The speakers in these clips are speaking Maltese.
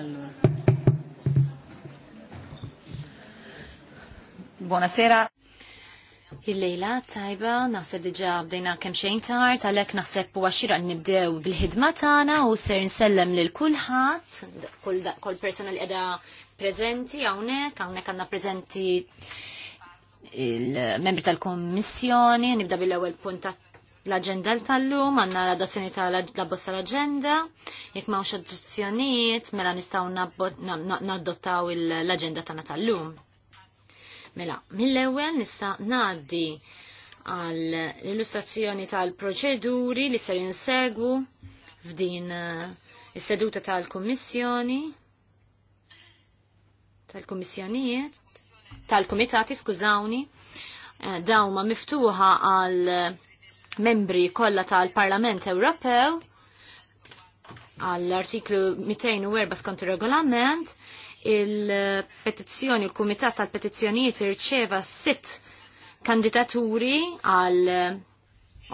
Allora. Buonasera. Il-lejla tajba, naħseb diġa bdejna kemm xejn tard, għalhekk naħseb huwa xira nibdew bil-ħidma tagħna u ser nsellem lil kulħadd, kull persona li qiegħda preżenti hawnhekk, hawnhekk għandna prezenti il-membri tal-kommissjoni, nibda bil-ewwel puntat l-agenda tal-lum, għanna l-adozzjoni tal-abbozza l-agenda, jek ma' adozzjoniet, mela nistaw naddottaw l-agenda tana tal-lum. Mela, mill-ewel nista' naddi għal l-illustrazzjoni tal-proċeduri li ser jinsegwu f'din eh, is-seduta tal-kummissjoni tal-kummissjonijiet tal-kumitati, skużawni, eh, dawma miftuħa għal membri kollha tal-Parlament Ewropew għall-artiklu 204 skont ir-regolament il-petizzjoni, il-Kumitat tal-Petizzjonijiet irċeva sitt kandidaturi għal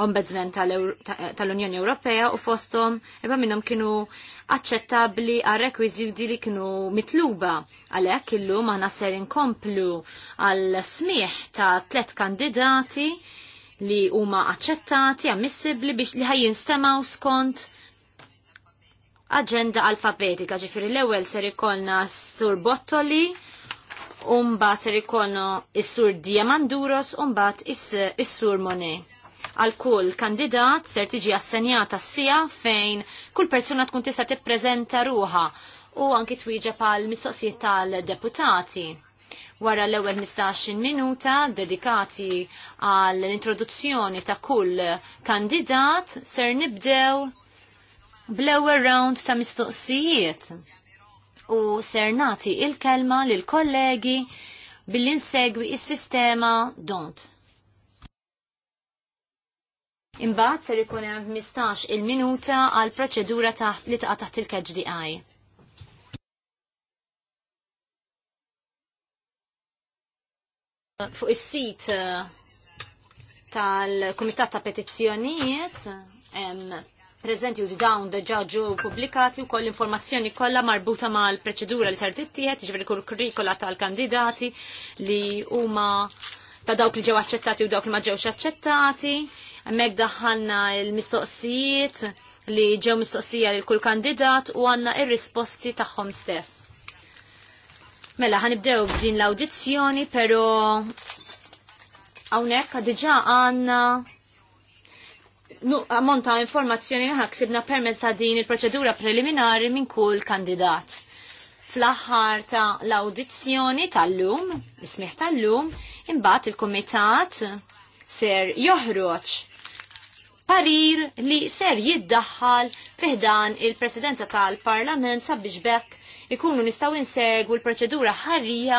ombudsman tal-Unjoni Ewropea u fostom eba minnhom kienu aċċettabbli għal rekwizjudi li kienu mitluba għalhekk illum aħna ser inkomplu għal smieħ ta' tliet kandidati li huma aċċettati, ammissibbli biex li ħajjin stemaw skont aġenda alfabetika, ġifiri l-ewwel ser ikollna sur Bottoli, umbat ser ikollna s sur Diamanduros, umbat is-sur Monet. Għal kull kandidat ser tiġi assenjata sija fejn kull persuna tkun tista' tippreżenta ruha u anki twieġeb għal mistoqsijiet tal-deputati wara l-ewwel 15 minuta dedikati għall introduzzjoni ta' kull kandidat ser nibdew bl-ewwel round ta' mistoqsijiet u ser nagħti il-kelma lil kollegi billi nsegwi is-sistema don't. Imbagħad ser ikun hemm 15 il-minuta għal proċedura taħt li taqa' taħt il-KGDI. fuq is-sit eh, tal-Kumitat ta' Petizzjonijiet preżenti u dawn deġa ġew pubblikati wkoll l informazzjoni kollha marbuta mal-proċedura li sart ittieħed, jiġifieri kull kurrikola tal-kandidati li huma ta' dawk li ġew aċċettati u dawk li ma ġewx aċċettati. Hemmhekk daħħalna l-mistoqsijiet li ġew mistoqsija lil kull kandidat u għandna ir-risposti tagħhom stess. Mela, ħanibdew b'din l-audizzjoni, pero għawnek għadġa għanna ammonta informazzjoni ħaksibna permezz ta' din il-proċedura preliminari minn kull kandidat. Fl-aħħar ta' l-audizzjoni tal-lum, ismiħ tal-lum, imbagħad il-kumitat ser joħroġ parir li ser jiddaħħal fiħdan il-presidenza tal-parlament sabiex bekk ikunu nistaw insegwu l-proċedura ħarrija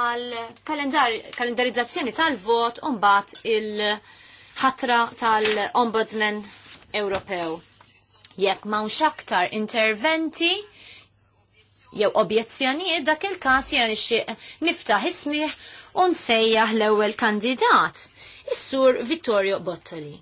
għal kalendar, kalendarizzazzjoni tal-vot umbat il-ħatra tal-Ombudsman Ewropew. Jekk ma' aktar interventi jew objezzjonijiet dak il-każ jani niftaħ ismiħ u nsejjaħ l-ewwel kandidat, is-sur Vittorio Bottoli.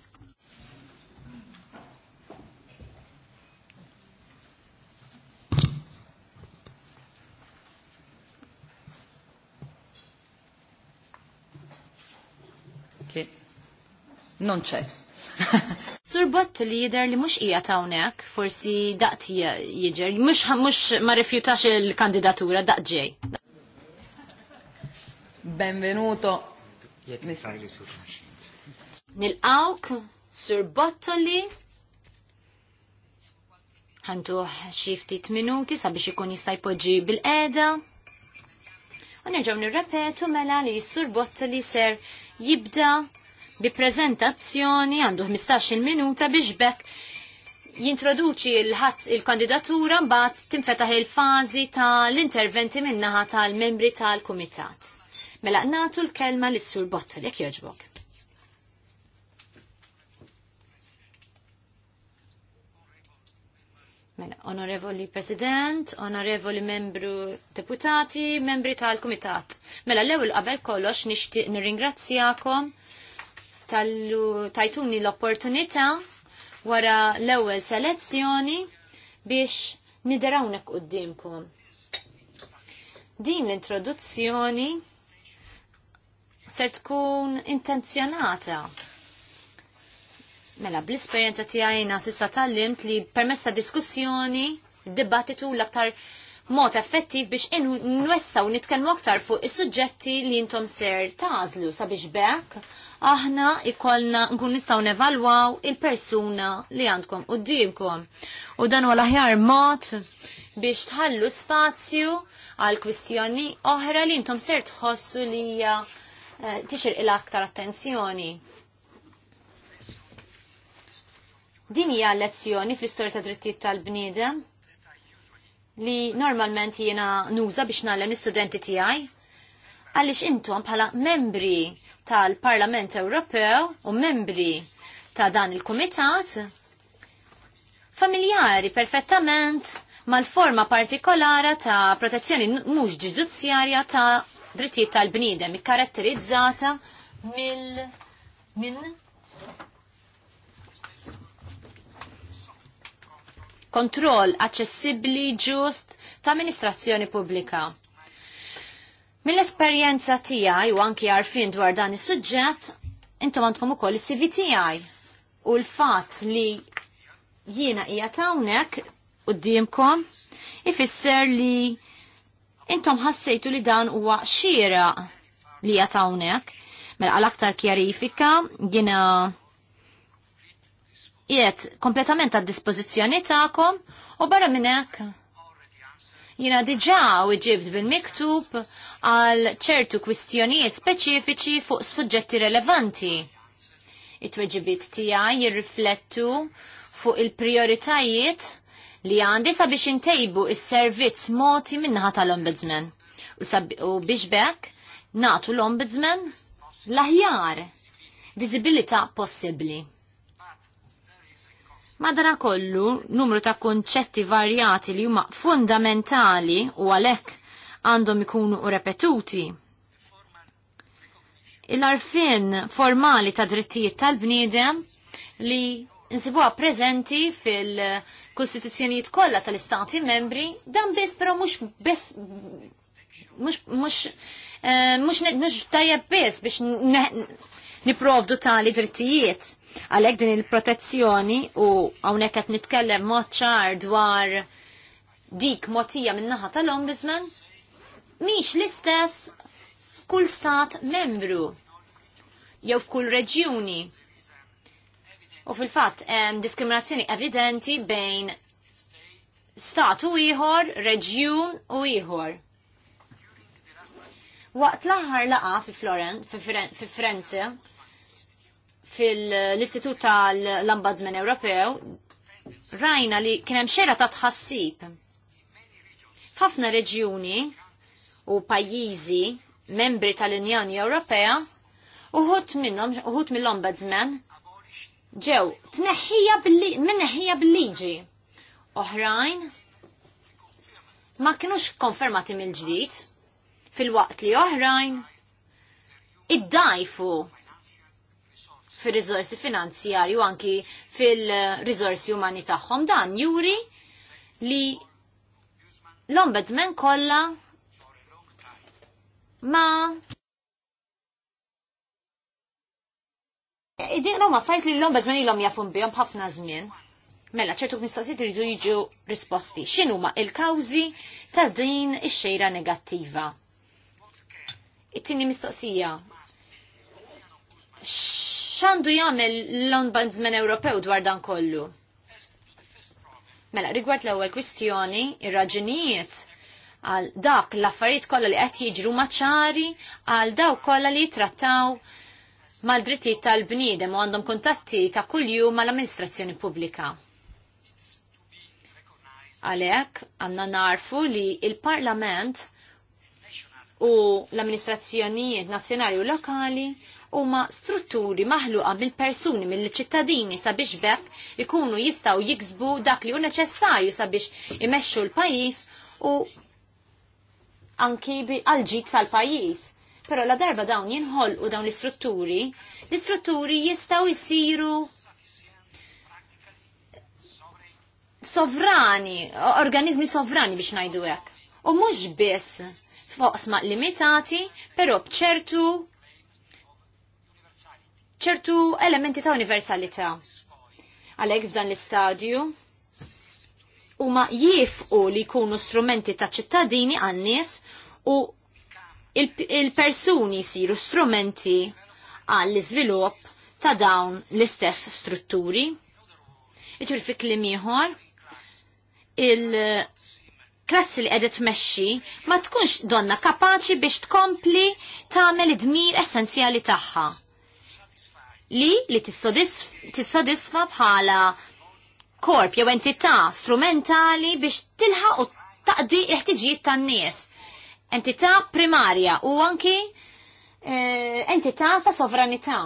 non c'è. Sur Bott li jider li mux ija tawnek, forsi daqt jider, mux, mux ma rifjutax il-kandidatura daqt ġej. Benvenuto. nil awk Sur Bottoli, ħantuħ xiftit minuti sabiex ikun jista' jpoġġi bil-qeda. U nerġgħu nirrepetu mela li Sur Bottoli ser jibda bi prezentazzjoni għandu 15 minuta biex bekk jintroduċi il ħat il-kandidatura mbagħad timfetaħ il-fażi tal-interventi minnaħa tal-membri tal-kumitat. Mela natu l-kelma lis-sur Bottol, jekk jogħġbok. Mela, onorevoli President, onorevoli membru deputati, membri tal-Kumitat. Mela, l-ewel qabel kollox nixtieq nirringrazzjakom tajtuni l-opportunità wara l-ewwel selezzjoni biex niderawnek qudiemkom. Din l-introduzzjoni ser tkun intenzjonata Mela, bl-esperienza tijajna sissa tal-limt li permessa diskussjoni, dibattitu l-aktar mod effettiv biex nwessaw nitkellmu aktar fuq is-suġġetti li intom ser tażlu sabiex bekk aħna ikollna nkun nistgħu nevalwaw il-persuna li għandkom qudiemkom. U dan huwa l-aħjar mod biex tħallu spazju għal kwistjoni oħra li intom ser tħossu li hija eh, tixir il aktar attenzjoni. Din hija lezzjoni fl-istorja ta' drittijiet tal-bniedem li normalment jiena nuża biex nagħlem l-istudenti tiegħi għaliex intom bħala membri tal-Parlament Ewropew u membri ta' dan il-Kumitat familjari perfettament mal-forma partikolara ta' protezzjoni mhux ġudizzjarja ta' drittijiet tal-bniedem ikkaratterizzata mill min kontroll aċċessibbli ġust ta' amministrazzjoni pubblika. Mill-esperjenza tiegħi u anki għarfien dwar dan is-suġġett, intom għandkom ukoll is-CV tiegħi u l-fatt li jiena hija hawnhekk qudiemkom ifisser li intom ħassejtu li dan huwa xira li hija hawnhekk. Mela għal aktar kjarifika jiena jiet kompletament għad dispożizzjoni ta'kom u barra minn hekk jina diġa u ġibt bil-miktub għal ċertu kwistjonijiet speċifiċi fuq sfuġġetti relevanti. It-tweġibiet tijaj jirriflettu fuq il-prioritajiet li għandi sabiex intejbu is-servizz moti minnaħa tal-Ombudsman. U, u biex bekk natu l-Ombudsman l-aħjar viżibilità possibbli. Madara kollu numru ta' konċetti varjati li huma fundamentali u għalhekk għandhom ikunu repetuti. Il-arfin formali ta' drittijiet tal-bniedem li nsibuha preżenti fil-Kostituzzjonijiet kollha tal-Istati membri, dan biss però mhux biss mux, mux, eh, mux, mux tajab biex niprovdu tali drittijiet. Għalhekk din il-protezzjoni u hawnhekk qed nitkellem mod ċar dwar dik motija min-naħa tal-ombudsman mhix l-istess f'kull stat membru jew f'kull reġjuni. U fil-fatt hemm diskriminazzjoni evidenti bejn stat u ieħor, reġjun u ieħor. Waqt l-aħħar laqa fi Florence, fi Firenze, fil-Istitut tal-Ombudsman Ewropew rajna li kien hemm xera ta' tħassib. F'ħafna reġjuni u pajjiżi membri tal-Unjoni Ewropea uħut minnhom uħut mill-Ombudsman ġew tneħħija minneħħija bil-liġi. Oħrajn ma kinux konfermati mill-ġdid fil-waqt li oħrajn id-dajfu fil-rizorsi finanzjari u anki fil-rizorsi umani tagħhom dan juri li l-ombudsman kollha ma Idiqna ma fajt li l-ombudsman ilhom jafun bihom b'ħafna żmien. Mela ċertu mistoqsijiet iridu jiġu risposti. X'inhuma il-kawżi ta' din ix-xejra negattiva? It-tieni mistoqsija xandu jagħmel l-Ombudsman Ewropew dwar dan kollu? Mela, rigward l-ewwel kwistjoni, ir-raġunijiet għal dak l-affarijiet kollha li qed jiġru maċari għal dawk kollha li trattaw mal-drittijiet tal-bniedem u għandhom kuntatti ta' kuljum mal-amministrazzjoni pubblika. Għalhekk għandna narfu li il-Parlament u l-amministrazzjonijiet nazzjonali u lokali huma strutturi maħluqa mill-persuni, mill-ċittadini sabiex bekk ikunu jistaw jiksbu dak li hu neċessarju sabiex imexxu l-pajjiż u anki għal-ġit tal-pajjiż. Però la darba dawn jinħolqu u dawn l-istrutturi, l-istrutturi jistaw jisiru sovrani, organizmi sovrani biex najdu hekk. U mhux biss foqsma limitati, però bċertu ċertu elementi ta' universalità. Għalhekk f'dan l-istadju huma jifqu li jkunu strumenti ta' ċittadini għan-nies u il-persuni siru strumenti għall-iżvilupp ta' dawn l-istess strutturi. Iċur fi klim il-klassi li għedet tmexxi ma tkunx donna kapaċi biex tkompli tagħmel id-dmir essenzjali tagħha li li tissodisfa bħala korp jew entità strumentali biex tilħaq u taqdi l-ħtiġijiet tan-nies. Entità primarja u anki e, entità ta' sovranità.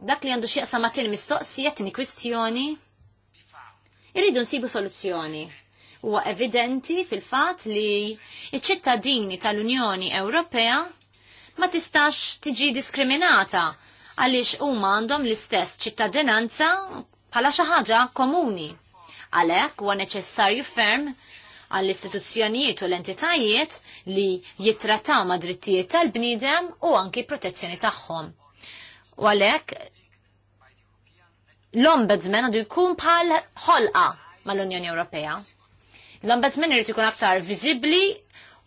Dak li għandu xieqsa ma' mistoqsija tini kwistjoni. Irridu nsibu soluzzjoni huwa evidenti fil-fat li iċ-ċittadini tal-Unjoni Ewropea ma tistax tiġi diskriminata għaliex huma għandhom l-istess ċittadinanza bħala xi ħaġa komuni. Għalhekk huwa neċessarju ferm għall-istituzzjonijiet u l-entitajiet li jittrattaw ma' drittijiet tal-bniedem u anki protezzjoni tagħhom. U għalhekk l-ombudsman għandu jkun bħal ħolqa mal-Unjoni Ewropea. L-ombudsman irid ikun aktar viżibbli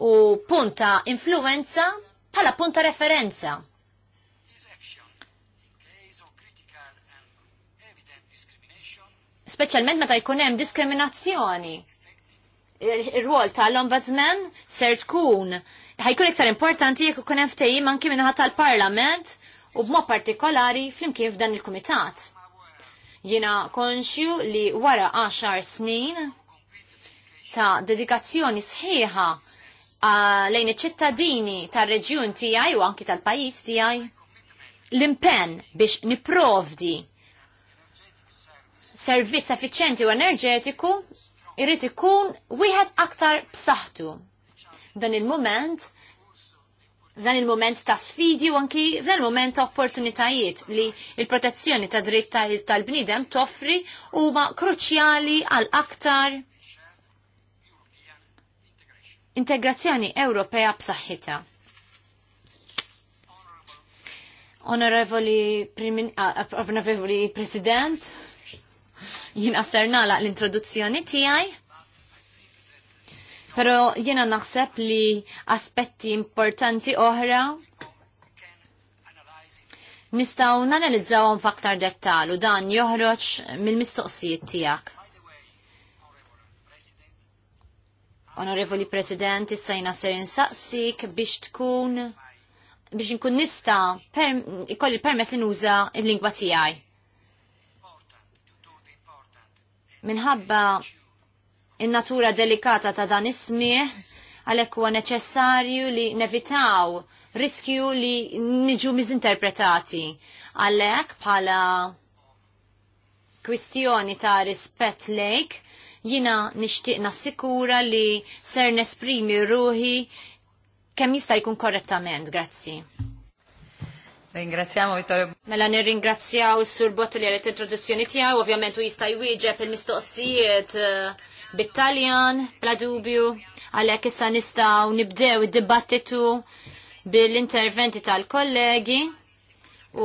u punta influenza bħala punta referenza speċjalment meta jkun hemm diskriminazzjoni. Ir-rwol tal-ombudsman ser tkun ħajkun iktar importanti jekk ikun hemm ftehim anke minħat tal-Parlament u b'mod partikolari flimkien f'dan il-kumitat. Jiena konxju li wara 10 snin ta' dedikazzjoni sħiħa lejn iċ-ċittadini tar-reġjun tiegħi u anki tal-pajjiż tiegħi l-impenn biex niprovdi servizz effiċenti u enerġetiku irrid ikun wieħed aktar b'saħħtu. Dan il-moment dan il-moment ta' sfidi u anki dan il-moment ta' opportunitajiet li il-protezzjoni ta' dritt tal-bnidem toffri u ma' kruċjali għal aktar integrazzjoni Ewropea b'saħħitha. Onorevoli, Onorevoli President, jien qasser nagħlaq l-introduzzjoni tiegħi. Pero jiena naħseb li aspetti importanti oħra nistaw nanalizzawhom f'aktar dettal u dan joħroġ mill-mistoqsijiet tiegħek. Onorevoli President, issa jina ser insaqsik biex tkun biex nkun nista per, ikolli permess li nuża l-lingwa tiegħi. Minħabba in-natura delikata ta' dan ismieħ, għalhekk huwa neċessarju li nevitaw riskju li niġu miżinterpretati. Għalhekk bħala kwistjoni ta' rispett lejk, jina nixtieq nassikura li ser nesprimi ruħi kemm jista' jkun korrettament, grazzi. Ringrazziamo Vittorio. Mela nirringrazzjaw is-Sur Bottoli għal introduzzjoni tiegħu, ovvjament u jista' jwieġeb il-mistoqsijiet eh, bit-Taljan bla dubju, għalhekk issa nistgħu nibdew id-dibattitu bil-interventi tal-kollegi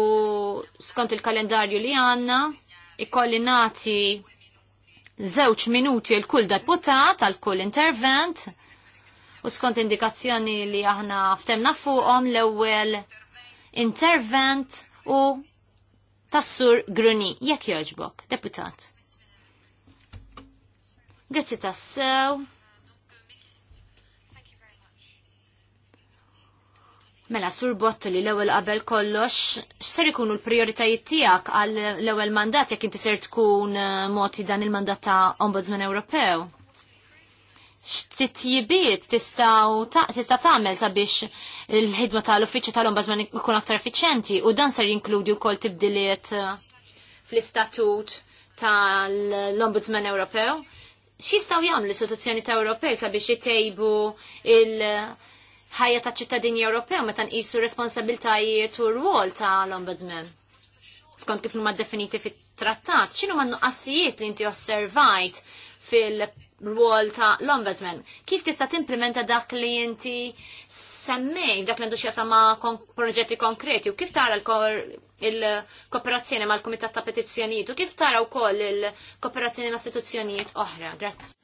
u skont il-kalendarju li għanna ikolli nati żewġ minuti l kull deputat għal kull intervent u skont indikazzjoni li aħna ftemna fuqhom l-ewwel intervent u tassur gruni, jekk joġbok, deputat. Grazzi tassew. Mela, sur li l-ewel qabel kollox, x'ser ikunu l-prioritajiet tiegħek għal l ewwel mandat jekk inti ser tkun eh, moti dan il-mandat ta' Ombudsman Ewropew? x'titjibiet tista' tagħmel sabiex il-ħidma tal-uffiċċju tal-ombudsman ikun aktar effiċenti u dan ser jinkludi wkoll tibdiliet uh, fl-istatut tal-Ombudsman Ewropew. X'jistgħu jagħmlu l-istituzzjoni ta' Ewropej sabiex jitejbu il- ħajja ta' ċittadini Ewropew meta nqisu responsabiltajiet u rwol ta' l-Ombudsman. Skont kif huma definiti fit-trattat, x'inhu ma' nuqqasijiet li inti osservajt fil rwol ta' l-ombudsman. Kif tista' timplementa dak li inti semmej, dak li għandu sama kon proġetti konkreti, u kif tara il-kooperazzjoni mal kumitat ta' Petizzjonijiet, u kif tara wkoll il-kooperazzjoni ma' istituzzjonijiet oħra? Grazzi.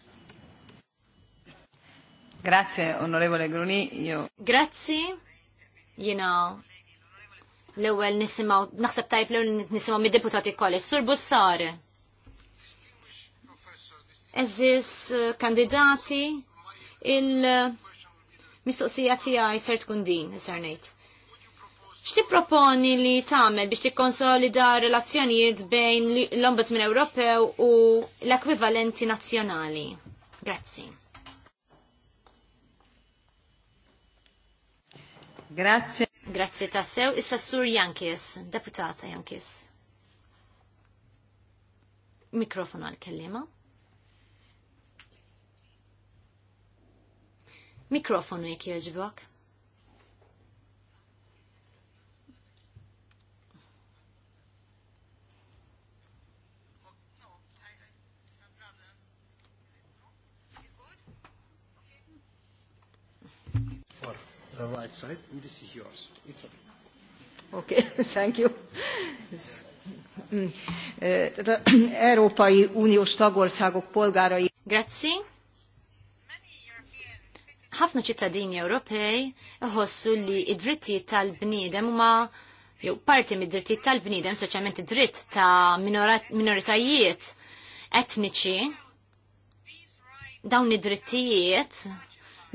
Grazie, onorevole Gruni, io. Grazzi, jina l-ewel nisimaw, naħseb tajb l-ewel nisimaw mid-deputati kolli, sur Bussare eżis eh, kandidati il-mistoqsija tiegħi ser tkun din, ser ngħid. X'ti proponi li tagħmel biex tikkonsolida relazzjonijiet bejn l-Ombudsman Ewropew u l-ekwivalenti nazzjonali? Grazzi. Grazie. Grazie tassew. Issa Sur Jankis, deputata Jankis. Mikrofon għal-kellima. Mikrofonu jek jieġbok. the right side, and this is yours. It's okay. Okay, thank you. Mm. Eh, Európai Uniós tagországok polgárai. Grazie ħafna ċittadini Ewropej iħossu li id-drittijiet tal-bniedem huma jew parti mid-drittijiet tal-bniedem, speċjalment id-dritt ta' minoritajiet etniċi dawn id-drittijiet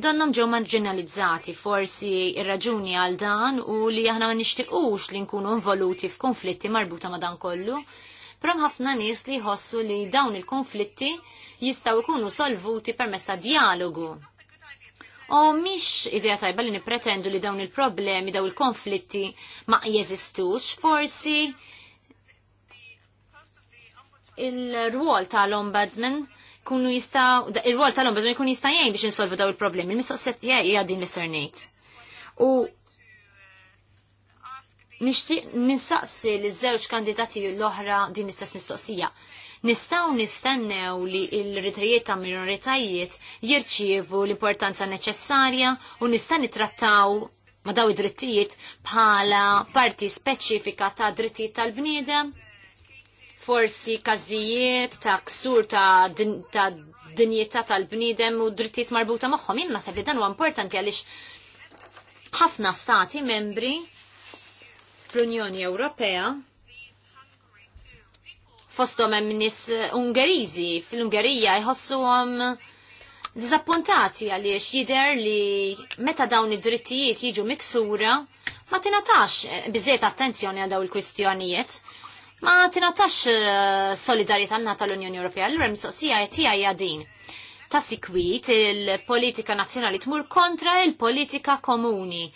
donnom ġew marginalizzati forsi ir-raġuni għal dan u li aħna ma nixtiequx li nkunu involuti f'konflitti marbuta ma dan kollu. Però ħafna nies li jħossu li dawn il-konflitti jistgħu jkunu solvuti permezz ta' dialogu. U mhix idea tajba li nippretendu li dawn il-problemi, dawn il-konflitti ma jeżistux, forsi il-rwol tal-ombudsman kunu jista, il-rwol tal-ombudsman kunu jista jgħin biex insolvu daw il-problemi, il-mistoqset jgħin din li sernejt. U nishtiq ninsaqsi li żewġ kandidati l-oħra din l-istess mistoqsija. Nistaw nistennew li l-ritrijiet ta' minoritajiet jirċievu l-importanza neċessarja u nista' nitrattaw ma daw id-drittijiet bħala parti speċifika ta' drittijiet tal-bniedem, forsi każijiet ta' ksur ta', din, ta dinjità tal-bniedem u drittijiet marbuta magħhom. Jien naħseb li dan huwa importanti għaliex ħafna stati membri fl-Unjoni Ewropea fostom hemm nies eh, Ungeriżi fil-Ungerija jħossuhom diżappuntati għaliex jidher li meta dawn id-drittijiet jiġu miksura ma tingħatax eh, biżejt attenzjoni għal daw il-kwistjonijiet. Ma tingħatax eh, solidarjetà tal-Unjoni Ewropea. Allura mistoqsija tiegħi hija din ta' sikwit il-politika nazzjonali tmur kontra il-politika komuni.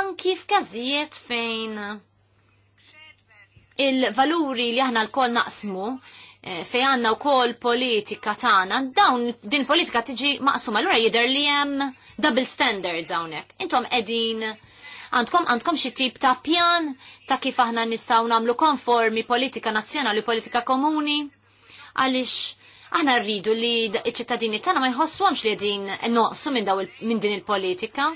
Anki f'każijiet fejn il-valuri li aħna l-kol naqsmu eh, fej għanna u kol politika tana, dawn din politika tiġi maqsum l-għura jider li jem double standards għawnek. Intom edin, għandkom għandkom xi tip ta' pjan ta' kif aħna nistaw namlu konformi politika nazjonali, politika komuni, għalix aħna rridu li iċ-ċittadini tana ma għamx li din noqsu minn min din il-politika.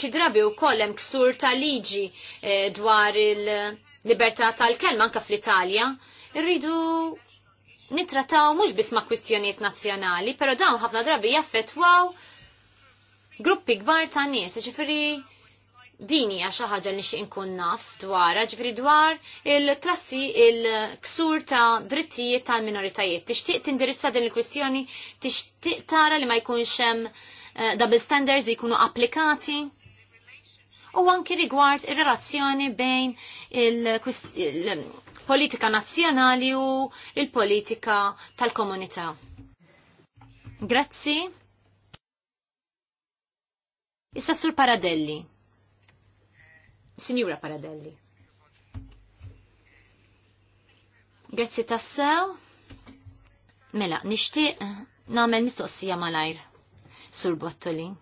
ċi drabi u kollem ksur ta' liġi eh, dwar il-libertà tal-kelma anka fl-Italja. Irridu nitrataw mux bisma kwistjoniet nazjonali, pero dawn ħafna drabi jaffetwaw gruppi gbar ta' nies, ġifiri dini għax ħaġa li inkun naf dwar, ġifiri dwar il-klassi il-ksur ta' drittijiet tal minoritajiet. Tixtieq tindirizza din il-kwistjoni, tixtieq tara li ma jkunx hemm eh, double standards li jkunu applikati u anki rigward ir-relazzjoni bejn il-politika il nazzjonali u il-politika tal-komunità. Grazzi. Issa sur Paradelli. Signora Paradelli. Grazzi tassew. Mela, nishtiq namel mistoqsija malajr. Sur Bottoli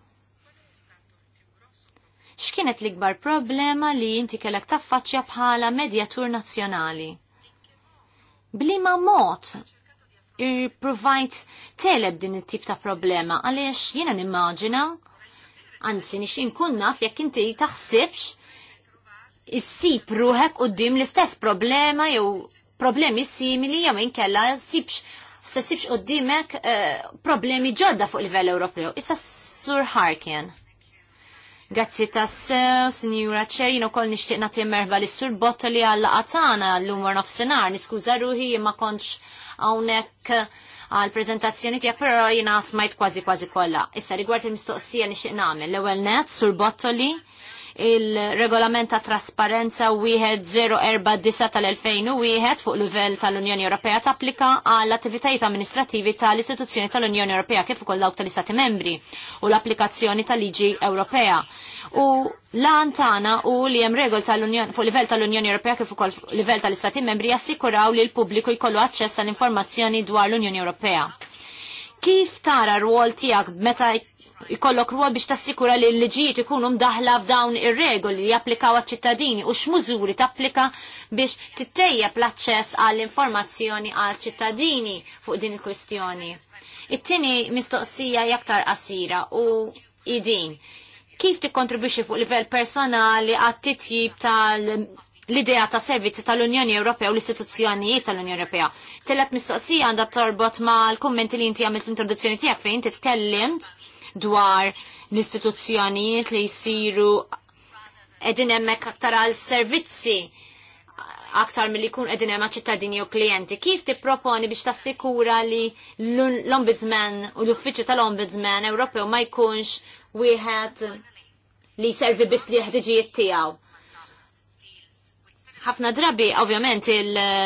x'kienet l-ikbar problema li inti kellek taffaċċja bħala medjatur nazzjonali? Blima mod ir-provajt teleb din it-tip ta' problema għaliex jiena nimmaġina anzi nix inkun naf jekk inti taħsibx issib ruħek qoddim l-istess problema jew problemi simili jew inkella sibx se sibx qoddimek uh, eh, problemi ġodda fuq il il-vel Ewropew. Issa Sur Harkin. Grazzi tassew, Signora Ċer, kol nishtiqna nati merva li sur botoli għalla għatana l-umar nofsenar, niskuza ruħi ma konċ għawnek għal prezentazzjoni tijak, pero jina smajt kważi kważi kolla. Issa rigward il-mistoqsija nishtiqna għamil, l-ewel net, sur botoli, il-regolament ta' trasparenza 1049 tal-2001 fuq livell tal-Unjoni Ewropea tapplika għall attivitajiet amministrativi tal-istituzzjoni tal-Unjoni Ewropea kif ukoll dawk tal-Istati membri u l-applikazzjoni tal-liġi Ewropea. U lan tagħna u li hemm regol tal-Unjoni fuq livell tal-Unjoni Ewropea kif ukoll livell tal-Istati membri jassikuraw li l-pubbliku jkollu aċċess għall informazzjoni dwar l-Unjoni Ewropea. Kif tara r-rwol tiegħek meta jkollok ruol biex tassikura li l-liġijiet ikunu mdaħla f'dawn ir-regoli li japplikaw għal-ċittadini u x'mużuri tapplika biex tittejjeb l-aċċess għall-informazzjoni għal-ċittadini fuq din il-kwistjoni. It-tieni mistoqsija jaktar qasira u idin. Kif tikkontribwixxi fuq livell personali għat-titjib tal l-idea ta' servizzi tal-Unjoni Ewropea u l-istituzzjonijiet tal-Unjoni Ewropea. Telet mistoqsija għandha torbot ma' l-kummenti li inti għamilt l-introduzzjoni tiegħek fejn titkellimt dwar l-istituzzjonijiet li jisiru edin emmek aktar għal servizzi aktar mill kun edin emma ċittadini u klienti. Kif ti proponi biex tassikura li l-Ombudsman u l-Uffiċċju tal-Ombudsman Ewropew ma jkunx wieħed li servi biss li ħdiġijiet tiegħu? ħafna drabi, ovvjament,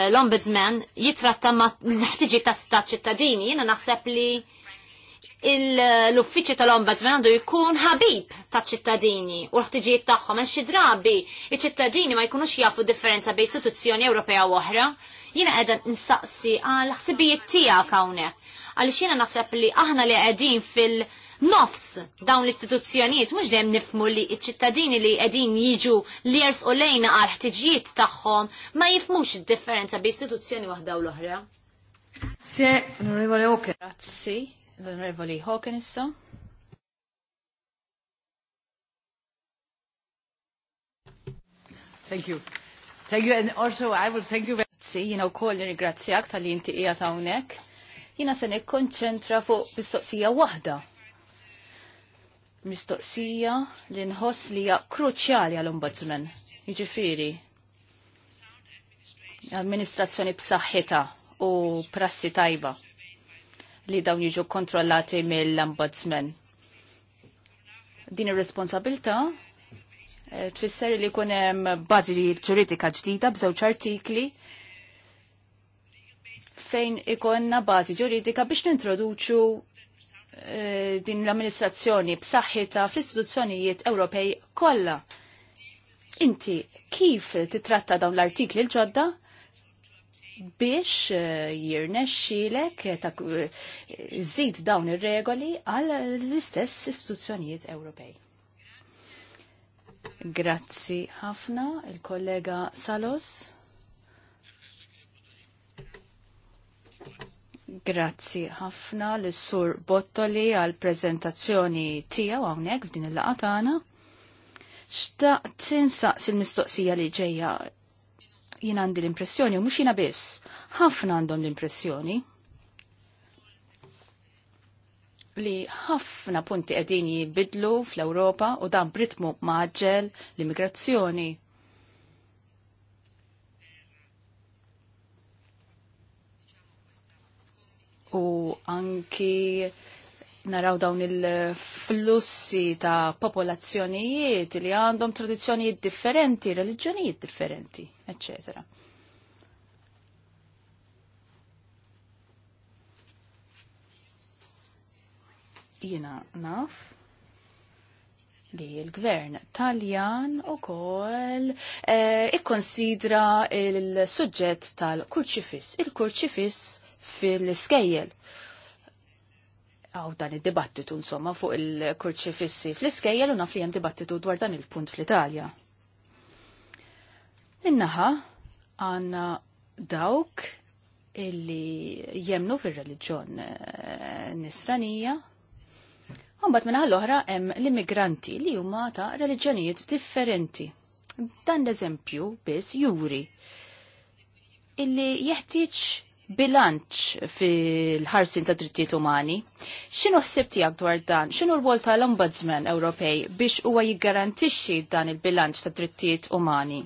l-ombudsman jitratta ma l-ħtiġi ta' ċittadini, jena naħseb li l-uffiċċju tal-ombudsman għandu jkun ħabib ta' ċittadini u l-ħtiġijiet tagħhom għal xi drabi iċ-ċittadini ma jkunux jafu differenza bejn istituzzjoni Ewropea u oħra. Jiena qiegħda nsaqsi għal ħsibijiet tiegħek hawnhekk għaliex jiena naħseb li aħna li qegħdin fil- nofs dawn l-istituzzjonijiet mhux dejjem nifmu li ċ-ċittadini li qegħdin jiġu li jersqu lejna għal ħtiġijiet tagħhom ma jifmux id-differenza bejn istituzzjoni waħda u l-oħra. Se, onorevole Oker. Grazzi l-Onorevoli Hawken issa. Thank you. Thank you, and also I will thank you very much. Jina u koll nirigrazzjak tal-li inti ija ta' unek. Jina se nikkonċentra fuq mistoqsija wahda. Mistoqsija li nħoss li hija kruċjali għall-Ombudsman. Jiġifieri. Amministrazzjoni b'saħħitha u prassi tajba li dawn jiġu kontrollati mill-ombudsman. Din ir-responsabilta eh, tfisser li kun hemm bażi ġuridika ġdida b'żewġ artikli fejn ikonna bażi ġuridika biex nintroduċu eh, din l-amministrazzjoni b'saħħitha fl-istituzzjonijiet Ewropej kollha. Inti kif titratta dawn l-artikli l-ġodda biex eh, jirnexxilek eh, ta' żid eh, dawn ir-regoli għal l-istess istituzzjonijiet Ewropej. Grazzi ħafna il-kollega Salos. Grazzi ħafna l sur Bottoli għal prezentazzjoni tiegħu hawnhekk f'din il-laqgħa tagħna. Xtaqt tinsaqs il-mistoqsija li ġejja jien għandi l-impressjoni, u mhux jiena biss, ħafna għandhom l-impressjoni li ħafna punti qegħdin jibidlu fl-Ewropa u dan britmu maġġel l-immigrazzjoni. U anki naraw dawn il-flussi ta' popolazzjonijiet li għandhom tradizzjonijiet differenti, reliġjonijiet differenti, ecc. Jina naf li l-gvern taljan u koll eh, ikkonsidra il-sujġet tal-kurċifis, il-kurċifis fil-skejjel. il kurċifis fil skejjel il għaw dan id-dibattitu insomma fuq il-kurċi fissi fl-iskejjel u naf li hemm dibattitu dwar dan il-punt fl-Italja. Innaħa għanna dawk illi jemnu fil-reliġjon eh, nisranija. Umbat minna l-oħra hemm l-immigranti li huma ta' reliġjonijiet differenti. Dan l-eżempju biss juri illi jeħtieġ bilanċ fil-ħarsin ta' drittijiet umani. X'inhu ħsib tiegħek dwar dan? X'inhu l wol tal-Ombudsman Ewropej biex huwa jiggarantixxi dan il-bilanċ ta' drittijiet umani?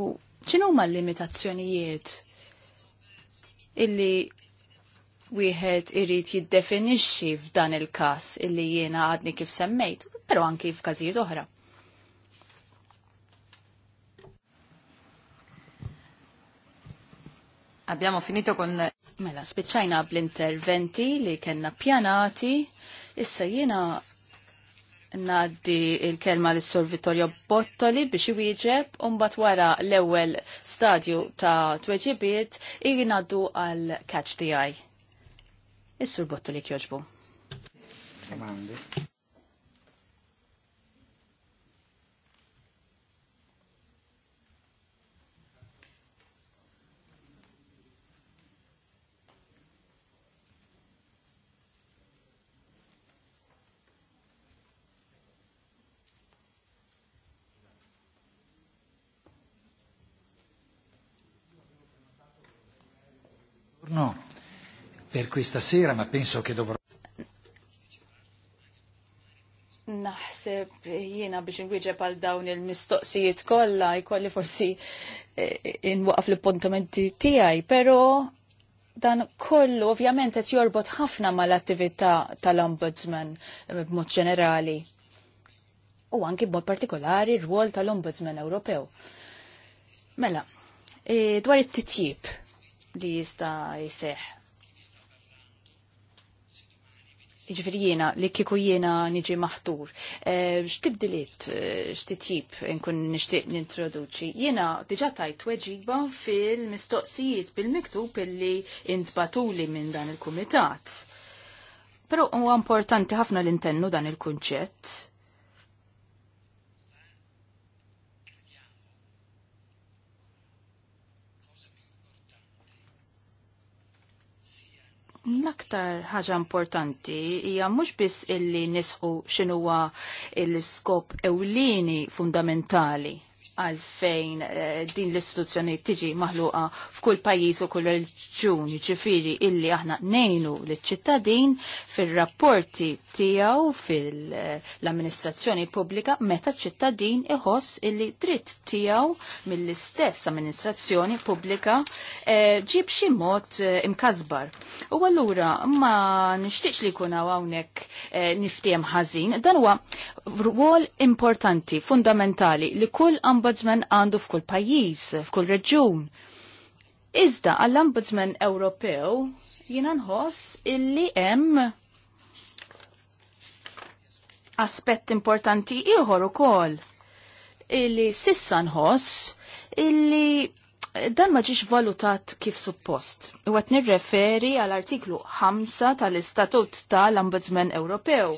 U x'inhu huma l-limitazzjonijiet illi wieħed irid jiddefinixxi f'dan il-każ illi jiena għadni kif semmejt, però anki f'każijiet oħra. Abbiamo finito con... Mela, spiċċajna bl-interventi li kena pjanati. Issa jiena naddi il-kelma l sur Vittorio Bottoli biex iwieġeb umbat wara l-ewwel stadju ta' tweġibiet jingħaddu għal catch the eye. Is-sur Bottoli kjoġbu. Domande. No, per questa sera, ma penso che dovrò. Naħseb jiena biex nwieġeb għal dawn il-mistoqsijiet kollha jkolli forsi eh, inwaqaf l-appuntamenti tiegħi, però dan kollu ovvjament qed jorbot ħafna mal-attività tal-Ombudsman eh, b'mod ġenerali. U anki b'mod partikolari r-rwol tal-Ombudsman Ewropew. Mela, eh, dwar it-titjib li jista jiseħ. Iġveri jena, li kiku jena niġi maħtur. Eh, x'tibdiliet, eh, x'titjib nkun nixtieq nintroduċi. Jena diġa tajt weġiba fil-mistoqsijiet bil-miktub illi intbatuli minn dan il-kumitat. Pero huwa importanti ħafna l-intennu dan il-kunċett L-aktar ħaġa importanti hija mhux biss illi nisħu x'inhuwa l-iskop ewlieni fundamentali għalfejn eh, din l-istituzzjoni tiġi maħluqa f'kull pajjiż u kull reġjun, ġifiri illi aħna nejnu l-ċittadin fil-rapporti tiegħu fil-amministrazzjoni pubblika meta ċittadin iħoss illi dritt tiegħu mill-istess amministrazzjoni pubblika eh, ġib xi mod eh, imkazbar. U allura ma nixtieqx li jkun hawnhekk niftiem ħażin, dan huwa rwol importanti, fundamentali li kull amb l-Ombudsman għandu f'kull pajjiż, f'kull reġjun. Iżda għall-Ombudsman Ewropew jiena nħoss illi hemm aspett importanti ieħor ukoll illi sissa nħoss illi dan ma ġiex valutat kif suppost. U għat nirreferi għal artiklu 5 tal-Istatut tal-Ombudsman Ewropew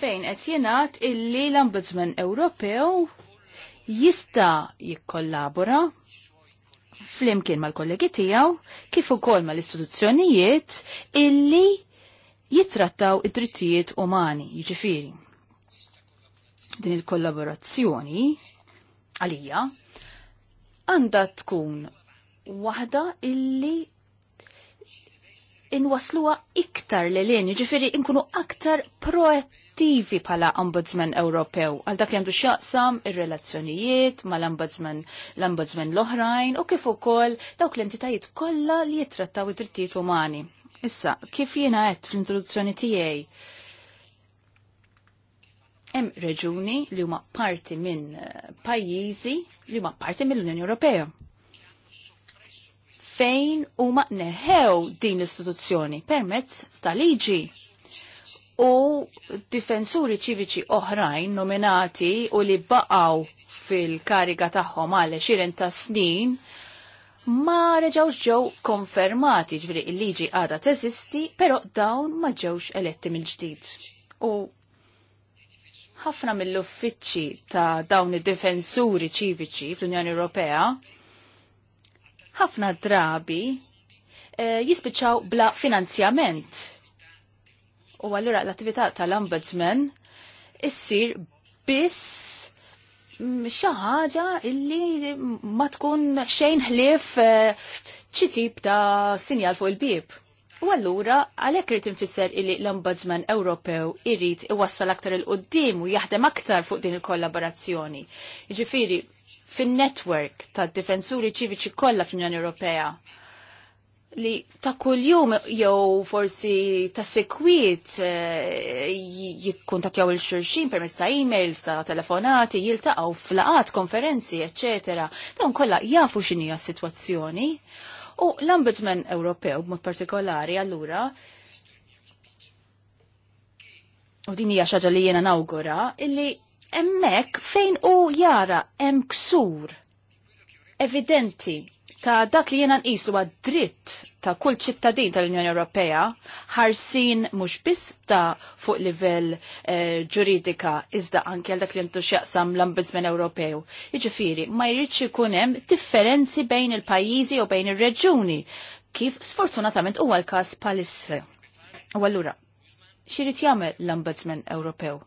fejn qed jingħad illi l-Ombudsman Ewropew jista jikkollabora flimkien mal-kollegi tijaw kif ukoll mal-istituzzjonijiet illi jitrattaw id-drittijiet umani, jiġifieri. Din il-kollaborazzjoni għalija għandha tkun waħda illi inwasluha iktar l-lin, jiġifieri inkunu aktar proattivi attivi pala Ombudsman Ewropew għal dak li għandu xjaqsam ir-relazzjonijiet mal-Ombudsman l-Ombudsman l-oħrajn u kif ukoll dawk l-entitajiet kollha li jittrattaw id-drittijiet umani. Issa, kif jiena qed fl-introduzzjoni tiegħi hemm reġuni li huma parti minn eh, pajjiżi li huma parti mill-Unjoni Ewropea fejn huma neħew din l-istituzzjoni permezz ta' liġi u difensuri ċiviċi oħrajn nominati u li baqaw fil-kariga tagħhom għal 20 ta' snin ma reġawx ġew konfermati ġviri il-liġi għada teżisti, pero dawn ma ġewx eletti mill-ġdid. U ħafna mill-uffiċċji ta' dawn id-difensuri ċiviċi fl-Unjoni Ewropea, ħafna drabi eh, jispiċċaw bla finanzjament U allura l-attività tal-ombudsman issir biss xi ħaġa illi ma tkun xejn ħlief eh, xi tip ta' sinjal fuq il-bib. U allura għalhekk rrit infisser illi l-Ombudsman Ewropew irid iwassal aktar il-qoddim u jaħdem aktar fuq din il-kollaborazzjoni. Jiġifieri fin-network tad-difensuri ċiviċi kollha fl-Unjoni Ewropea li ta' kuljum jew forsi ta' sekwit eh, jikkuntatjaw il-xurxin permezz ta' e-mails, ta' telefonati, jiltaqgħu flaqat, konferenzi, eċetera. Dawn kollha jafu x'inija s-sitwazzjoni. U l-Ombudsman Ewropew b'mod partikolari allura u din hija xaġa li jiena nawgura illi hemmhekk fejn u jara hemm ksur evidenti ta' dak li jena nqislu dritt ta' kull ċittadin tal-Unjoni Ewropea ħarsin mhux biss ta' fuq livell eh, ġuridika iżda anke għal dak li jentu x'jaqsam l-Ombudsman Ewropew. Jiġifieri ma jridx ikun hemm differenzi bejn il-pajjiżi u bejn ir-reġuni kif sfortunatament huwa l-każ palissa. U allura, x'irid jagħmel l-Ombudsman Ewropew?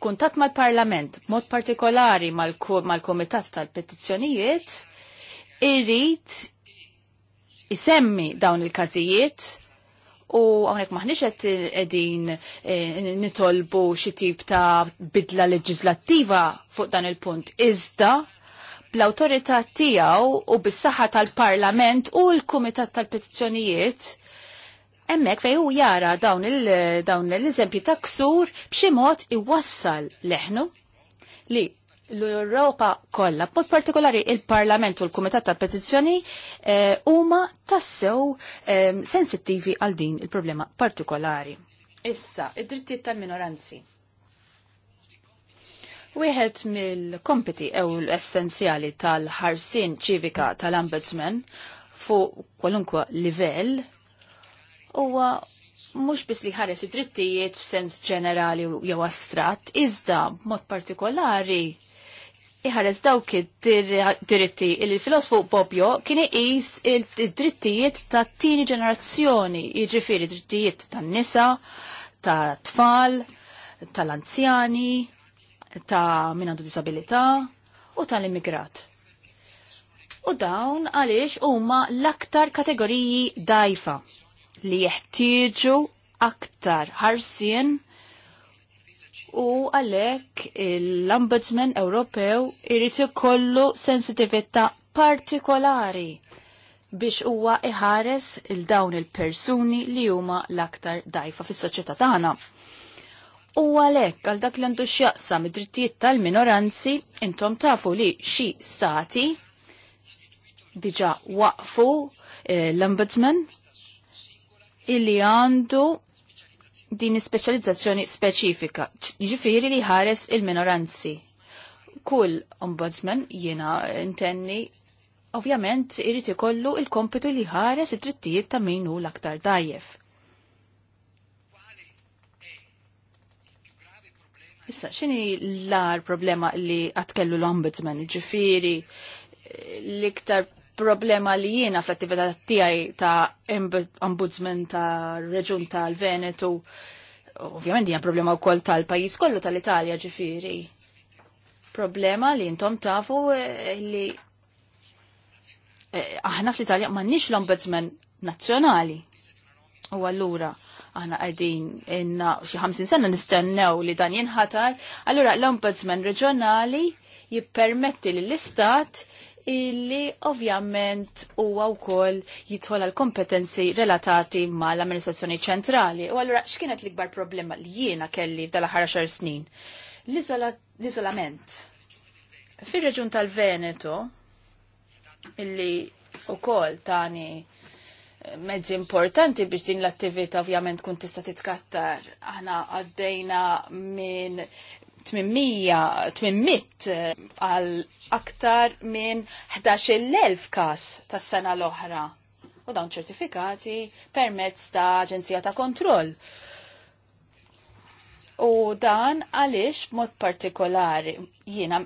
kuntat mal-parlament, mod partikolari mal-komitat tal-petizzjonijiet, irrit isemmi dawn il-kazijiet u għonek maħniċ għed edin e, nitolbu xi tip ta' bidla leġislattiva fuq dan il-punt. Iżda bl-autorità tijaw u bis-saħħa tal-parlament u l-kumitat tal-petizzjonijiet emmek fej u jara dawn l-eżempju ta' ksur b'xi mod iwassal leħnu li l-Europa kollha, b'mod partikolari il-Parlament u l-Kumitat ta' Petizzjoni eh, huma eh, tassew eh, sensittivi għal din il-problema partikolari. Issa, id-drittijiet tal-minoranzi. Wieħed mill-kompiti ew l-essenzjali tal-ħarsin ċivika tal-Ombudsman fuq kwalunkwa livell huwa mhux biss li ħares id-drittijiet f'sens ġenerali jew astrat, iżda b'mod partikolari iħares dawk id-dritti il-filosofu Bobbio kien iqis id-drittijiet ta' tieni ġenerazzjoni, jiġifieri drittijiet tan-nisa, ta' tfal, tal-anzjani, ta' min għandu disabilità u tal-immigrat. U dawn għaliex huma l-aktar kategoriji dajfa li jeħtieġu aktar ħarsien u għalhekk l-Ombudsman Ewropew irid ikollu sensitività partikolari biex huwa iħares il dawn il-persuni li huma l-aktar dajfa fis-soċjetà tagħna. U għalhekk għal dak li għandu x'jaqsam id-drittijiet tal-minoranzi, intom tafu li xi stati diġa waqfu eh, l-ombudsman illi għandu din ispeċjalizzazzjoni speċifika, ġifiri li ħares il-minoranzi. Kull ombudsman jiena intenni ovvjament irrit ikollu il-kompetu li ħares it-drittijiet ta' min hu l-aktar dajjef. Issa, xini l-ar problema li għatkellu l-ombudsman, ġifiri, l-iktar problema li jiena fl-attività tiegħi ta' ombudsman ta' reġun tal-Venetu. Ovvjament hija problema wkoll tal-pajjiż kollu tal-Italja ġifieri. Problema li intom tafu eh, li eh, aħna fl-Italja m'għandniex l-ombudsman nazzjonali. U allura aħna qegħdin inna xi 50 sena nistennew li dan jinħatar, allura l-ombudsman reġjonali jippermetti lill-istat illi ovvjament huwa wkoll jidħol għal kompetenzi relatati mal-amministrazzjoni ċentrali. U allura x'kienet l-ikbar problema li jiena kelli f'dal aħħar xar snin? L-iżolament. Fir-reġun tal-Veneto, illi wkoll tani mezzi importanti biex din l-attività ovvjament kun tista' titkattar. Aħna għaddejna minn 800 eh, għal aktar minn 11.000 kas tas sena l-oħra. U dawn ċertifikati permezz ta' Aġenzija ta' Kontroll. U dan għaliex mod partikolari jiena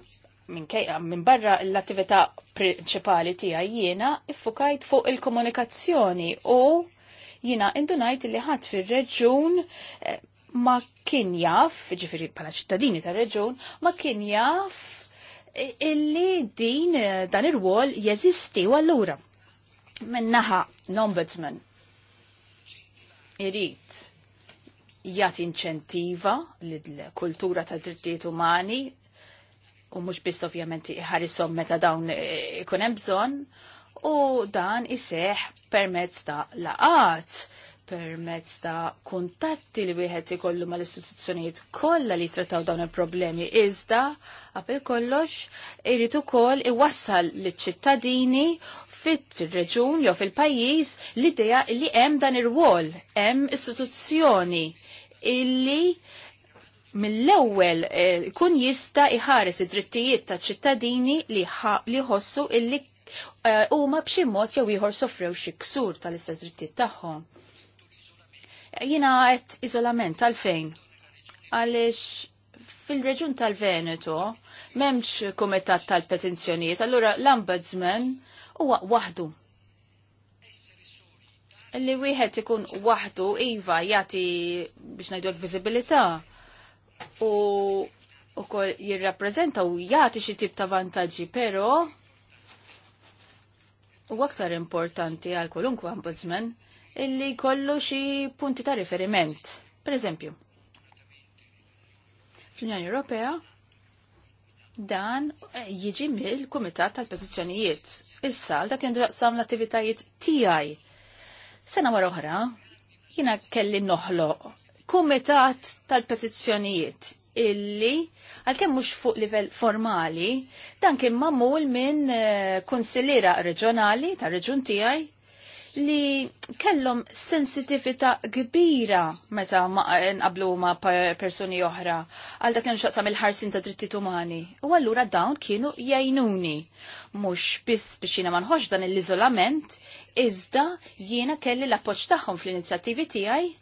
minn min barra l-attività prinċipali tiegħi jiena iffukajt fuq il-komunikazzjoni u jiena indunajt li ħadd fir-reġun eh, ma kien jaf, ġifiri pala ċittadini ta' reġun, ma kien jaf illi din eh, dan ir-wol jeżisti u allura. Minnaħa l-ombudsman irrit jgħat inċentiva l-kultura ta' drittijiet umani u mhux biss ovvjament ħarisom meta dawn eh, ikun hemm bżonn u dan iseħ permezz ta' laqat permezz ta' kuntatti li wieħed ikollu mal-istituzzjonijiet kollha li trattaw dawn il-problemi iżda qabel kollox irid ukoll iwassal liċ-ċittadini fir-reġun jew fil-pajjiż l-idea li hemm dan ir-wol, hemm istituzzjoni illi mill-ewwel eh, kun jista' iħares id-drittijiet taċ ċittadini li ħossu illi eh, huma b'xi mod jew ieħor sofrew xi ksur tal-istess drittijiet tagħhom. Jina għet izolament għalfejn. Għalix fil-reġun tal-Veneto memx kumitat tal-petenzjoniet, allura l-ombudsman huwa waħdu. Li wieħed ikun waħdu iva jati biex ngħidu viżibilità u ukoll jirrappreżenta u jagħti xi tip ta' vantaġġi, però u aktar importanti għal kolunkwe ombudsman illi kollu xi punti ta' riferiment. Per eżempju, fl-Unjoni Ewropea dan jiġi mill-Kumitat tal-Petizzjonijiet. Issa l dak jindraqsam l-attivitajiet tiegħi. Sena wara oħra, jiena kelli noħloq Kumitat tal-Petizzjonijiet illi għalkemm mhux fuq livell formali, dan kien magħmul minn eh, konsilliera reġjonali tar-reġjun tiegħi li kellhom sensitivita kbira meta nqablu ma persuni oħra għal dak kienu xaqsam il-ħarsin ta' drittijiet umani. U allura dawn kienu jgħinuni. Mhux biss biex jiena ma nħoġ dan l-iżolament, iżda jiena kelli l-appoġġ tagħhom fl-inizjattivi tiegħi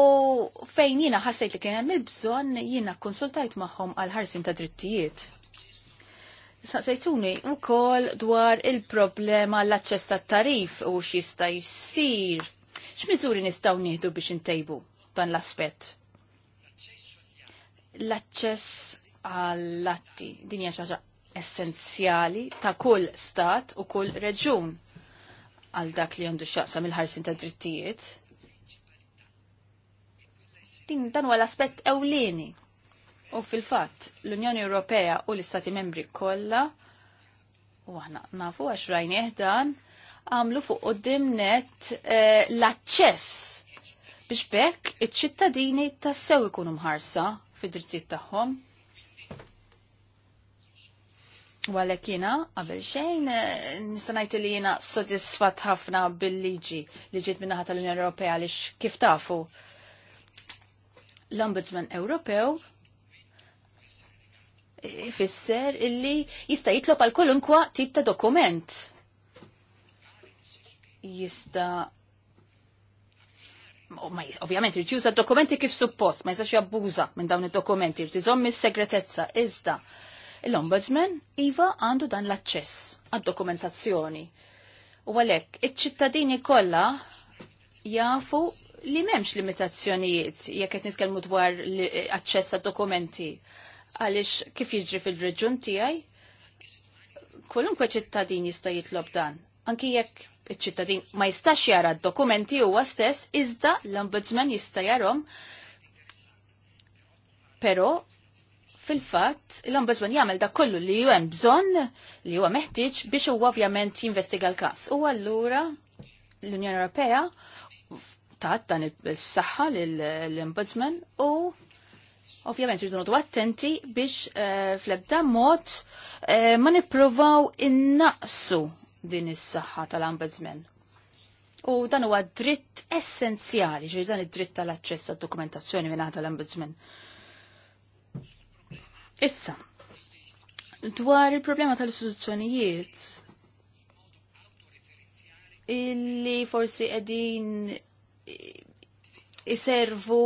U fejn jiena ħassejt li kien hemm il-bżonn jiena konsultajt magħhom għal ħarsin ta' drittijiet. Saqsejtuni u kol dwar il-problema l-aċċess tat-tarif u x'jista' jsir. X'miżuri nistgħu nieħdu biex intejbu dan l-aspett? L-aċċess għall-latti din hija xaġa essenzjali ta' kull stat u kull reġun għal dak li għandu x'jaqsam il-ħarsin ta' drittijiet. Din dan huwa l-aspett ewlieni U fil-fatt, l-Unjoni Ewropea u l-Istati Membri kollha, u aħna nafu għax rajni dan, għamlu fuq u net eh, l-aċċess biex bekk iċ-ċittadini tassew ikunu mħarsa fid-drittijiet tagħhom. Għalek jina, għabel xejn, eh, nistanajt li jina sodisfat ħafna bil-liġi li ġiet minnaħa tal-Unjoni Ewropea li kif tafu. L-Ombudsman Ewropew ifisser illi jista' jitlob għal kolunkwa tip ta' dokument. Jista' ovvjament jirti juża dokumenti kif suppost, ma jistax jabbuża minn dawn id-dokumenti, jirti zommi is-segretezza iżda. L-Ombudsman iva għandu dan l-aċċess għad-dokumentazzjoni. U għalhekk iċ-ċittadini kollha jafu li memx limitazzjonijiet jekk qed nitkellmu dwar aċċess għad dokumenti għaliex kif jiġri fil-reġun tiegħi, kolunkwe ċittadin jista' jitlob dan. Anki jekk iċ-ċittadin ma jistax jara d-dokumenti huwa stess, iżda l-ombudsman jista' jarhom. Però fil-fatt l-ombudsman jagħmel dak kollu li hu hemm bżonn li huwa meħtieġ biex huwa ovvjament jinvestiga l-każ. U allura l-Unjoni Ewropea tat dan il-saħħa l-ombudsman u Ovvjament rridu nodu attenti biex uh, fl-ebda mod uh, ma nipprovaw innaqsu din is-saħħa tal-Ombudsman. U dan huwa dritt essenzjali, ġiri dan id-dritt tal-aċċess tad-dokumentazzjoni minn tal-Ombudsman. Issa, dwar il-problema tal-istituzzjonijiet, illi forsi qegħdin iservu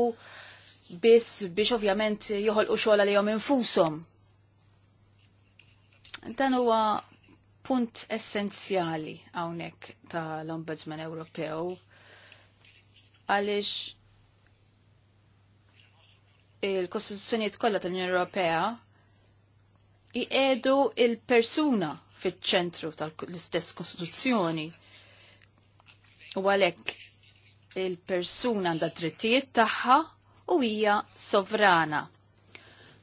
biss biex ovvjament joħolqu xogħol jom infushom. Dan huwa punt essenzjali hawnhekk tal-Ombudsman Ewropew għaliex il-Kostituzzjonijiet kollha tal-Unjoni Ewropea jqiegħdu il-persuna fiċ-ċentru tal-istess Kostituzzjoni. U għalhekk il-persuna għandha drittijiet tagħha u hija sovrana.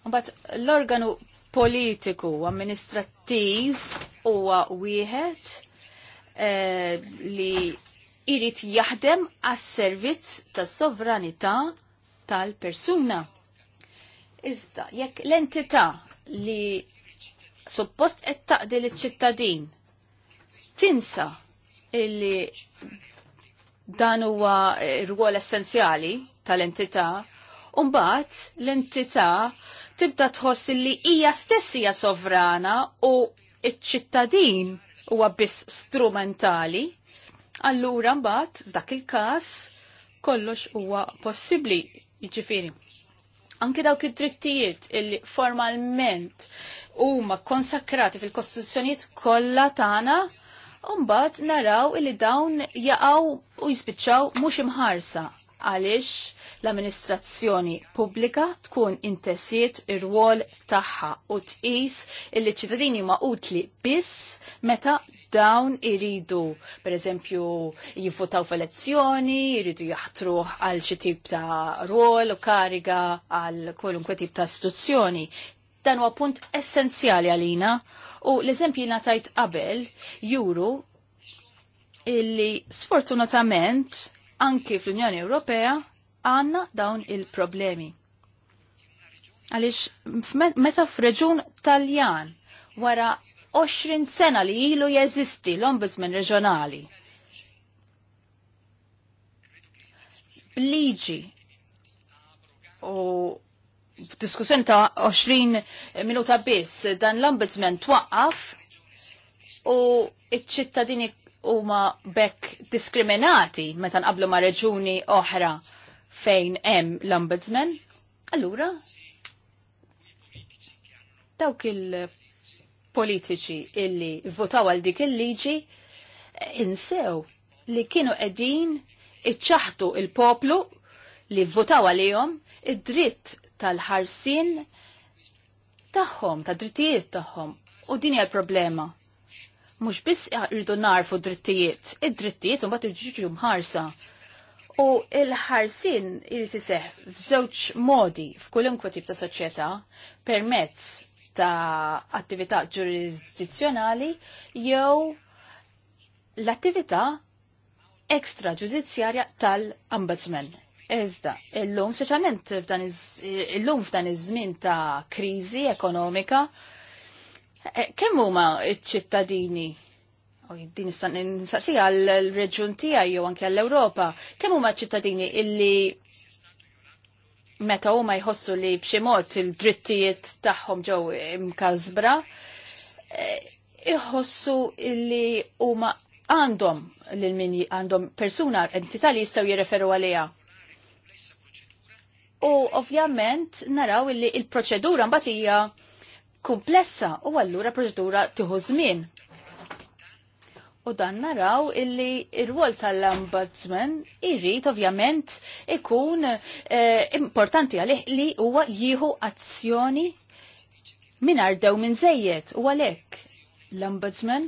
Mbagħad l-organu politiku amministrattiv huwa wieħed eh, li jrid jaħdem għas servizz tas-sovranità tal-persuna. Iżda jekk l-entità li suppost qed taqdi liċ-ċittadin tinsa illi dan huwa rwol essenzjali tal-entità Umbat l-entità tibda tħoss li hija stessija sovrana u iċ-ċittadin huwa biss strumentali. Allura mbagħad f'dak il-każ kollox huwa possibbli jiġifieri. Anke dawk id-drittijiet il formalment huma konsakrati fil-kostituzzjonijiet kollha tagħna mbagħad naraw illi dawn jaqaw u jispiċċaw mhux imħarsa għaliex l-amministrazzjoni pubblika tkun intesiet ir-rwol tagħha u tqis illi ċittadini ma utli biss meta dawn iridu, per eżempju, jivvotaw f'elezzjoni, iridu jaħtru għal xi tip ta' rwol u kariga għal kolunkwe tip ta' istituzzjoni. Dan huwa punt essenzjali għalina u l-eżempji tajt qabel juru illi sfortunatament anki fl-Unjoni Ewropea għanna dawn il-problemi. Għalix, meta f'reġun Taljan wara 20 sena li ilu jeżisti l-Ombudsman Reġjonali. Bliġi u diskussjoni ta' 20 minuta biss dan l-ombudsman twaqqaf u iċ-ċittadini huma bekk diskriminati meta nqablu ma' reġuni oħra fejn hemm l-ombudsman. Allura dawk il-politiċi illi votaw għal dik il-liġi insew li kienu qegħdin iċċaħtu il-poplu li votaw għalihom id-dritt tal-ħarsin tagħhom, ta' drittijiet tagħhom. U din hija l-problema mhux biss irdu narfu drittijiet, id-drittijiet imbagħad irġiġu mħarsa. U l-ħarsin irid iseħ f'żewġ modi f'kulunkwe tip ta' soċjetà permezz ta' attività ġurisdizzjonali jew l-attività ġudizzjarja tal-Ombudsman. Iżda, illum, speċjalment f'dan iż-żmien ta' kriżi ekonomika, Eh, kemm huma ċ-ċittadini? Din nistan nistaqsija għall-reġjun tiegħi jew anke għall-Ewropa. Kemm huma ċittadini illi meta huma jħossu li b'xi mod il-drittijiet tagħhom ġew imkazbra, eh, iħossu li huma għandhom lil min għandhom persuna entità li jistgħu jirreferu għaliha. U ovvjament naraw illi il-proċedura mbagħad hija komplessa u allura proċedura tieħu żmien. U dan naraw illi ir-rwol tal-ombudsman irrid ovvjament ikun eh, importanti għalih li huwa jieħu azzjoni minn ardew minn żejjed u għalhekk l-ombudsman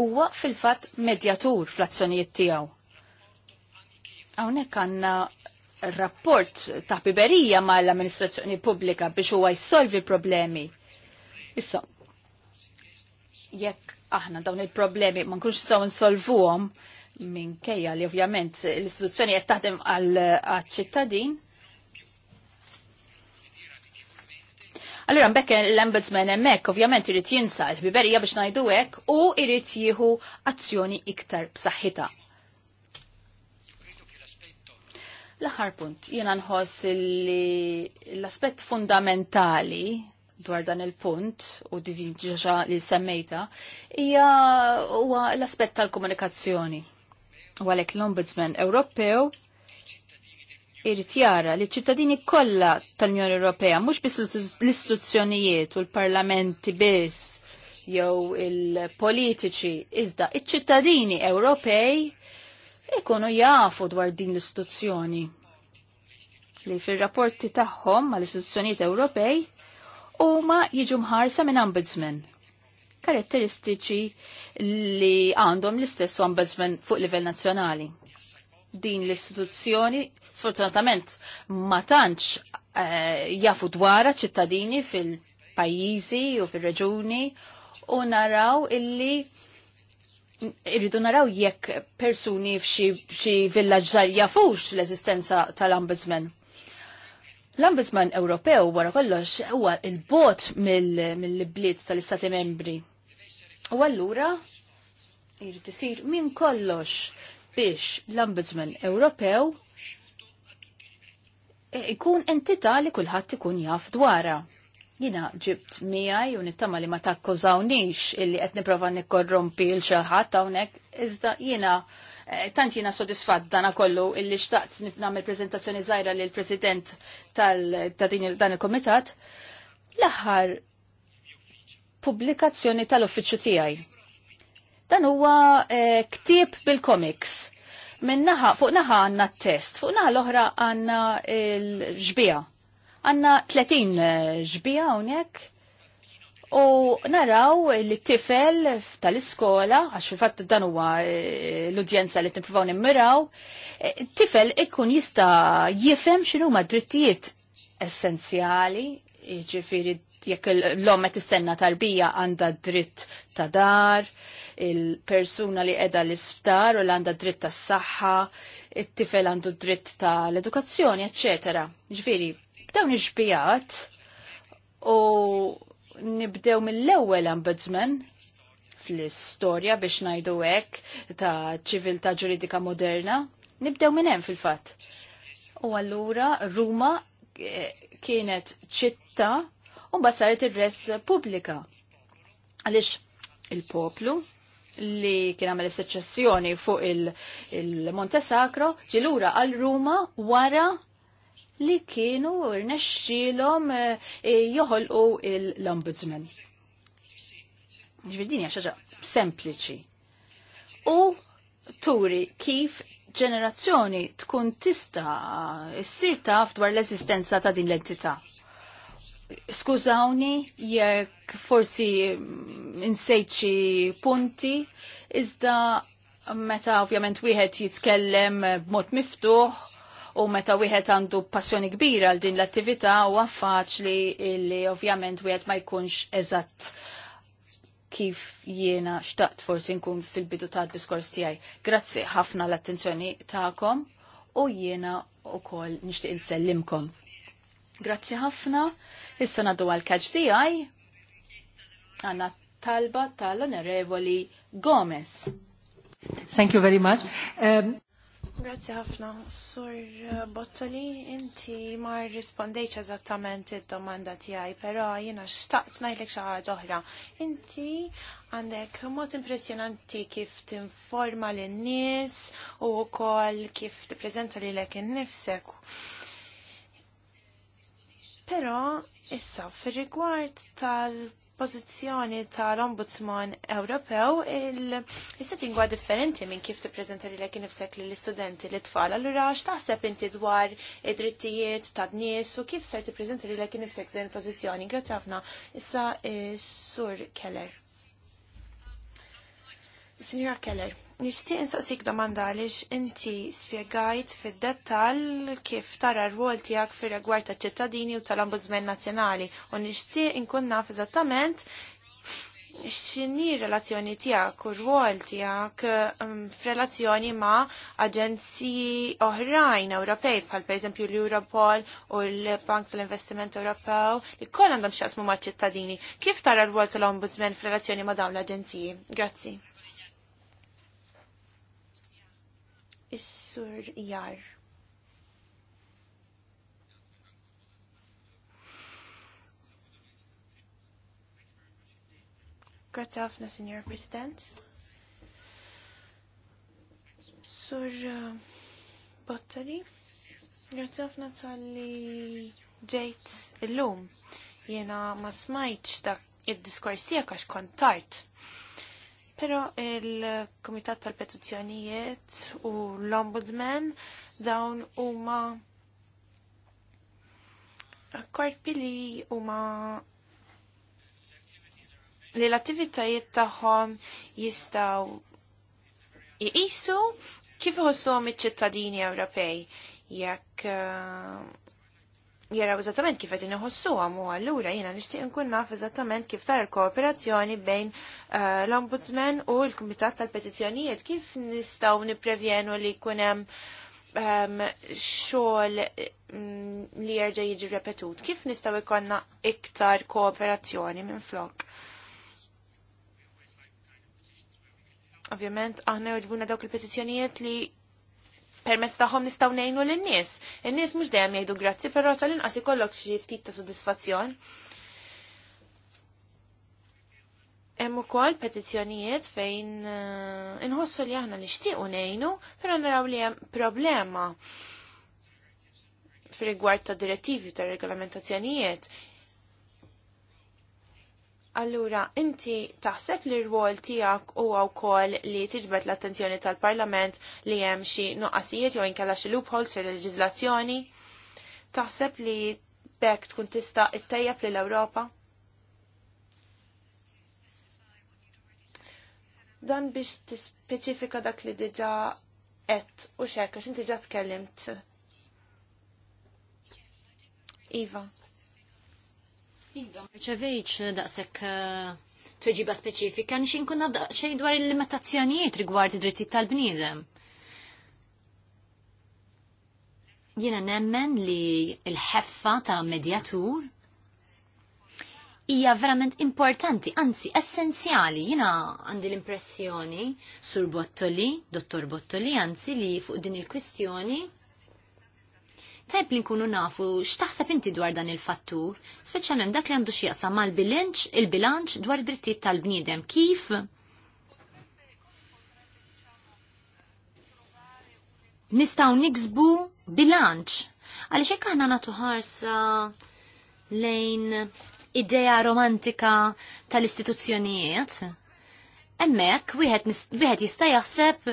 huwa fil-fatt medjatur fl-azzjonijiet tiegħu. Hawnhekk għandna rapport ta' piberija ma' l-amministrazzjoni pubblika biex huwa jissolvi problemi. Issa, jekk aħna dawn il-problemi ma nkunx saw nsolvuhom minkejja li ovvjament l-istituzzjoni qed taħdem għal-ċittadin, Allora, mbekk l-Ombudsman emmek, ovvjament, irrit jinsa l-biberija biex ngħidu hekk u irrit jieħu azzjoni iktar b'saħħitha. L-aħħar punt, jiena nħoss li l-aspett fundamentali dwar dan il-punt u diġa li semmejta hija huwa l-aspett tal-komunikazzjoni. U għalhekk l-Ombudsman Ewropew irrid jara li ċittadini kollha tal-Unjoni Ewropea mhux biss l-istituzzjonijiet u l-parlamenti biss jew il-politiċi iżda iċ-ċittadini Ewropej ikunu jafu dwar din l-istituzzjoni li fil-rapporti tagħhom mal istituzzjonijiet Ewropej huma jiġu mħarsa minn ombudsman. Karatteristiċi li għandhom l-istess ombudsman fuq livell nazzjonali. Din l-istituzzjoni sfortunatament ma tantx eh, jafu dwar ċittadini fil-pajjiżi u fil-reġuni u naraw illi irridu naraw jekk persuni f'xi villaġġ żgħar jafux l-eżistenza tal-Ombudsman. L-Ombudsman Ewropew wara kollox huwa il-bot mill-bliet tal-Istati Membri. U allura jrid isir minn kollox biex l-Ombudsman Ewropew e ikun entità li kulħadd ikun jaf dwarha. Jina ġibt miħaj u nittama li ma takkużawnix illi qed niprofa nikkorrompi l xaħat hawnhekk, iżda jiena eh, tant jiena sodisfatt dana kollu illi xtaqt nagħmel preżentazzjoni żgħira lil president ta' dan il-komitat l-aħħar pubblikazzjoni tal-uffiċċju tiegħi. Dan huwa eh, ktieb bil-comics. Minnaħa, fuq naħa għandna t-test, fuq naħa l-oħra għandna l-ġbija Għanna 30 eh, ġbija unjek u naraw li t-tifel tal-iskola, għax fil-fat dan huwa eh, l-udjenza li t-nipruvaw nimmiraw, eh, t-tifel ikkun jista jifem xinu ma drittijiet essenzjali, ġifiri jekk l-om t istenna tarbija għandha dritt ta' dar, il-persuna li edha l-isptar u l-għanda dritt tas saħħa it-tifel għandu dritt tal edukazzjoni eccetera. Ġifiri, Dawn iġbijat u nibdew mill-ewwel ombudsman fl-istorja biex ngħidu hekk ta' ċiviltà ġuridika moderna. Nibdew minn hemm fil-fatt. U allura Ruma eh, kienet ċitta u mbagħad saret ir-res pubblika. Għaliex il-poplu li kien għamel seċessjoni fuq il-Monte il Sacro ġilura għal Ruma wara li kienu rnexxilhom eh, joħolqu l-ombudsman. Ġvidini xaġa sempliċi. U turi kif ġenerazzjoni tkun tista ssir taf dwar l-esistenza ta' din l-entità. Skużawni jekk forsi insejċi punti, iżda meta ovvjament wieħed jitkellem b'mod miftuħ, u meta wieħed għandu passjoni kbira għal din l-attività huwa faċli li ovvjament wieħed ma jkunx eżatt kif jiena xtaqt forsi nkun fil-bidu ta' diskors tijaj. Grazzi ħafna l-attenzjoni ta'kom u jiena u kol nishtiq nsellimkom. Grazzi ħafna, issa naddu għal-kaġ tijaj għanna talba tal-onorevoli Gomez. Thank you very much. Um... Grazzi ħafna. Sur eh, Bottoli, inti ma rispondejċ eżattament id-domanda tiegħi, però jiena xtaqt ngħidlek xi ħaġa oħra. Inti għandek mod impressjonanti kif tinforma lin-nies u wkoll kif tippreżenta lilek innifsek. Però issa fir-rigward tal pożizzjoni tal-Ombudsman Ewropew il-issa tingwa differenti minn kif tippreżenta li lek nifsek li l-istudenti li tfal. Allura x'taħseb inti dwar id-drittijiet tad-nies u kif ser tippreżenta li lek nifsek din il-pożizzjoni. Grazzi ħafna. Issa eh, Sur Keller. Signora Keller, Nishtiq insaqsik domanda għaliex inti spiegajt fid-dettall kif tara r-rwol tiegħek fir-rigward tal-ċittadini u tal-Ombudsman Nazzjonali u nixtieq inkun naf eżattament x'inhi relazzjoni tiegħek u r-rwol tiegħek um, f'relazzjoni ma' aġenziji oħrajn Ewropej bħal pereżempju l-Europol u l-Bank tal-Investiment Ewropew li kol għandhom x'jaqsmu maċ-ċittadini. Kif tara r-rwol tal-Ombudsman f'relazzjoni ma' dawn l-aġenziji? Grazzi. Is-sur jar. Grazie ħafna, Signor President. Sur uh, Bottari, grazie ħafna tal-li ġejt l lum Jena ma smajċ dak id-diskors tijak għax kontart. Pero il-Komitat tal-Petizzjonijiet u l-Ombudsman dawn huma korpi li huma li l-attivitajiet tagħhom jistgħu jqisu kif iħossuhom iċ-ċittadini Ewropej jekk uh, jaraw eżattament kif qed inħossuhom u allura jiena nixtieq inkun naf eżattament kif tar kooperazzjoni bejn eh, l-Ombudsman u l-Kumitat tal-Petizzjonijiet kif nistgħu nipprevjenu li jkun hemm ehm, xogħol mm, li jerġa' jiġi repetut. Kif nistgħu jkollna iktar kooperazzjoni minn flok? Ovvjament aħna jogħġbuna dawk il-petizzjonijiet li permezz tagħhom nistgħu ngħinu lin-nies. In-nies mhux dejjem jgħidu grazzi, però tal-inqas ikollok xi ftit ta' sodisfazzjon. Hemm ukoll petizzjonijiet fejn eh, inħossu li aħna nixtiequ ngħinu, però naraw li hemm problema fir-rigward ta' direttivi ta' regolamentazzjonijiet Allura, inti taħseb li r-rwol tijak u wkoll li tiġbet l-attenzjoni tal-parlament li hemm xi nuqqasijiet jew inkella xi loopholes fil-leġizlazzjoni? Taħseb li bekk tkun tista' ittejjeb lil Ewropa? Dan biex tispeċifika dak li diġa qed u xekk għax inti ġa tkellimt. Iva. Rċevejċ eh, daqsek eh, tweġiba speċifika nix inkun xejn dwar il-limitazzjonijiet rigward id dritti tal-bniedem. Jiena nemmen li l-ħeffa ta' medjatur hija verament importanti, anzi essenzjali. Jiena għandi l-impressjoni sur Bottoli, dottor Bottoli, anzi li fuq din il-kwistjoni tajb li nkunu nafu x'taħseb inti dwar dan il-fattur, speċjalment dak li għandu x'jaqsam mal-bilanċ, il-bilanċ dwar id-drittijiet tal-bniedem. Kif? Nistaw niksbu bilanċ. Għaliex hekk aħna nagħtu ħarsa lejn idea romantika tal-istituzzjonijiet Emmek, wieħed jista' jaħseb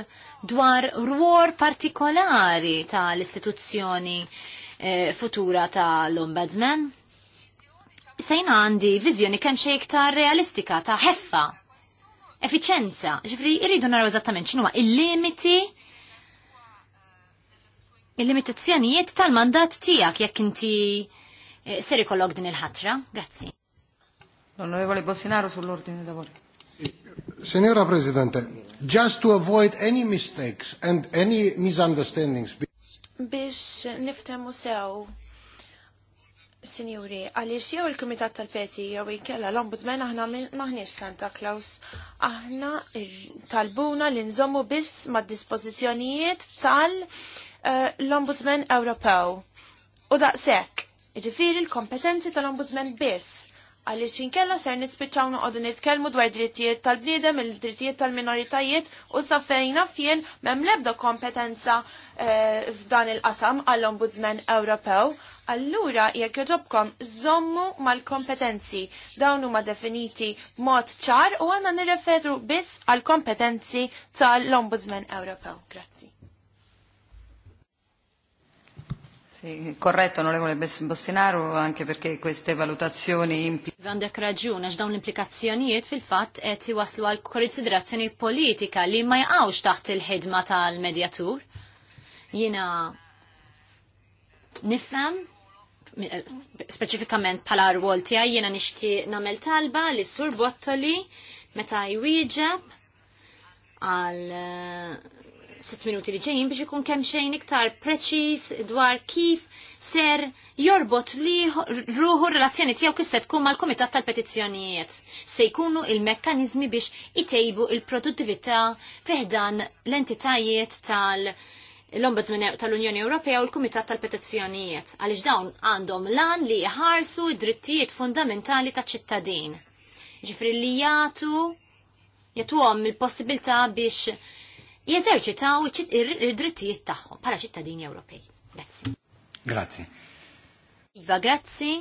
dwar rwor partikolari ta' l-istituzzjoni eh, futura ta' l-Ombudsman. Sejna għandi viżjoni kemm xejn iktar realistika ta' ħeffa, efficienza, ġifri irridu naraw eżattament x'inhu il-limiti il-limitazzjonijiet tal-mandat tiegħek jekk inti eh, ser ikollok din il-ħatra. Grazzi. L-Onorevole Bossinaro sull'ordine lavori. Signora Presidente, just to avoid any mistakes and any misunderstandings. Biex niftemu sew, Sinjuri, għaliex jew il-Kumitat tal-Peti jew ikella l-Ombudsman aħna maħniex Santa Claus. Aħna talbuna li nżommu biss mad-dispożizzjonijiet tal-Ombudsman eh, Ewropew. U daqshekk, jiġifieri l-kompetenzi tal-Ombudsman biss għaliex inkella ser nispiċċaw noqogħdu nitkellmu dwar drittijiet tal-bniedem, il-drittijiet tal-minoritajiet u saffejna fien m'hemm l-ebda kompetenza eh, f'dan il-qasam għall-Ombudsman Ewropew. Allura jekk joġobkom żommu mal-kompetenzi dawn huma definiti mod ċar u għanna nirreferu biss għall-kompetenzi tal-Ombudsman Ewropew. Grazzi. Sì, corretto onorevole Bostinaro anche perché queste valutazioni implicano. Għandek raġun għax dawn l-implikazzjonijiet fil-fatt qed iwaslu għal konsiderazzjoni politika li ma jaqgħux taħt il-ħidma tal-medjatur. Jiena nifem, speċifikament pala rwol tiegħi jina nixtieq nagħmel talba li sur Bottoli meta jwieġeb għal sitt minuti li ġejjin biex ikun kemm xejn iktar preċiż dwar kif ser jorbot li ruħu relazzjoni tiegħu kif se tkun mal-Kumitat tal-Petizzjonijiet. Se jkunu il-mekkaniżmi biex itejbu il-produttività fiħdan l-entitajiet tal- l-Ombudsman tal-Unjoni Ewropea u l-Kumitat tal-Petizzjonijiet għaliex dawn għandhom lan li jħarsu id-drittijiet fundamentali ta' ċittadin. Ġifri li jagħtu għom il-possibilità biex jeżerċitaw id-drittijiet tagħhom bħala ċittadini Ewropej. Grazzi. Grazzi. Iva, grazzi.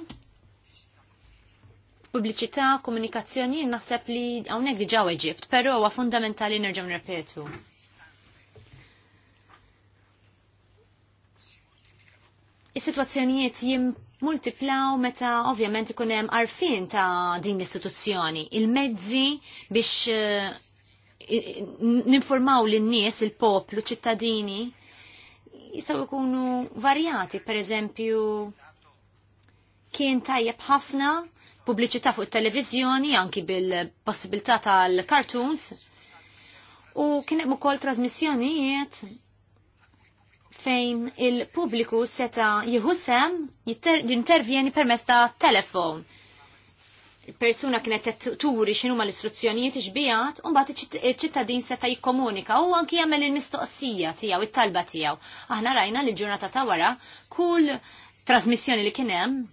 Pubbliċità, komunikazzjoni, naħseb li hawnhekk diġà Eġibt, però huwa fundamentali nerġa' nirrepetu. Is-sitwazzjonijiet jim multiplaw meta ovvjament ikun hemm arfin ta' din l-istituzzjoni, il-mezzi biex eh, ninformaw l-nies, il-poplu, ċittadini, jistaw ikunu varjati, per eżempju, kien tajjeb ħafna pubbliċità fuq it-televiżjoni anki bil-possibilità tal-cartoons u kien hemm ukoll trasmissjonijiet fejn il-pubbliku seta jieħu sem jintervjeni permezz ta' telefon persuna kienet turi xinu ma l-istruzzjonijiet iġbijat, un bat ċittadin seta jikkomunika u anki jagħmel il-mistoqsija tiegħu, it-talba tiegħu. Aħna rajna li ġurnata ta' wara kull trasmissjoni li kien hemm,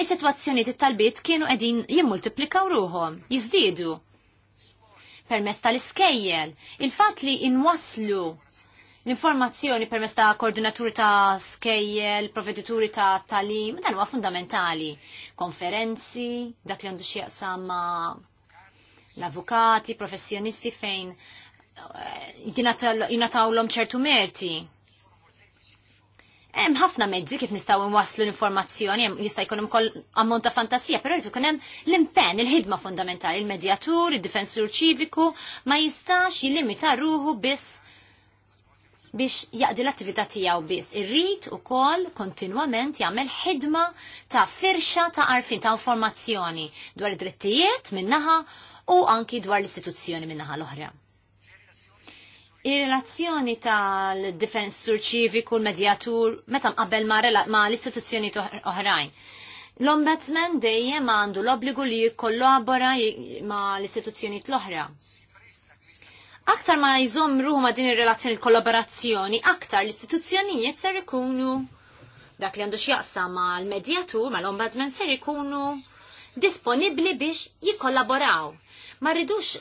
is-sitwazzjonijiet it-talbiet kienu qegħdin jimmultiplikaw ruhom, jizdidu. Permesta tal-iskejjel, il-fatt li inwaslu L-informazzjoni permess ta' koordinaturi ta' skejjel, provvedituri ta' talim, dan huwa fundamentali. Konferenzi, dak li għandu xieqsam l-avukati, professjonisti fejn eh, jinatawlom ċertu merti. Hemm ħafna mezzi kif nistgħu nwasslu l-informazzjoni, jista' jkun hemm ammont ta' fantasija, però jrid ikun hemm l-impenn, il-ħidma fundamentali, il-medjatur, id-difensur ċiviku ma jistax jilimita ruħu biss biex jaqdi l-attività tiegħu biss. Irrid ukoll kontinwament jagħmel ħidma ta' firxa ta' arfin ta' informazzjoni dwar id-drittijiet minnaħa u anki dwar l-istituzzjoni minnaħa l-oħra. Ir-relazzjoni tal-difensur ċiviku, l-medjatur, meta mqabbel ma' l-istituzzjoni oħrajn. L-ombudsman dejjem għandu l-obbligu li jikkollabora ma' l-istituzzjoni l-oħra aktar ma jżomru ma din ir-relazzjoni kollaborazzjoni, aktar l-istituzzjonijiet ser ikunu dak li għandu x'jaqsam mal-medjatur, mal-ombudsman ser ikunu disponibli biex jikollaboraw. Ma rridux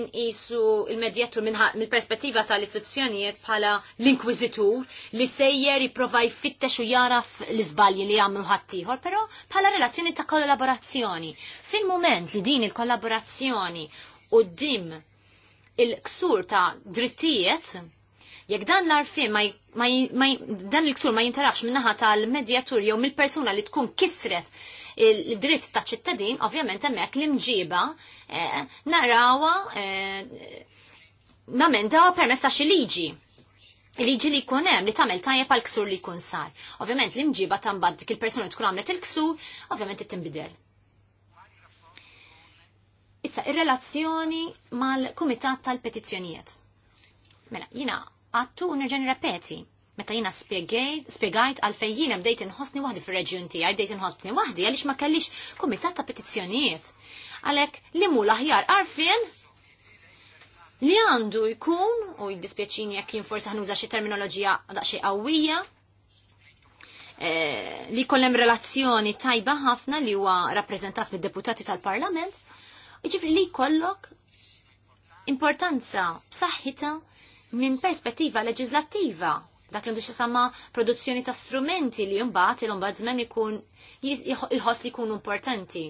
inqisu il-medjatur mill-perspettiva tal-istituzzjonijiet bħala l-inkwizitur li sejjer jipprova jfittex u jaraf l-iżbalji li jagħmlu ħaddieħor, però bħala relazzjoni ta' kollaborazzjoni. Fil-mument li din il-kollaborazzjoni u dim il-ksur ta' drittijiet, jekk dan l-arfin dan il-ksur ma jintarafx minnaħa tal-medjatur jew mill-persuna li tkun kisret il-dritt ta' ċittadin, ovvjament hemmhekk l-imġiba eh, narawa eh, namenda permezz ta' xi liġi liġi li jkun hemm li tagħmel tajjeb għal ksur li jkun sar. Ovvjament l-imġiba tambad dik il-persuna tkun għamlet il-ksur, ovvjament it tinbidel. Issa, ir-relazzjoni mal-Kumitat tal-Petizzjonijiet. Mela, jina għattu unirġen repeti. Meta jina spiegajt għalfej jina bdejt inħosni wahdi fil-reġjun għaj, bdejt inħosni wahdi għaliex ma kellix kumitat ta' petizzjonijiet. Għalhekk li mu l-aħjar li għandu jkun u jiddispieċini jekk jien forsi ħnuża xi terminoloġija daqsxejn qawwija eh, li kollem relazzjoni tajba ħafna li huwa rappreżentat mid-deputati tal-Parlament Iġifri li kollok importanza b'saħħita minn perspettiva leġislattiva dak li sama produzzjoni ta' strumenti li jumbat il-ombudsman ikun jħos li jkunu importanti.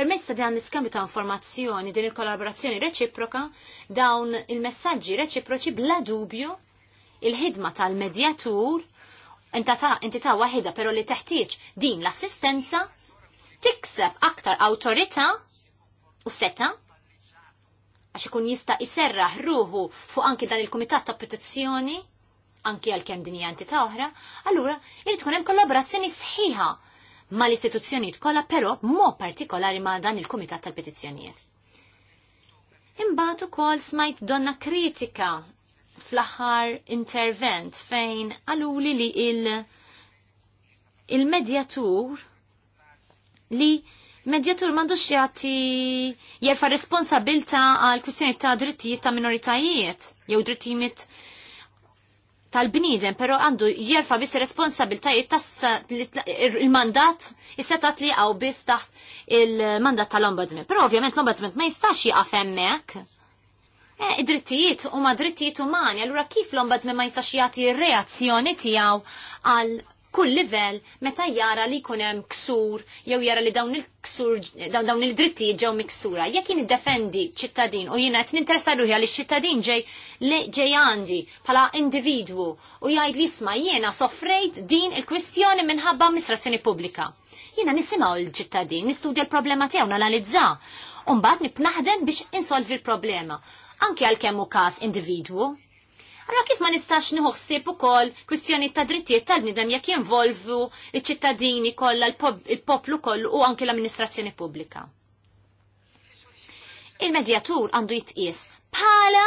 Permezz ta' dan l-iskambju ta' informazzjoni, din il-kollaborazzjoni reċiproka, dawn il-messagġi reċiproċi bla dubju il-ħidma tal-medjatur entità waħda pero li teħtieġ din l-assistenza tikseb aktar awtorità u seta għax ikun jista' iserraħ ruħu fuq anki dan il-Kumitat ta' Petizzjoni anki għal kemm dinja ta' oħra, allura jrid tkun hemm kollaborazzjoni sħiħa mal-istituzzjonijiet kollha però mo partikolari ma' dan il-Kumitat tal-Petizzjonijiet. Imbagħad ukoll smajt donna kritika fl-aħħar intervent fejn għaluli li il- il-medjatur li Medjatur mandu jati jerfa responsabilta għal kwistjoni ta' drittijiet ta' minoritajiet, jew drittijiet tal-bnidem, pero għandu jerfa biss responsabiltajiet il-mandat jissetat li għaw biss taħt il-mandat tal-ombudsman. Pero ovvjament l-ombudsman ma jistax jaqaf emmek. Eh, drittijiet huma drittijiet umani, allura kif l-ombudsman ma jistax jagħti reazzjoni tiegħu għal kull livell meta jara li jkun hemm ksur jew jara li dawn il-ksur dawn il-dritti ġew miksura. Jekk jien iddefendi ċittadin u jiena qed ninteressa ruħi għal ċittadin ġej ġej għandi bħala individwu u jgħid li isma' jiena soffrejt din il-kwistjoni minħabba amministrazzjoni pubblika. Jiena nisimgħu l-ċittadin, nistudja l-problema tiegħu nanalizza. mbagħad nibnaħdem biex insolvi l-problema. Anke għal hu każ individwu, Allora kif ma nistax nħossib ukoll kwistjoni ta' drittijiet tal-bnidem jekk jinvolvu il ċittadini kollha il-poplu kollu u anke l-amministrazzjoni pubblika. Il-medjatur għandu jitqies bħala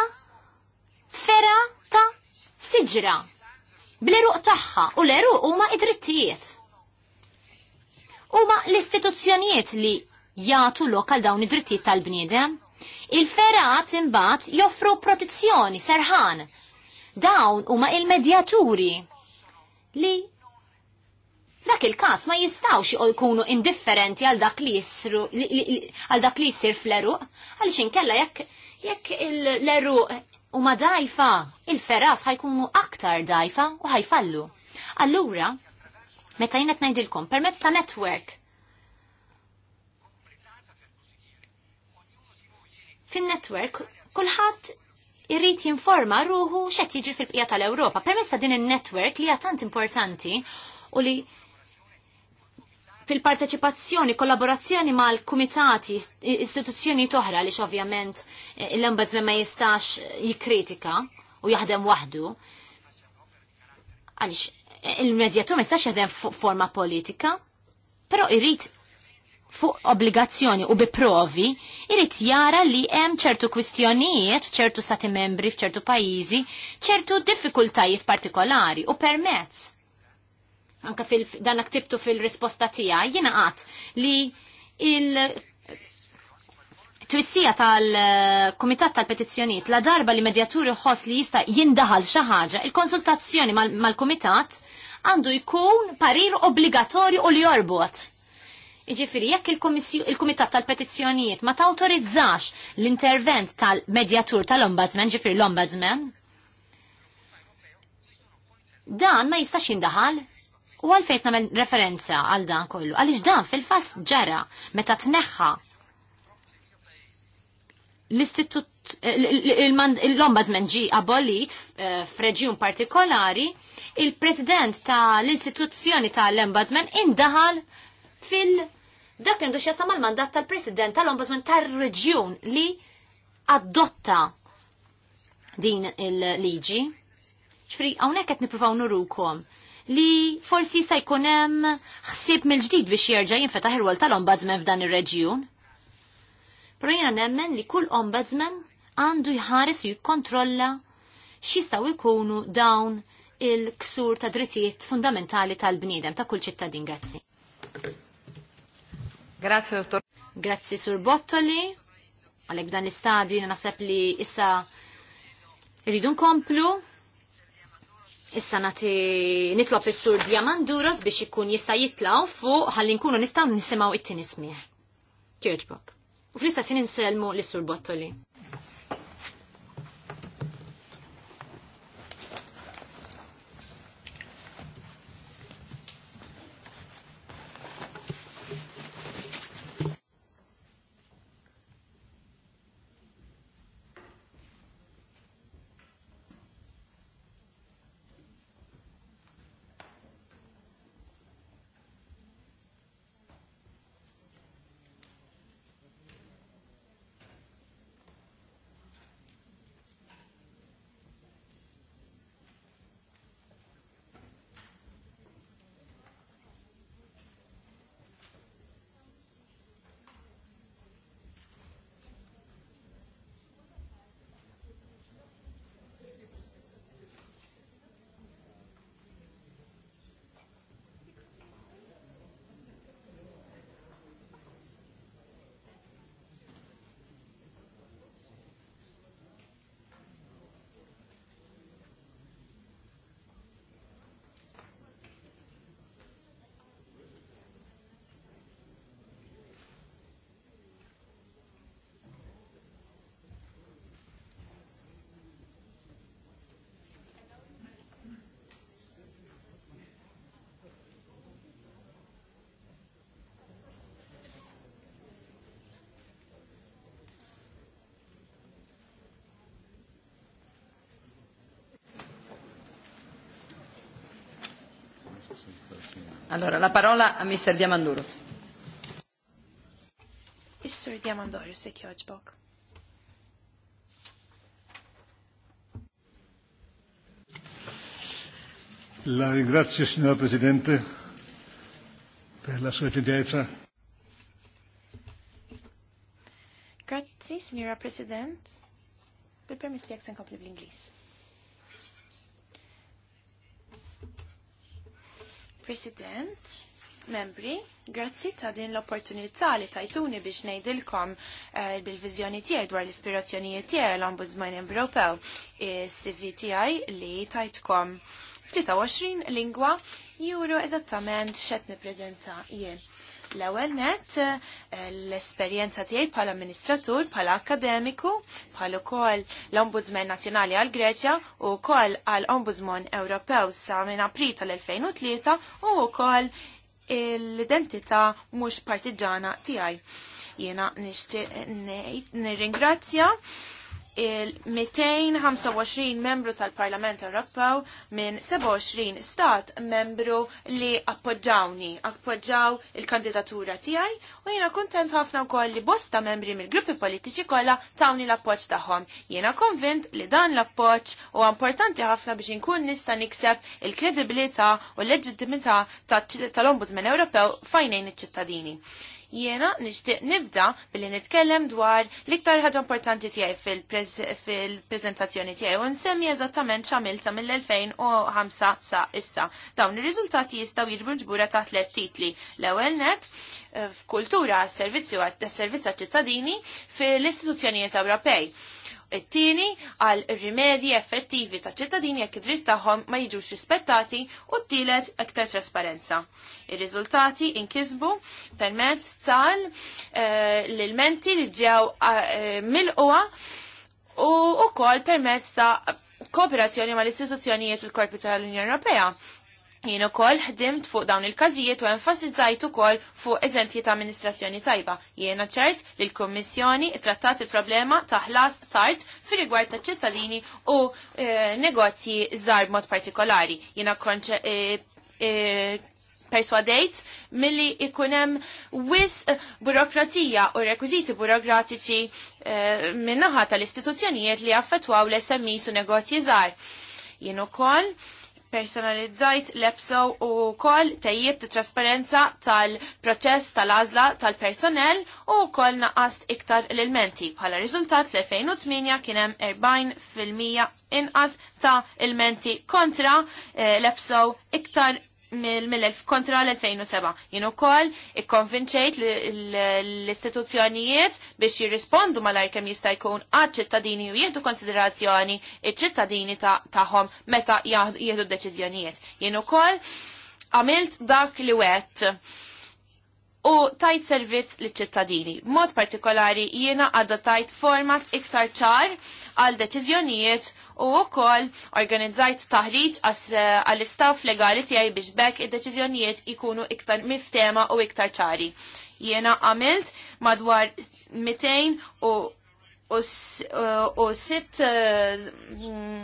fera ta' siġra bl-eruq tagħha u l-eruq huma id-drittijiet. Huma l-istituzzjonijiet li jagħtu lokal dawn id-drittijiet tal-bniedem. Il-ferat imbagħad joffru protezzjoni serħan Dawn huma il-medjaturi li dak il-kas ma jistawx jkunu indifferenti għal dak li jisru għal dak li jisir fl-eruq għal kella jekk jekk l eru u ma dajfa il-feras ħajkunu aktar dajfa u ħajfallu. Allura, meta jienet najdilkom, permezz ta' network. Fin-network, kulħadd irrid jinforma ruħu xet jiġri fil-qija tal-Ewropa. Permezz ta' din in-netwerk li hija tant importanti u li fil-parteċipazzjoni, kollaborazzjoni mal-kumitati, istituzzjoni toħra li ovvjament eh, l-ombudsman ma jistax jikritika u jaħdem waħdu. Għaliex eh, il-medjatur ma jistax jaħdem forma politika, però irrit fuq obbligazzjoni u biprovi irrit jara li hemm ċertu kwistjonijiet f'ċertu stati membri f'ċertu pajjiżi, ċertu diffikultajiet partikolari u permezz. Anka fil dan ktibtu fil-risposta tiegħi jiena qatt li il twissija tal-Kumitat tal-Petizzjonijiet la darba li medjaturi ħoss li jista' jindaħal xi ħaġa, il-konsultazzjoni mal-Kumitat mal kumitat għandu jkun parir obbligatorju u li jorbot Iġifiri, jekk il-Kumitat tal-Petizzjonijiet ma tawtorizzax l-intervent tal-medjatur tal-Ombudsman, ġifiri l-Ombudsman, dan ma jistax jindaħal u għalfejt namel referenza għal dan kollu, għalix dan fil-fas ġara meta tneħħa l-istitut l-ombudsman ġi abolit eh, f'reġjun partikolari, il-president tal-istituzzjoni tal-ombudsman indaħal fil- dak għandu xjasa mal-mandat tal-President tal-Ombudsman tal-Reġjun li adotta din il-liġi. ċfri, għawnek għet niprofaw nurukom li forsi jista' jkun hemm ħsieb mill-ġdid biex jerġa' jinfetaħ ir tal-ombudsman f'dan ir-reġjun. Però jiena nemmen li kull ombudsman għandu jħares u jikkontrolla x'jistgħu jkunu dawn il-ksur ta' drittijiet fundamentali tal-bniedem ta' kull ċittadin. Grazzi. Grazie, dottor. Grazie, Sur Bottoli. Għalek dan l-istadju jina nasab li issa rridu nkomplu. Issa nati nitlob is-sur Diamanduros biex ikun jista' jitlaw fuq ħalli nkunu nistgħu nisimgħu it-tieni smieħ. Kjoġbok. U fl-istess jinselmu lis-sur Bottoli. Allora, la parola a Mr. Diamandouros. La ringrazio, signora Presidente, per la sua gentilezza. Grazie, signora Presidente, per permess di jek l'inglese. President, membri, grazzi ta' din l-opportunità li tajtuni biex nejdilkom uh, bil-vizjoni tiegħi dwar l-ispirazzjonijiet tiegħi l-Ombudsman Ewropew is cvti li tajtkom 23 lingwa juru eżattament x'qed nippreżenta jien. L-ewwel net l-esperjenza tiegħi bħala amministratur, bħala akademiku, bħal ukoll l-Ombudsman Nazzjonali għal Greċja u wkoll għal Ombudsman Ewropew sa minn April tal-2003 u wkoll l-identità mhux partiġana tiegħi. Jiena nixtieq nirringrazzja ne, il-225 membru tal-Parlament Ewropew minn 27 stat membru li appoġġawni, appoġġaw il-kandidatura tiegħi u jiena kuntent ħafna wkoll li bosta membri mill-gruppi politiċi kollha tawni l-appoġġ tagħhom. Jiena konvint li dan l-appoġġ huwa importanti ħafna biex inkun nista' nikseb il-kredibilità u l-leġittimità tal-Ombudsman Ewropew fajnejn iċ-ċittadini. Jiena nixtieq nibda billi nitkellem dwar l-iktar ħaġa importanti tiegħi fil-preżentazzjoni tiegħi u nsemmi eżattament x'għamilta mill-2005 sa issa. Dawn ir-riżultati jistgħu jġbun ġbura ta' tliet titli. L-ewwel net eh, f'kultura għas-servizzi għat-servizz għat-ċittadini fil-istituzzjonijiet Ewropej it tieni għal rimedji effettivi ta' ċittadini jekk id-dritt tagħhom ma jiġux rispettati u t-tielet aktar trasparenza. Ir-riżultati inkisbu permezz tal eh, l-ilmenti li ġew eh, mill-qwa u wkoll permezz ta' kooperazzjoni mal istituzzjonijiet u l-korpi tal-Unjoni Ewropea Jien ukoll ħdimt fuq dawn il-każijiet u enfasizzajt ukoll fuq eżempji ta' amministrazzjoni tajba. Jiena ċert li l-Kummissjoni trattat il-problema ta' ħlas tard fir rigward ta' ċittadini u e, negozji żgħar mod partikolari. Jiena konċe e, eh, e, eh, perswadejt milli hemm wis burokrazija u rekwiziti burokratiċi e, naħa tal-istituzzjonijiet li affettwaw l-SMI su negozji żgħar. Jien ukoll personalizzajt l-EPSO u kol tajjib ta' trasparenza tal-proċess tal-azla tal-personel u kol naqast iktar l ilmenti Bħala rizultat l-2008 kienem 40% inqas ta' ilmenti kontra eh, l-EPSO iktar mill-1000 kontra l-2007. Jien ukoll ikkonvinċejt l-istituzzjonijiet biex jirrispondu mal kemm jista' jkun għaċ-ċittadini u jieħdu konsiderazzjoni iċ-ċittadini tagħhom meta jieħdu deċiżjonijiet. Jien ukoll għamilt dak li wet u tajt servizz li ċittadini. Mod partikolari jiena adottajt format iktar ċar għal deċiżjonijiet u wkoll organizzajt taħriġ eh, għall-istaff legali tiegħi biex bekk id-deċiżjonijiet ikunu iktar miftema u iktar ċari. Jiena għamilt madwar 200 u u sitt eh,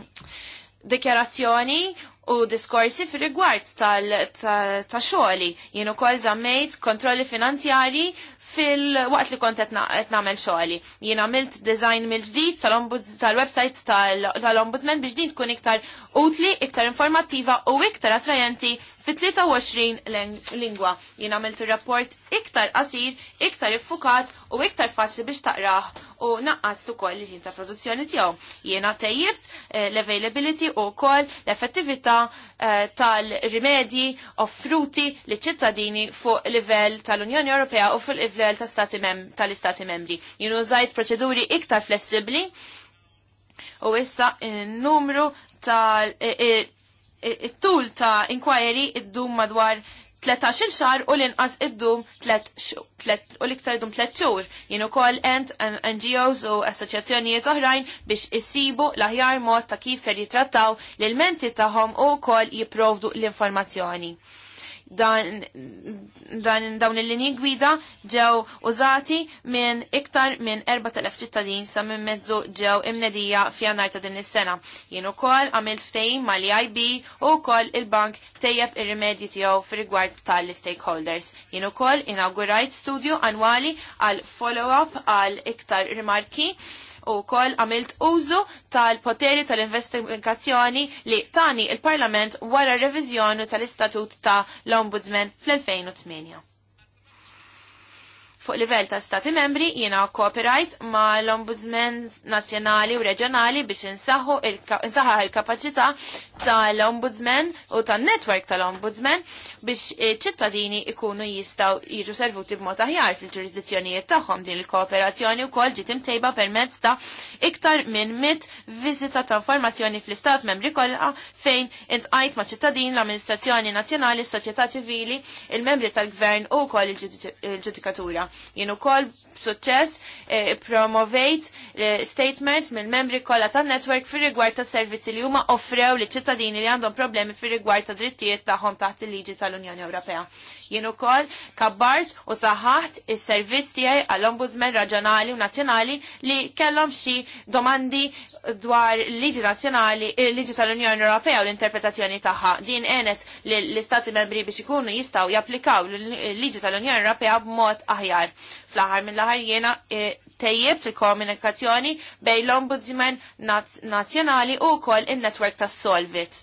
dikjarazzjoni u diskorsi fir rigward tal-xogħli. Jien ukoll żammejt kontrolli finanzjari fil-waqt li kont qed nagħmel xogħli. Jien għamilt design mill-ġdid tal-website tal-Ombudsman biex din tkun iktar utli, iktar informattiva u iktar attrajenti fit-23 lingwa. Jien għamilt ir-rapport iktar qasir, iktar iffukat u iktar faċli biex taqrah u naqqas ukoll il-ħin ta' produzzjoni tiegħu. Jiena tejjibt eh, l-availability u wkoll l-effettività eh, tal-rimedji offruti liċ ċittadini fuq livell tal-Unjoni Ewropea u fuq livell tal-istati membri. Jinu użajt proċeduri iktar flessibli u issa n-numru tal it-tul ta' inquiry id-dum madwar 13 xar u l-inqas id-dum u l-iktar id-dum 3 xur. Jienu kol ent NGOs u assoċjazzjonijiet oħrajn biex issibu laħjar mod ta' kif ser jitrattaw l-menti tagħhom u kol jiprovdu l-informazzjoni. Dan, dan dawn il-linji gwida ġew użati minn iktar minn 4000 ċittadin sa minn mezzu ġew imnedija f'jannar ta' din is-sena. Jien ukoll għamilt ftehim mal-IB u wkoll il-bank tejjeb ir-rimedji tiegħu fir-rigward tal-stakeholders. Jien ukoll inaugurajt studju annwali għal follow-up għal iktar rimarki u koll għamilt użu tal-poteri tal-investigazzjoni li tani il-Parlament wara revizjonu tal-Istatut ta' l-Ombudsman fl-2008. Fuq livell ta' stati membri jiena copyright ma' l-Ombudsman nazzjonali u reġjonali biex insaħħu insaħħa kapacità kapaċità tal-Ombudsman u tan-network tal-Ombudsman biex ċittadini ikunu jistgħu jiġu servuti b'mod aħjar fil-ġurisdizzjonijiet tagħhom din il-kooperazzjoni wkoll ġiet imtejba permezz ta' iktar minn mit viżita ta' informazzjoni fl-istat membri kollha fejn intqajt ma' ċittadin, l-amministrazzjoni nazzjonali, s-soċjetà ċivili, il-membri tal-gvern u wkoll il-ġudikatura. Jien ukoll b'suċċess eh, promovejt eh, statement mill-membri kollha tan-network fir-rigward tas servizzi li huma offrew li ċittadini li għandhom problemi fir-rigward ta' drittijiet tagħhom taħt il-liġi tal-Unjoni Ewropea. Jien ukoll kabbart u saħħaħt is-servizz tiegħi għall-Ombudsman Raġjonali u Nazzjonali li kellhom xi domandi dwar liġi nazzjonali, eh, liġi tal-Unjoni Ewropea u l-interpretazzjoni tagħha. Din għenet l-istati membri biex ikunu jistaw japplikaw l-liġi tal-Unjoni Ewropea b'mod aħjar aħjar. Fl-aħħar mill-aħħar jiena eh, tejjeb il-komunikazzjoni bejn l-Ombudsman Nazzjonali u wkoll in-netwerk tas-Solvit.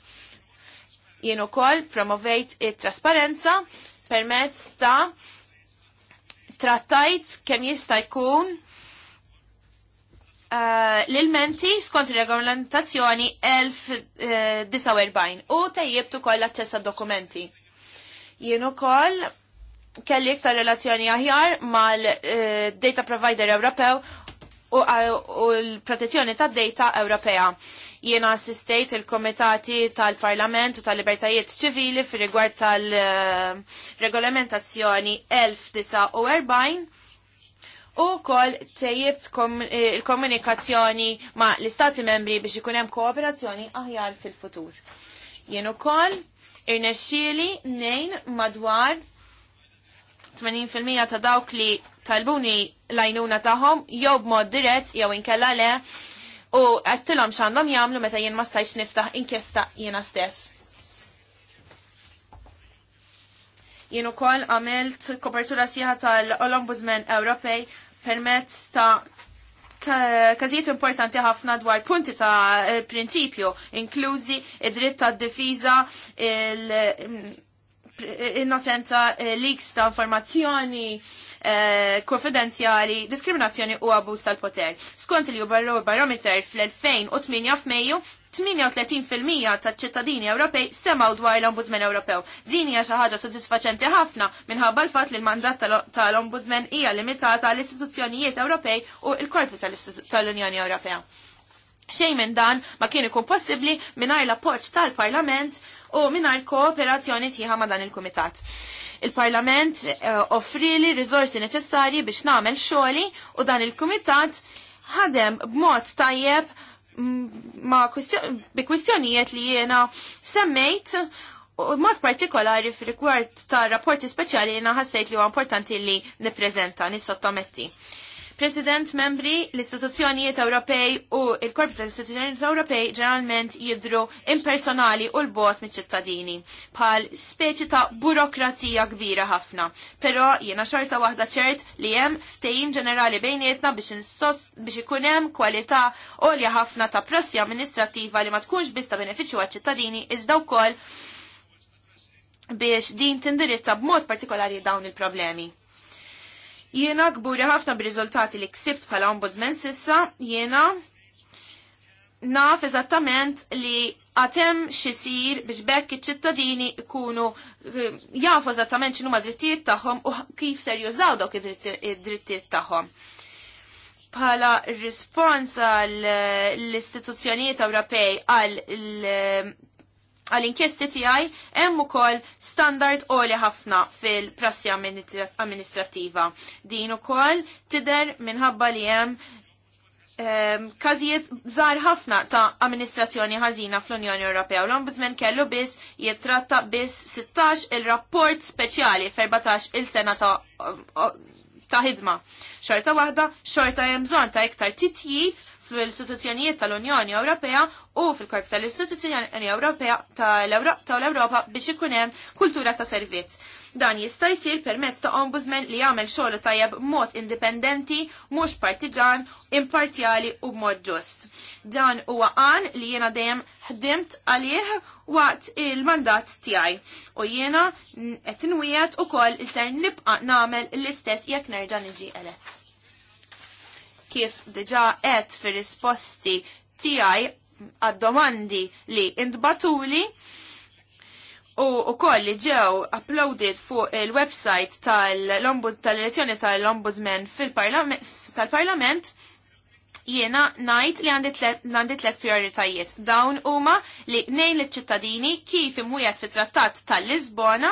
Jien ukoll promovejt it-trasparenza permezz ta' trattajt kemm jista' jkun eh, l-ilmenti skont regolamentazzjoni 1049 eh, u tejjibtu koll l-access dokumenti. Jien ukoll kelli iktar relazzjoni aħjar mal-data eh, provider Ewropew eh, u l-protezzjoni ta' data Ewropea. Jiena assistejt il-komitati tal-Parlament u tal-Libertajiet ċivili fi rigward tal-regolamentazzjoni eh, 1049 u kol tejjib il-komunikazzjoni ma' l-Istati membri biex ikun hemm kooperazzjoni aħjar fil-futur. Jien ukoll irnexxieli nejn madwar 80% ta' dawk li talbuni lajnuna tagħhom jew b'mod dirett jew inkella le u għattilom x'għandhom jagħmlu meta jien ma stajx niftaħ inkjesta jiena stess. Jien ukoll għamilt kopertura sieħa tal-Ombudsman Ewropej permezz ta' każijiet importanti ħafna dwar punti ta' eh, prinċipju, inklużi id-dritt tad difiża il- innoċenza eh, leaks ta' informazzjoni konfidenziali, eh, konfidenzjali, diskriminazzjoni u abus tal-poter. Skont li jubarru barometer fl-2008 f'Mejju, 38% ta' ċittadini Ewropej semaw dwar l-Ombudsman Ewropew. Din hija xi ħaġa sodisfaċenti ħafna minħabba l-fatt li l-mandat tal-Ombudsman hija limitata għall istituzzjonijiet Ewropej u l-korpi tal-Unjoni Ewropea. Xejn minn dan ma kien ikun possibbli mingħajr l-appoġġ tal-Parlament u mingħajr kooperazzjoni sħiħa ma' dan il-kumitat. Il-Parlament eh, offri li rizorsi neċessarji biex nagħmel xoli u dan il-kumitat ħadem b'mod tajjeb mm, ma' bi kwistjonijiet li jiena semmejt U mod partikolari f'rigward rigward ta' rapporti speċjali jena ħassejt li huwa importanti li nippreżenta nissottometti. President membri, l-istituzzjonijiet Ewropej u il-korpi tal-istituzzjonijiet Ewropej ġeneralment jidru impersonali u l-bot mit-ċittadini, bħal speċi ta' burokrazija kbira ħafna. Però jiena xorta waħda ċert li hemm ftejim ġenerali bejnietna biex, biex ikun hemm kwalità għolja ħafna ta' prossi amministrativa li ma tkunx biss ta' benefiċċju għaċ-ċittadini iżda wkoll biex din tindirizza b'mod partikolari dawn il-problemi. Jiena gburi ħafna bir-riżultati li ksibt bħala ombudsman sissa, jiena naf eżattament li għatem xisir biex bekk iċ-ċittadini ikunu eh, jafu eżattament x'inhuma drittijiet tagħhom u kif ser jużaw dawk id-drittijiet tagħhom. Bħala rispons għall eh, l-istituzzjonijiet Ewropej għal għal-inkjesti tiegħi hemm ukoll standard għoli ħafna fil-prassi amministrativa. Din ukoll tider minħabba li hemm um, każijiet żgħar ħafna ta' amministrazzjoni ħażina fl-Unjoni Ewropea. L-Ombudsman kellu biss jitratta biss 16 il-rapport speċjali f'14 il-sena ta' ta' ħidma. Xorta waħda, xorta hemm bżonn ta' iktar titjib fil-istituzzjonijiet tal-Unjoni Ewropea u fil-korp tal-istituzzjoni Ewropea tal-Ewropa biex ikun hemm kultura ta' servizz. Dan jista' jsir permezz ta' ombudsman li jagħmel xogħol tajjeb b'mod indipendenti, mhux partiġan, imparzjali u b'mod ġust. Dan huwa qan li jiena dejjem ħdimt għalih waqt il-mandat tiegħi u jiena qed inwiegħed ukoll li ser nibqa' nagħmel l-istess jekk nerġa' niġi elett kif diġa għed fir-risposti tiegħi għad-domandi li intbatuli u wkoll li ġew uploaded fuq il-website tal tal-elezzjoni tal-ombudsman fil-parlament tal-parlament jiena najt li għandi tlet prioritajiet. Dawn huma li nejn l-ċittadini kif imwiet fit trattat tal-Lisbona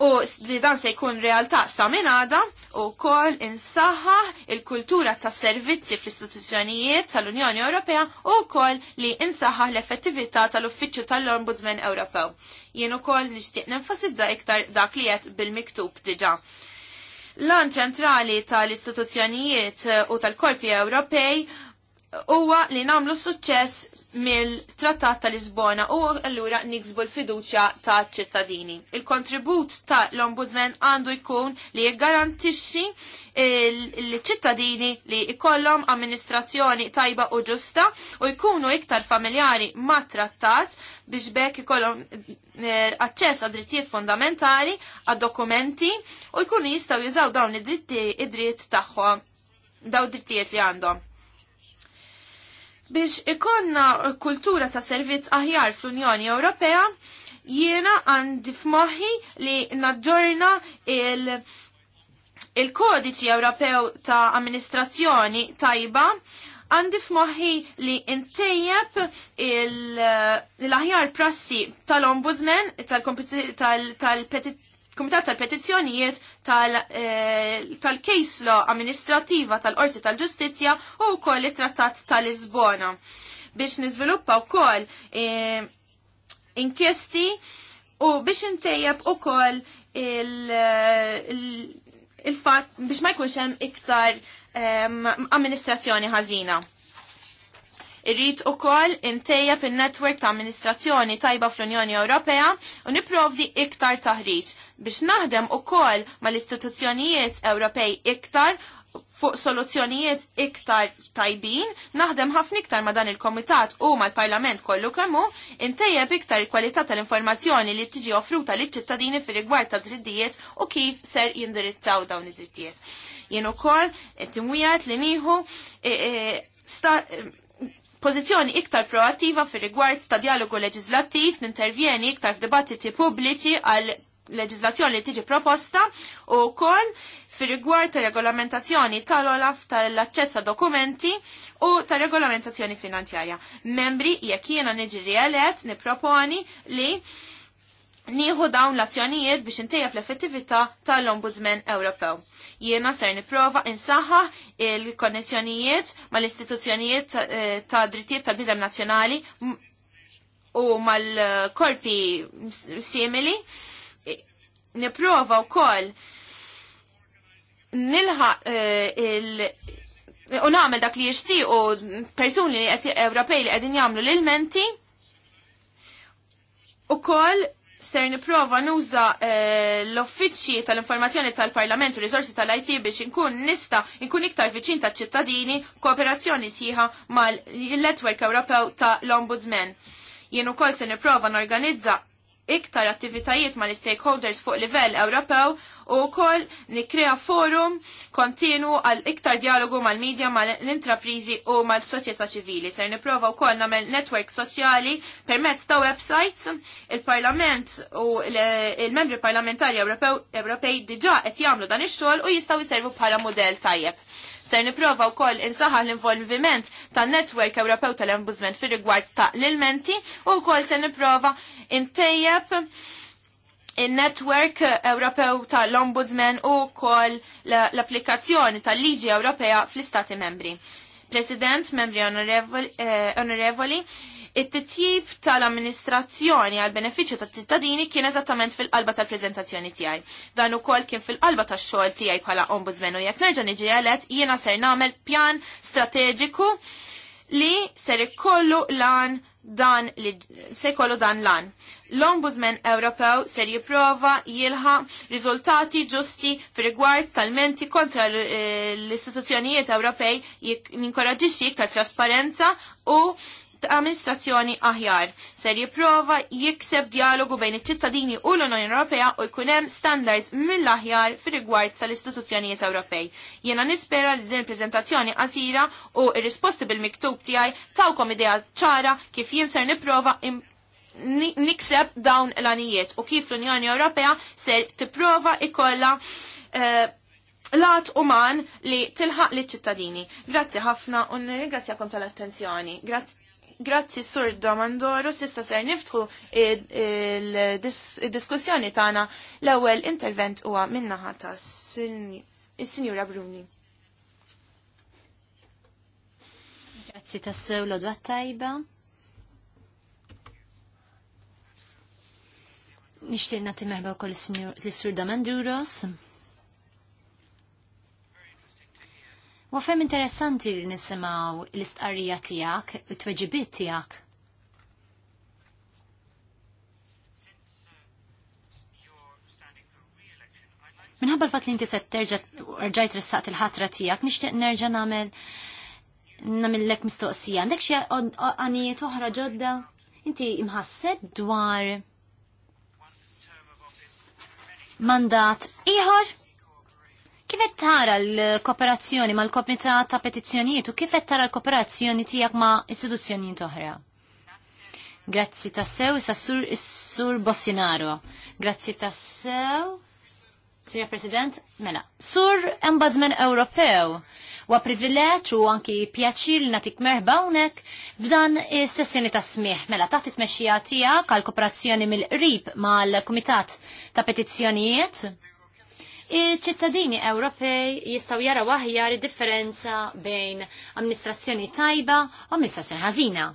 u li dan se jkun realtà sa minn għada u kol insaħħa il-kultura ta' servizzi fl-istituzzjonijiet tal-Unjoni Ewropea u kol li insaħħa l-effettività tal-Uffiċċju tal-Ombudsman Ewropew. Jien ukoll nixtieq nenfasizza iktar dak li qed bil-miktub diġà. an ċentrali tal-istituzzjonijiet u tal-korpi Ewropej huwa li namlu suċċess mill-Trattat ta' Lisbona u allura niksbu l-fiduċja ta' ċittadini. Il-kontribut ta' l-Ombudsman għandu jkun li jgarantixxi l-ċittadini li jkollhom amministrazzjoni tajba u ġusta u jkunu iktar familjari ma' trattat biex bekk ikollhom eh, aċċess għad drittijiet fondamentali, għad dokumenti u jkunu jistgħu jużaw dawn id-dritti id-dritt tagħhom daw drittijiet li għandhom Biex ikonna kultura ta' servizz aħjar fl-Unjoni Ewropea, jiena għandi f'moħħi li naġġorna il- il-kodiċi Ewropew ta' amministrazzjoni tajba għandi f'moħħi li intejjeb l-aħjar prassi tal-ombudsman, tal-petizzjoni, tal, tal, Kumitat tal-Petizzjonijiet tal-Kejslo tal eh, Amministrativa tal-Qorti tal-Ġustizzja u wkoll it-Trattat tal-Lisbona biex niżviluppa wkoll eh, inkjesti u biex intejjeb ukoll il-fatt il, il biex ma jkunx hemm iktar eh, amministrazzjoni ħażina. Irrid ukoll intejjeb in-netwerk ta' amministrazzjoni tajba fl-Unjoni Ewropea u nipprovdi iktar taħriġ biex naħdem ukoll mal-istituzzjonijiet Ewropej iktar fuq soluzzjonijiet iktar tajbin, naħdem ħafna iktar ma dan il-komitat u ma l-parlament kollu kemmu, intejjeb iktar il-kwalità tal-informazzjoni li tiġi offruta li ċittadini fir rigward ta' drittijiet u kif ser jindirizzaw dawn id-drittijiet. Jien ukoll timwijat li nieħu e, e, pożizzjoni iktar proattiva fir rigward ta' dialogu leġislattiv, nintervjeni iktar f'dibattiti pubbliċi għal leġislazzjoni li tiġi proposta u kol fir rigward ta' regolamentazzjoni tal-olaf tal-aċċess ta' dokumenti u ta' regolamentazzjoni finanzjarja. Membri jekk jiena niġi rielet niproponi li nieħu dawn l-azzjonijiet biex intejab l-effettività tal-Ombudsman Ewropew. Jiena ser nipprova insaħħa il-konnessjonijiet mal-istituzzjonijiet ta' eh, drittijiet tal-bidem nazzjonali u mal-korpi simili. Nipprova wkoll nilħa eh, il- U namel dak li jishtiqu persuni Ewropej li għedin jamlu l-ilmenti u koll ser niprofa nuża eh, l-uffiċċji tal-informazzjoni tal-Parlament u riżorsi tal-IT biex inkun nista inkun iktar viċin ta' ċittadini kooperazzjoni sħiħa mal-Network Ewropew ta' l-Ombudsman. Jien ukoll se niprofa norganizza iktar attivitajiet ma' l-stakeholders fuq livell Ewropew u kol nikrea forum kontinu għal iktar dialogu mal-medja, mal-intraprizi u mal-soċjetà ċivili. Ser niprofa u kol namel network soċjali permezz ta' websites il-parlament u il-membri parlamentari Ewropej diġa qed jagħmlu dan ix-xogħol u jistgħu jservu bħala modell tajjeb. Ser niprofa u koll insaħħa l-involviment ta' Network Ewropew tal-Ombudsman fir rigward ta' l-ilmenti u koll ser niprofa intejjeb il-Network Ewropew tal-Ombudsman u koll l-applikazzjoni tal-Liġi Ewropea fl-Istati membri. President, membri onorevoli, eh, onorevoli It-titjib tal-amministrazzjoni għal beneficju tat-ċittadini kien eżattament fil-qalba tal-prezentazzjoni tiegħi. Dan ukoll kien fil-qalba tax-xogħol tiegħi bħala ombudsman u jekk nerġa' niġi elett jiena ser nagħmel pjan strateġiku li ser ikollu lan dan li se dan lan. L-Ombudsman Ewropew ser jipprova jilħa riżultati ġusti fir rigward tal-menti kontra eh, l-istituzzjonijiet Ewropej jinkoraġixxi iktar trasparenza u amministrazzjoni aħjar. Ser jipprova jikseb dialogu bejn iċ-ċittadini u l-Unjoni Ewropea u jkun hemm standards mill-aħjar fir-rigward sal-istituzzjonijiet Ewropej. Jiena nispera li din il-preżentazzjoni qasira u r-risposti bil-miktub tiegħi tawkom idea ċara kif jien ser nipprova nikseb dawn l-anijiet u kif l-Unjoni Ewropea ser tipprova ikolla eh, lat uman li tilħaq li ċittadini. Grazzi ħafna u nirringrazzjakom tal-attenzjoni. Grazzi Grazzi Sur Domandoru, sissa ser niftħu il-diskussjoni tagħna l-ewwel intervent huwa minna ħata il sinjura Bruni. Grazzi tassew l tajba. Nixtieq nagħti merba wkoll il sur Damanduros. U interessanti li nisimaw l-istqarrija tijak, u t-tweġibiet tijak. Minħabba l-fat li inti se terġajt rissaqt il-ħatra tijak, nishtiq nerġa namel namillek mistoqsija. Dek xie għanijiet oħra ġodda? Inti imħasseb dwar mandat iħor? Kif qed tara l-kooperazzjoni mal-Komitat ta' Petizzjonijiet u kif qed tara l-kooperazzjoni tiegħek ma' istituzzjonijiet oħra? Grazzi tassew, issa sur, sur Bossinaro. Grazzi tassew. Sir President, mela, sur Embazmen Ewropew, wa privileċ u anki pjaċir li natik merħba unek f'dan is-sessjoni ta' smieħ. Mela, ta' it tiegħek għal kooperazzjoni mill-qrib mal-Kumitat ta' Petizzjonijiet iċ-ċittadini Ewropej jistaw jaraw aħjar differenza bejn amministrazzjoni tajba u amministrazzjoni ħażina.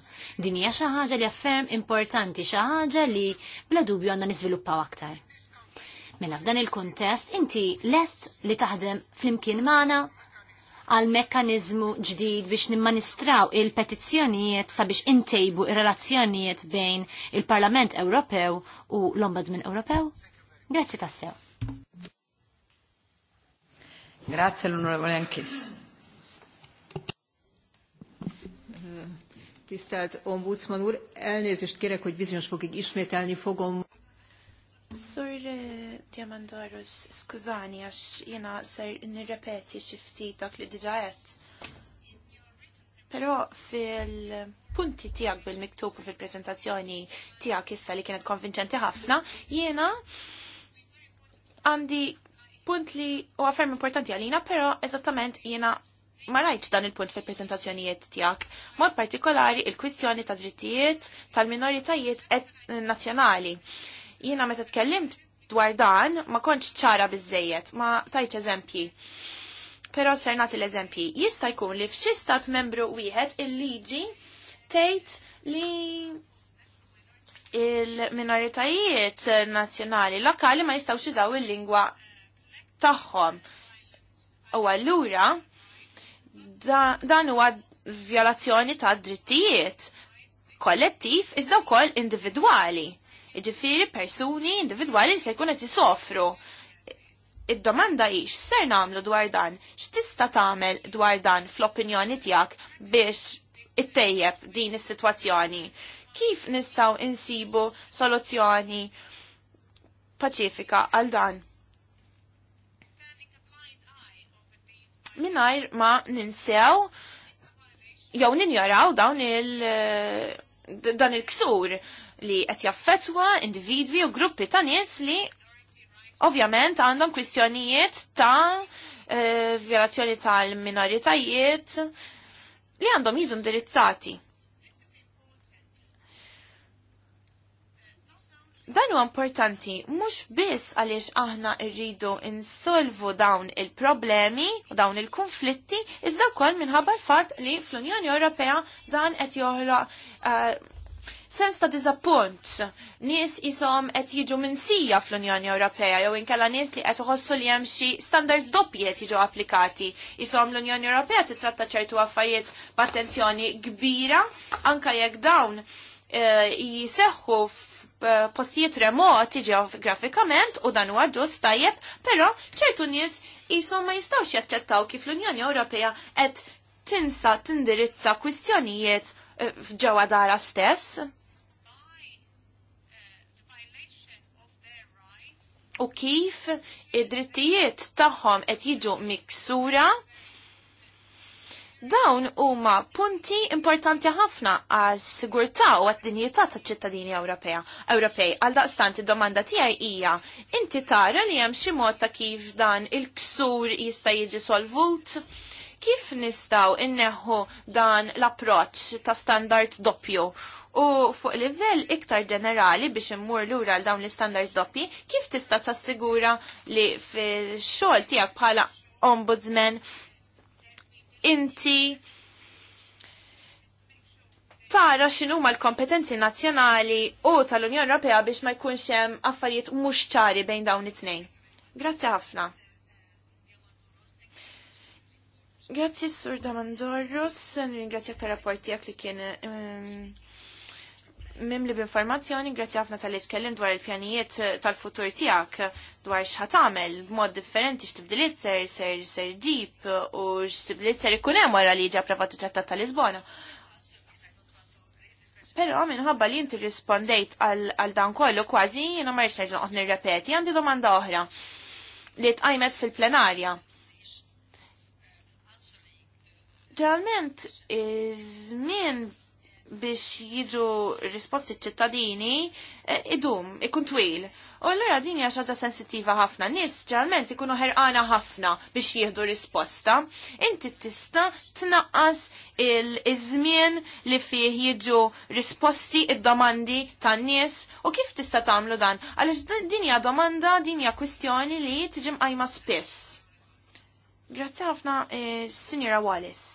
Din hija xi ħaġa li afferm importanti xi ħaġa li bla dubju għandna niżviluppaw aktar. Mela f'dan il-kuntest inti lest li taħdem flimkien magħna għal mekkanizmu ġdid biex nimmanistraw il-petizzjonijiet sabiex intejbu ir-relazzjonijiet bejn il-Parlament Ewropew u l-Ombudsman Ewropew? Grazzi tassew. Grazie l'onorevole Anchis. Eh, tisztelt Ombudsman úr, elnézést kérek, hogy bizonyos fokig ismételni fogom. Sur eh, Diamandoros, skużani, għax jena ser nirrepeti xifti dak li diġajet. Pero fil-punti tijak bil-miktub fil-prezentazzjoni tijak issa li kienet konvinċenti ħafna, jena għandi punt li u għafem importanti għalina, pero eżattament jena ma rajtx dan il-punt fil prezentazzjonijiet tiegħek. Mod partikolari il-kwistjoni ta' drittijiet tal-minoritajiet nazzjonali. Jiena meta tkellimt dwar dan ma kontx ċara bizzejiet, ma tajċ eżempji. Però ser nagħti l-eżempji. Jista' jkun li f'xi stat membru wieħed il-liġi tgħid li il-minoritajiet nazzjonali lokali ma jistgħux jużaw il-lingwa taħħom. U allura dan huwa vjolazzjoni ta' drittijiet kollettiv iżda wkoll individwali. Iġifieri persuni individwali li se jkun qed isofru. Id-domanda hix ser nagħmlu dwar dan, x'tista' tagħmel dwar dan fl-opinjoni tiegħek biex ittejjeb din is-sitwazzjoni. Kif nistgħu insibu soluzzjoni paċifika għal dan? minajr ma ninsew jew ninjoraw dawn il eh, dan il-ksur li qed jaffetwa individwi u gruppi ta' nies li ovvjament għandhom kwistjonijiet ta' eh, violazzjoni tal-minoritajiet li għandhom jiġu indirizzati. Dan huwa importanti mhux biss għaliex aħna rridu insolvu dawn il-problemi u dawn il-konflitti, iżda wkoll minħabba l-fatt li fl-Unjoni Ewropea dan qed joħla uh, eh, sens ta' diżappunt. Nies isom qed jiġu minsija fl-Unjoni Ewropea jew inkella nies li qed iħossu li hemm xi standards doppji qed jiġu applikati. jisom l-Unjoni Ewropea titratta ċertu affarijiet b'attenzjoni kbira anke jekk dawn uh, jiseħħu Eh, postijiet remoti ġeografikament u dan huwa ġust tajjeb, però ċertu nies isom ma jistawx jaċċettaw kif l-Unjoni Ewropea qed tinsa tindirizza kwistjonijiet eh, f'ġewwa dara stess. U kif id-drittijiet tagħhom qed jiġu miksura Dawn huma punti importanti ħafna għas sigurtà u għad-dinjità taċ-ċittadini Ewropea. Ewropej, għal daqstant id-domanda tiegħi hija, inti tara li hemm xi mod ta' kif dan il-ksur jista' jiġi solvut? Kif nistgħu inneħħu dan l-approċċ ta' standard doppju U fuq livell iktar ġenerali biex immur lura għal dawn l-standards doppi, kif tista' tassigura li fil-xogħol tiegħek bħala ombudsman inti tara x'inhuma l-kompetenzi nazzjonali u tal-Unjoni Ewropea biex ma jkunx hemm affarijiet mhux ċari bejn dawn it-tnejn. Grazzi ħafna. Grazzi Sur Damandorros, ringrazzjak tar-rapport tiegħek li kien um mimli b'informazzjoni grazzi ħafna tal-li tkellim dwar il-pjanijiet eh, tal-futur tiegħek eh, dwar x'ħat tagħmel b'mod differenti x'tibdiliet ser ser ser ġip, eh, u x'tibdiliet ser ikun hemm wara li ġa pravatu it-Trattat ta' Lisbona. Però minħabba li inti rispondejt għal dan kollu kważi jiena ma rridx nerġa' nirrepeti, għandi domanda oħra li tqajmet fil-plenarja ġalment iż-żmien biex jiġu risposti ċittadini eh, idum, ikun twil. U l għura din hija xaġa sensittiva ħafna. Nis ġalment ikunu ħerqana ħafna biex jieħdu risposta. Inti tista tnaqqas il-żmien li fih jiġu risposti id-domandi tan-nies u kif tista' tagħmlu dan? Għaliex din hija domanda, din hija kwistjoni li tiġi mqajma spiss. Grazzi ħafna, eh, Sinjora Wallis.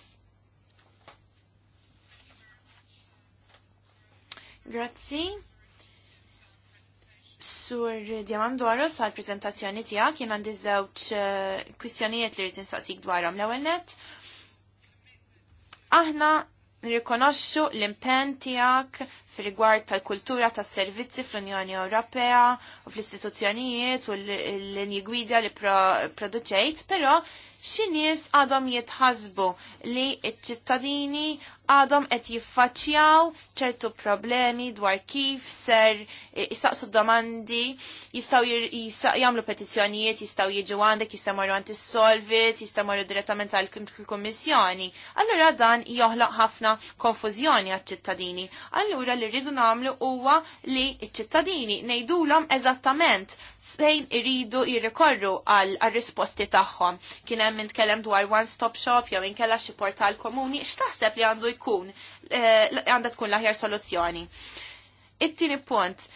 Grazzi. Sur Doro sal prezentazzjoni tiegħek jien għandi żewġ eh, kwistjonijiet li rritin saqsik dwarhom l-ewwel net. Aħna nirrikonoxxu l-impenn tiegħek fir-rigward tal-kultura tas-servizzi fl-Unjoni Ewropea u fl-istituzzjonijiet u l-linji gwida li produċejt, però xi nies għadhom jitħasbu li ċ-ċittadini għadhom qed jiffaċċjaw ċertu problemi dwar kif ser jistaqsu domandi, jistaw jagħmlu petizzjonijiet, jistaw jiġu għandek, jistaw marru għand is-solvit, jistaw marru direttament għal kummissjoni. Allura dan joħloq ħafna konfużjoni għal ċittadini Allura li rridu nagħmlu huwa li ċ-ċittadini ngħidulhom eżattament fejn iridu jirrikorru għal risposti tagħhom. Kien hemm intkellem dwar one-stop shop jew inkella xi portal komuni, x'taħseb li għandu ikun eh, għandha tkun l-aħjar soluzzjoni. It-tieni punt,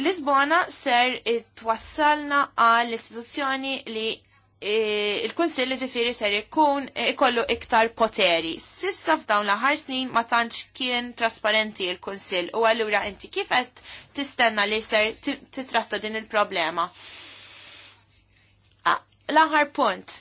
Lisbona ser twassalna għall istituzzjoni li eh, il-Kunsill ġifiri ser ikun ikollu iktar poteri. Sissa f'dawn l-aħħar snin ma tantx kien trasparenti il-Kunsill u allura inti kif qed tistenna li ser titratta din il-problema. Ah, l-aħħar punt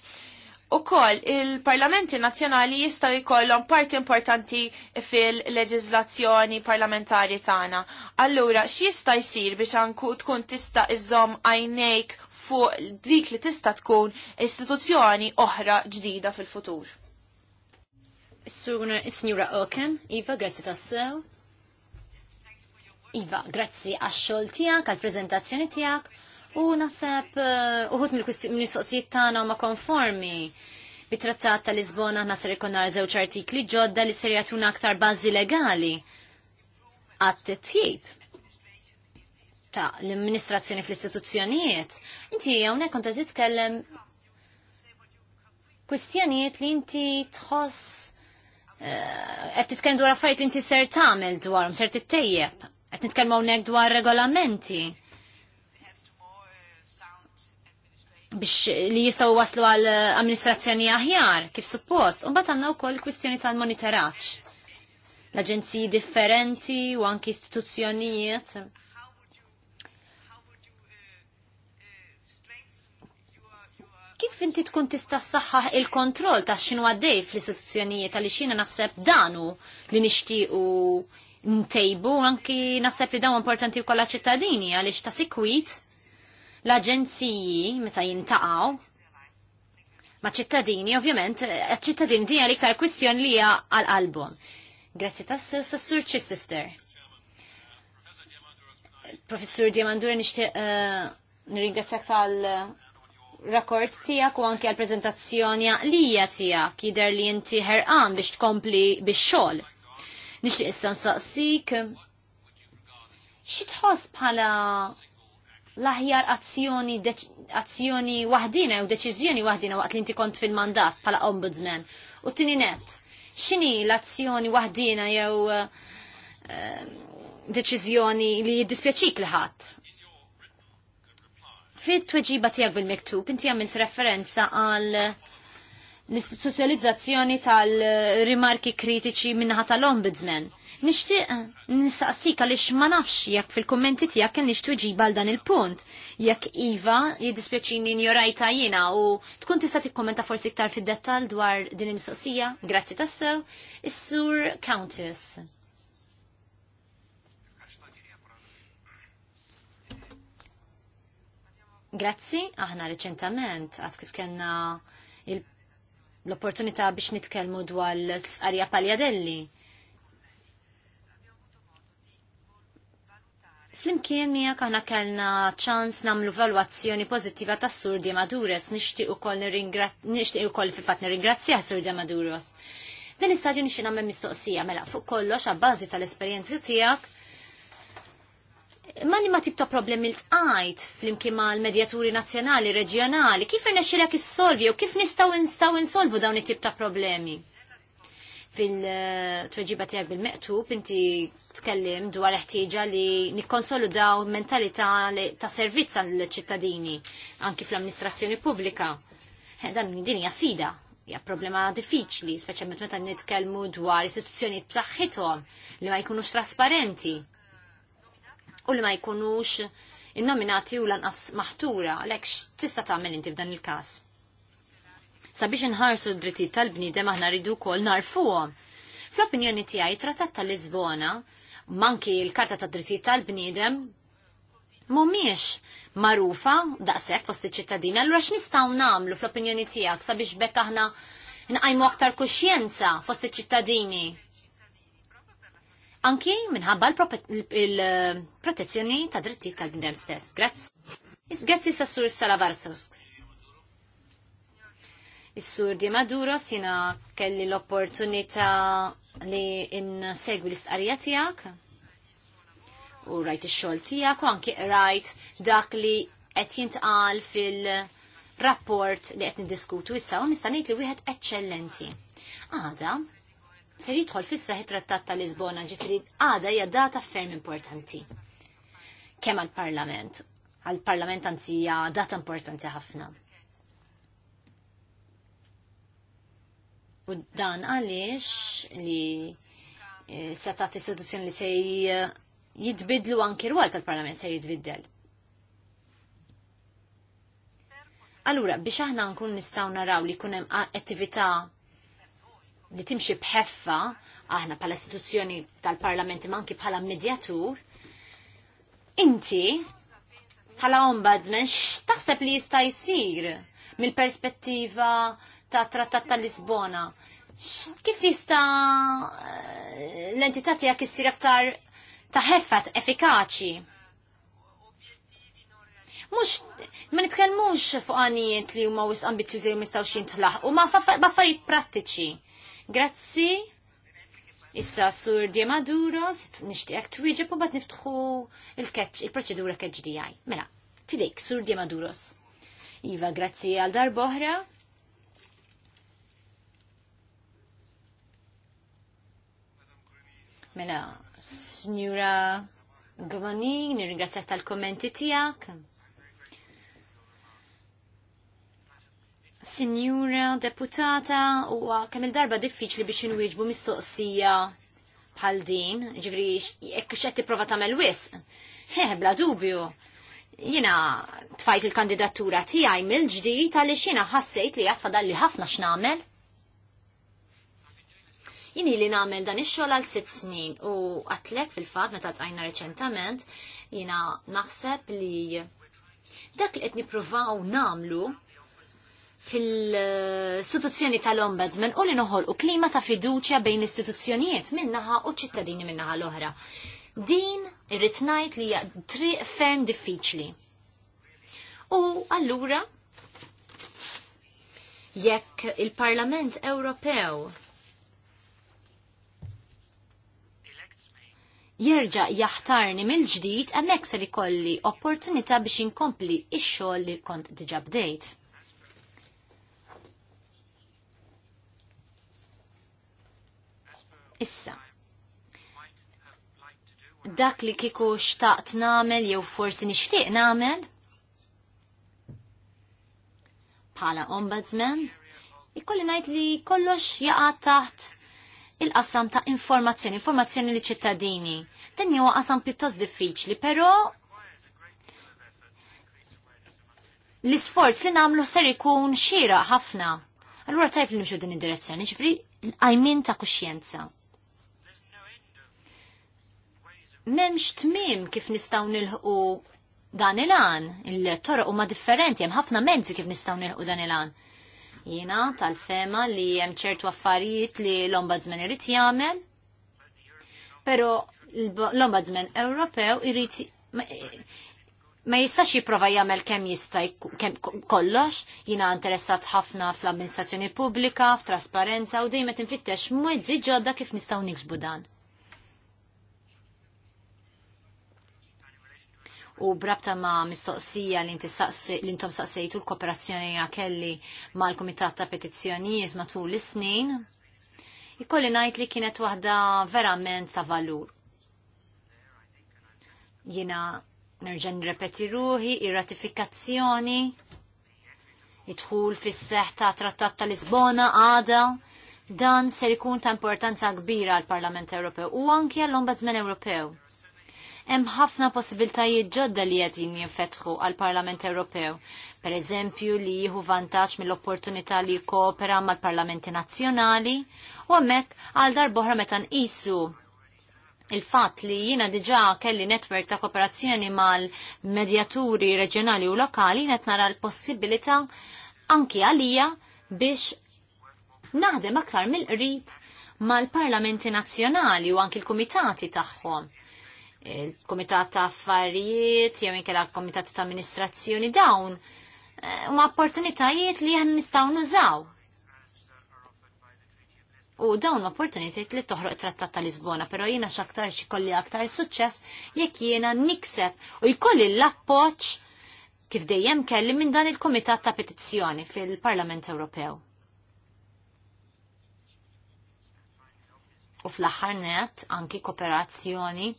U koll il-parlamenti nazjonali jistaw jkollhom parti importanti fil-leġizlazzjoni parlamentari tagħna. Allura x'jista' jsir biex anku tkun tista' iżom għajnejk fuq dik li tista' tkun istituzzjoni oħra ġdida fil-futur? Is-Sinjura Oken, Iva, grazzi tassew. Iva, grazzi għax-xogħol tiegħek, għall-preżentazzjoni tiegħek U naħseb eh, uħut mill-mistoqsijiet tagħna ma konformi bit-trattat ta' Lisbona aħna ser ikun żewġ artikli ġodda li ser jagħtuna aktar bażi legali għat ta' l-amministrazzjoni fl-istituzzjonijiet. Inti hawnhekk kont titkellem kwistjonijiet li inti tħoss eh, qed titkellem dwar affarijiet li inti ser tagħmel dwar, ser tittejjeb. Qed nitkellmu hawnhekk dwar regolamenti. biex li jistaw waslu għal eh, amministrazzjoni aħjar, kif suppost. bat għanna u koll kwistjoni tal-monitoraċ. L-aġenziji differenti u anki istituzzjonijiet. Kif inti tkun tista' saħħaħ il-kontroll ta' xinu għaddej fl-istituzzjonijiet għal xina naħseb danu li nixtiequ ntejbu anki naħseb li dawn importanti wkoll ċittadini għaliex ta' sikwit L-aġenziji meta jintaqgħu ma' ċittadini, ovvjament, ċittadini dinja l-iktar kwistjoni li hija għal-album. Grazzi tassew sassur Chichester. Professur Diamandura nixtieq eh, nirringrazzjak tal rakord tijak u anki għal-prezentazzjoni għalija tijak jider li jinti herqan biex tkompli biex xol. Nixtieq issa nsaqsik xi tħoss bħala l-aħjar azzjoni, azzjoni wahdina u deċiżjoni wahdina waqt li inti kont fil-mandat pala ombudsman. U tini net, xini l-azzjoni wahdina jew eh, eh, deċiżjoni li jiddispjaċik liħat? ħadd? Fit tweġiba tiegħek bil-miktub inti għamilt referenza għal l-istituzzjonizzazzjoni tal-rimarki kritiċi minnaħat tal-ombudsman Nixtieq eh, nisaqsik għaliex ma nafx jekk fil-kummenti tiegħek kien nixtu għal dan il-punt. Jekk iva jiddispjaċini njorajta jiena u tkun tista' tikkommenta forsi iktar fid-dettall dwar din il-mistoqsija. Grazzi tassew. Is-Sur Countess. Grazzi, aħna reċentament għad kif kena l-opportunità biex nitkellmu dwar l-sqarja Paljadelli. Flimkien mija aħna kellna ċans nagħmlu valwazzjoni pozittiva ta' Surdi Madures, nixtieq ukoll koll fil-fatt nirringrazzja Surdi Maduros. Din istadju nixtieq nagħmel mistoqsija mela fuq kollox għabbażi tal-esperjenzi tiegħek. Ma li ma tibta problemi l tqajt flimkien ma' l-medjaturi nazzjonali, reġjonali, kif irnexxilek issolvi u kif nistgħu nistgħu insolvu dawn it-tip ta' problemi? fil-tweġiba tiegħek bil-meqtub inti tkellim dwar ħtieġa li nikkonsolidaw mentalità ta' servizz għall ċittadini anki fl-amministrazzjoni pubblika. Eh, dan din hija sfida, hija problema diffiċli, speċjalment meta nitkellmu dwar istituzzjoni b'saħħithom li ma jkunux trasparenti u li ma jkunux innominati u lanqas maħtura, għalhekk tista' tagħmel inti f'dan il-każ Sabiex inħarsu d-drittijiet tal-bniedem aħna rridu wkoll narfuhom. Fl-opinjoni tiegħi trattat tal-Lisbona manki l-Karta tad-Drittijiet tal-Bniedem mumiex marufa daqshekk fost iċ-ċittadini, allura x'nistgħu nagħmlu fl-opinjoni tiegħek sabiex bekk aħna nqajmu aktar kuxjenza fost iċ-ċittadini. Anki minħabba l-protezzjoni eh, ta' drittijiet tal-bnedem stess. Grazzi. Is grazzi sassur Salavarsusk. Is-sur Di Maduro sina kelli l-opportunità li in-segwi l-istqarija tiegħek u rajt ix-xogħol tiegħek u anki rajt dak li qed jintqal fil-rapport li qed niddiskutu issa u nista' ngħid li wieħed eċċellenti. Għada ser jidħol fissa trattat ta' Lisbona ġifieri għada hija data ferm importanti. Kemm għall-Parlament, għall-Parlament anzi hija data importanti ħafna U dan għaliex li eh, setat istituzzjoni li se jitbidlu anki rwal tal-parlament se jitbiddel. Allura, biex aħna nkun nistaw naraw li kunem attività li timxi bħeffa, aħna pala istituzzjoni tal-parlament manki bħala medjatur, inti bħala ombudsman x'taħseb li jista' jsir mill-perspettiva ta' trattat ta' Lisbona. Kif jista eh, l-entità tiegħek issir aktar ta' ħeffat effikaċi? Mux, ma nitkellmux fuq għanijiet li huma wis ambizjużi u mistgħux jintlaħqu, ma affarijiet prattiċi. Grazzi. Issa sur Diamaduro, nixtieq twieġeb u bad niftħu il keċ il-proċedura keċ DI. Mela, fidejk, sur Diamaduros. Iva, grazzi għal darboħra. Mela, Signora Gomani, nirringrazzja tal-kommenti tijak. Signora deputata, u kemm il-darba diffiċli biex inwieġbu mistoqsija bħal din, ġifri, jekk xetti tipprova tagħmel wisq. Heh, bla dubju. Jiena tfajt il-kandidatura tiegħi mill-ġdid għaliex jiena ħassejt li dalli ħafna x'namel. Jini li namel dan ix-xogħol għal sitt snin u għatlek fil-fatt meta tajna reċentament jina naħseb li dak li qed nippruvaw namlu fil-istituzzjoni tal-ombudsman u li noħolqu klima ta' fiduċja bejn l-istituzzjonijiet minnaħa u ċittadini minnaħa l-oħra. Din irrid ngħid li hija triq ferm diffiċli. U allura jekk il-Parlament Ewropew jerġa' jaħtarni mill-ġdid hemmhekk se ikolli opportunità biex inkompli x-xogħol li kont diġà bdejt. Issa, dak li kiku xtaqt namel jew forsi nixtieq namel? Pala ombudsman, ikolli najt li kollox jaqa taħt il-qasam ta' informazzjoni, informazzjoni li ċittadini. Din huwa qasam pjuttost diffiċli, però l-isforz li nagħmlu ser ikun xira ħafna. Allura tajb li nimxu din id-direzzjoni, ġifri l-għajmin ta' kuxjenza. Memx tmim kif nistaw nilħu dan il-għan, il-toroq huma differenti, hemm ħafna mezzi kif nistaw nilħu dan il-għan. Jiena tal-fema li hemm ċertu affarijiet li l-Ombudsman irid jagħmel, però l-Ombudsman Ewropew irid ma jistax jipprova jagħmel kemm jista' kemm kollox, jiena interessat ħafna fl-amministrazzjoni pubblika, f'trasparenza u dejjem qed infittex mezzi ġodda kif nistgħu niksbu dan. u brabta ma' mistoqsija li intom saqsejtu l-kooperazzjoni kelli ma' l-Komitat ta' Petizzjonijiet matul is-snin, ikolli najt li kienet waħda verament ta' valur. Jina nerġan repeti ruħi, ir-ratifikazzjoni, id-dħul fis-seħ ta' Trattat ta' Lisbona għada, dan ser ikun ta' importanza kbira għal Parlament Ewropew u anki għall-Ombudsman Ewropew hemm ħafna possibiltajiet ġodda li qegħdin jinfetħu għall Parlament Ewropew. Per eżempju li jieħu vantaġġ mill-opportunità li jkopera mal-Parlamenti Nazzjonali u hemmhekk għal darboħra meta nqisu il fatt li jina diġa kelli netwerk ta' kooperazzjoni mal-medjaturi reġjonali u lokali net nara l possibilità anki għalija biex naħdem aktar mill-qrib mal-parlamenti nazzjonali u anki l-komitati tagħhom il-Komitat ta' Affarijiet, jew inkella Komitat ta' Amministrazzjoni dawn eh, huma opportunitajiet li aħna nistgħu nużaw. U dawn opportunitajiet li toħroq it-Trattat ta' Lisbona, però jiena x'aktar xi kolli aktar suċċess jekk jiena nikseb u jkolli l-appoġġ kif dejjem kelli minn dan il-Komitat ta' Petizzjoni fil-Parlament Ewropew. U fl-aħħar net anki kooperazzjoni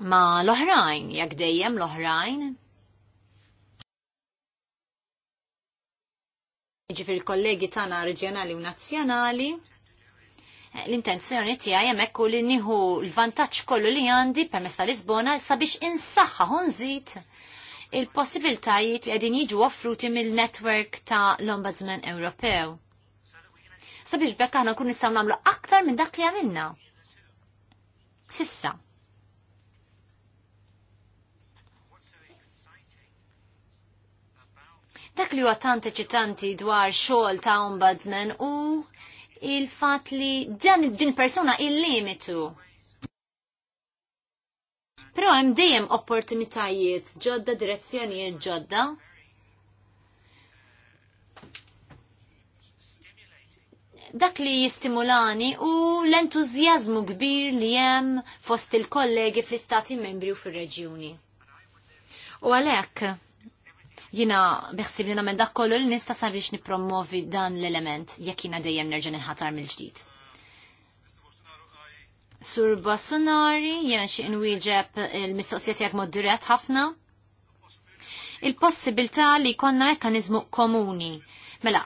ma l-oħrajn, jak dejjem l-oħrajn. Ġifir kollegi tana reġjonali u nazzjonali, l-intenzjoni tiegħi hemmhekk u li nieħu l-vantaġġ kollu li għandi permezz tal-Lisbona sabiex insaħħa honżit il-possibiltajiet li qegħdin jiġu offruti mill-netwerk ta' l-Ombudsman Ewropew. Sabiex bekk aħna nkun nistgħu nagħmlu aktar minn dak li għamilna. Sissa. Dak li huwa tant eċitanti dwar xogħol ta' ombudsman u il-fat li dan din persona il-limitu. Pero hemm dejjem opportunitajiet ġodda, direzzjonijiet ġodda. Dak li jistimulani u l-entużjażmu kbir li hemm fost il-kollegi fl-istati membri u fir-reġjuni. U għalhekk Jina biħsib li namel dak kollu li nista sabiex nipromovi dan l-element jekk jina dejjem nerġa' nħatar mill-ġdid. Sur Bassonari, jena xie nwieġeb il-mistoqsijiet jgħak moddirat ħafna. il possibilta li konna mekanizmu komuni. Mela,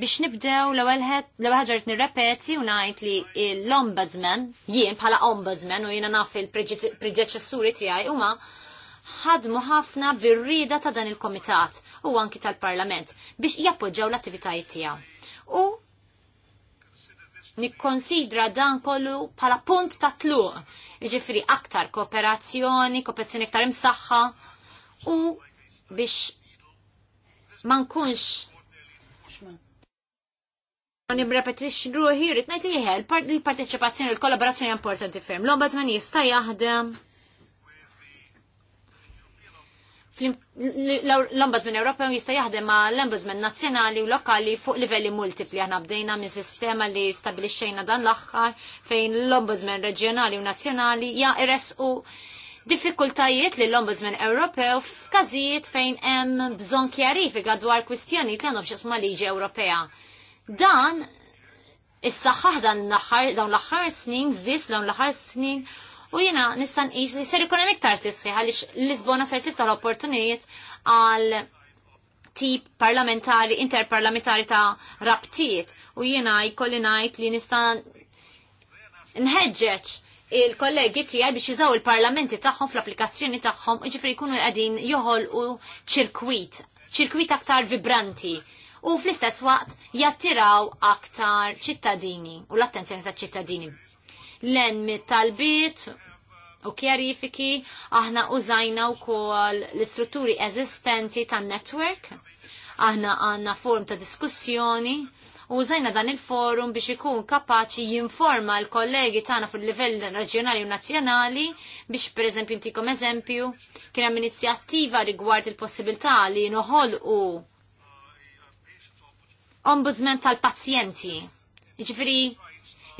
biex nibdew l-ewwel nirrepeti u ngħid li l-ombudsman, jien bħala ombudsman u jiena naf il-predeċessuri tiegħi huma ħadmu ħafna bir-rida ta' dan il-komitat u anki tal-parlament biex jappoġġaw l-attivitajiet tiegħu. U nikkonsidra dan kollu bħala punt ta' tluq, ġifri aktar kooperazzjoni, kooperazzjoni aktar imsaħħa u biex ma nkunx Ma nirrepetix ruħi, rritnajt ngħid li il-parteċipazzjoni, il-kollaborazzjoni importanti ferm. L-ombudsman jista' jaħdem l-Ombudsman Ewropew jista' jaħdem ma' l-Ombudsman nazzjonali u lokali fuq livelli multipli. Aħna bdejna minn sistema li stabilixxejna dan l-aħħar fejn l-Ombudsman reġjonali u nazzjonali ja u diffikultajiet li l-Ombudsman Ewropew f'każijiet fejn hemm bżonn kjarifika dwar kwistjoni li għandhom x'isma' liġi Ewropea. Dan is-saħħaħ dan l-aħħar dawn l-aħħar snin żdied dawn l-aħħar snin u jina nistan is li ser ikun iktar tisħi għaliex Lisbona ser tiftal opportunijiet għal tip parlamentari, interparlamentari ta' rabtiet u jina jkolli ngħid li nistan nħeġġeġ il-kollegi tiegħi biex jizaw il-parlamenti tagħhom fl-applikazzjoni tagħhom, ġifri jkunu qegħdin joħolqu ċirkwit, ċirkwit aktar vibranti u fl-istess waqt jattiraw aktar ċittadini u l-attenzjoni ta' ċittadini len mit-talbiet u kjarifiki aħna użajna u kol l-istrutturi eżistenti tan network aħna għanna forum ta' diskussjoni u użajna dan il-forum biex ikun kapaċi jinforma l-kollegi tagħna fil-livell reġjonali u nazzjonali biex pereżempju ntikom eżempju kien hemm inizjattiva rigward il-possibilità li u ombudsman tal-pazjenti. Ġifri,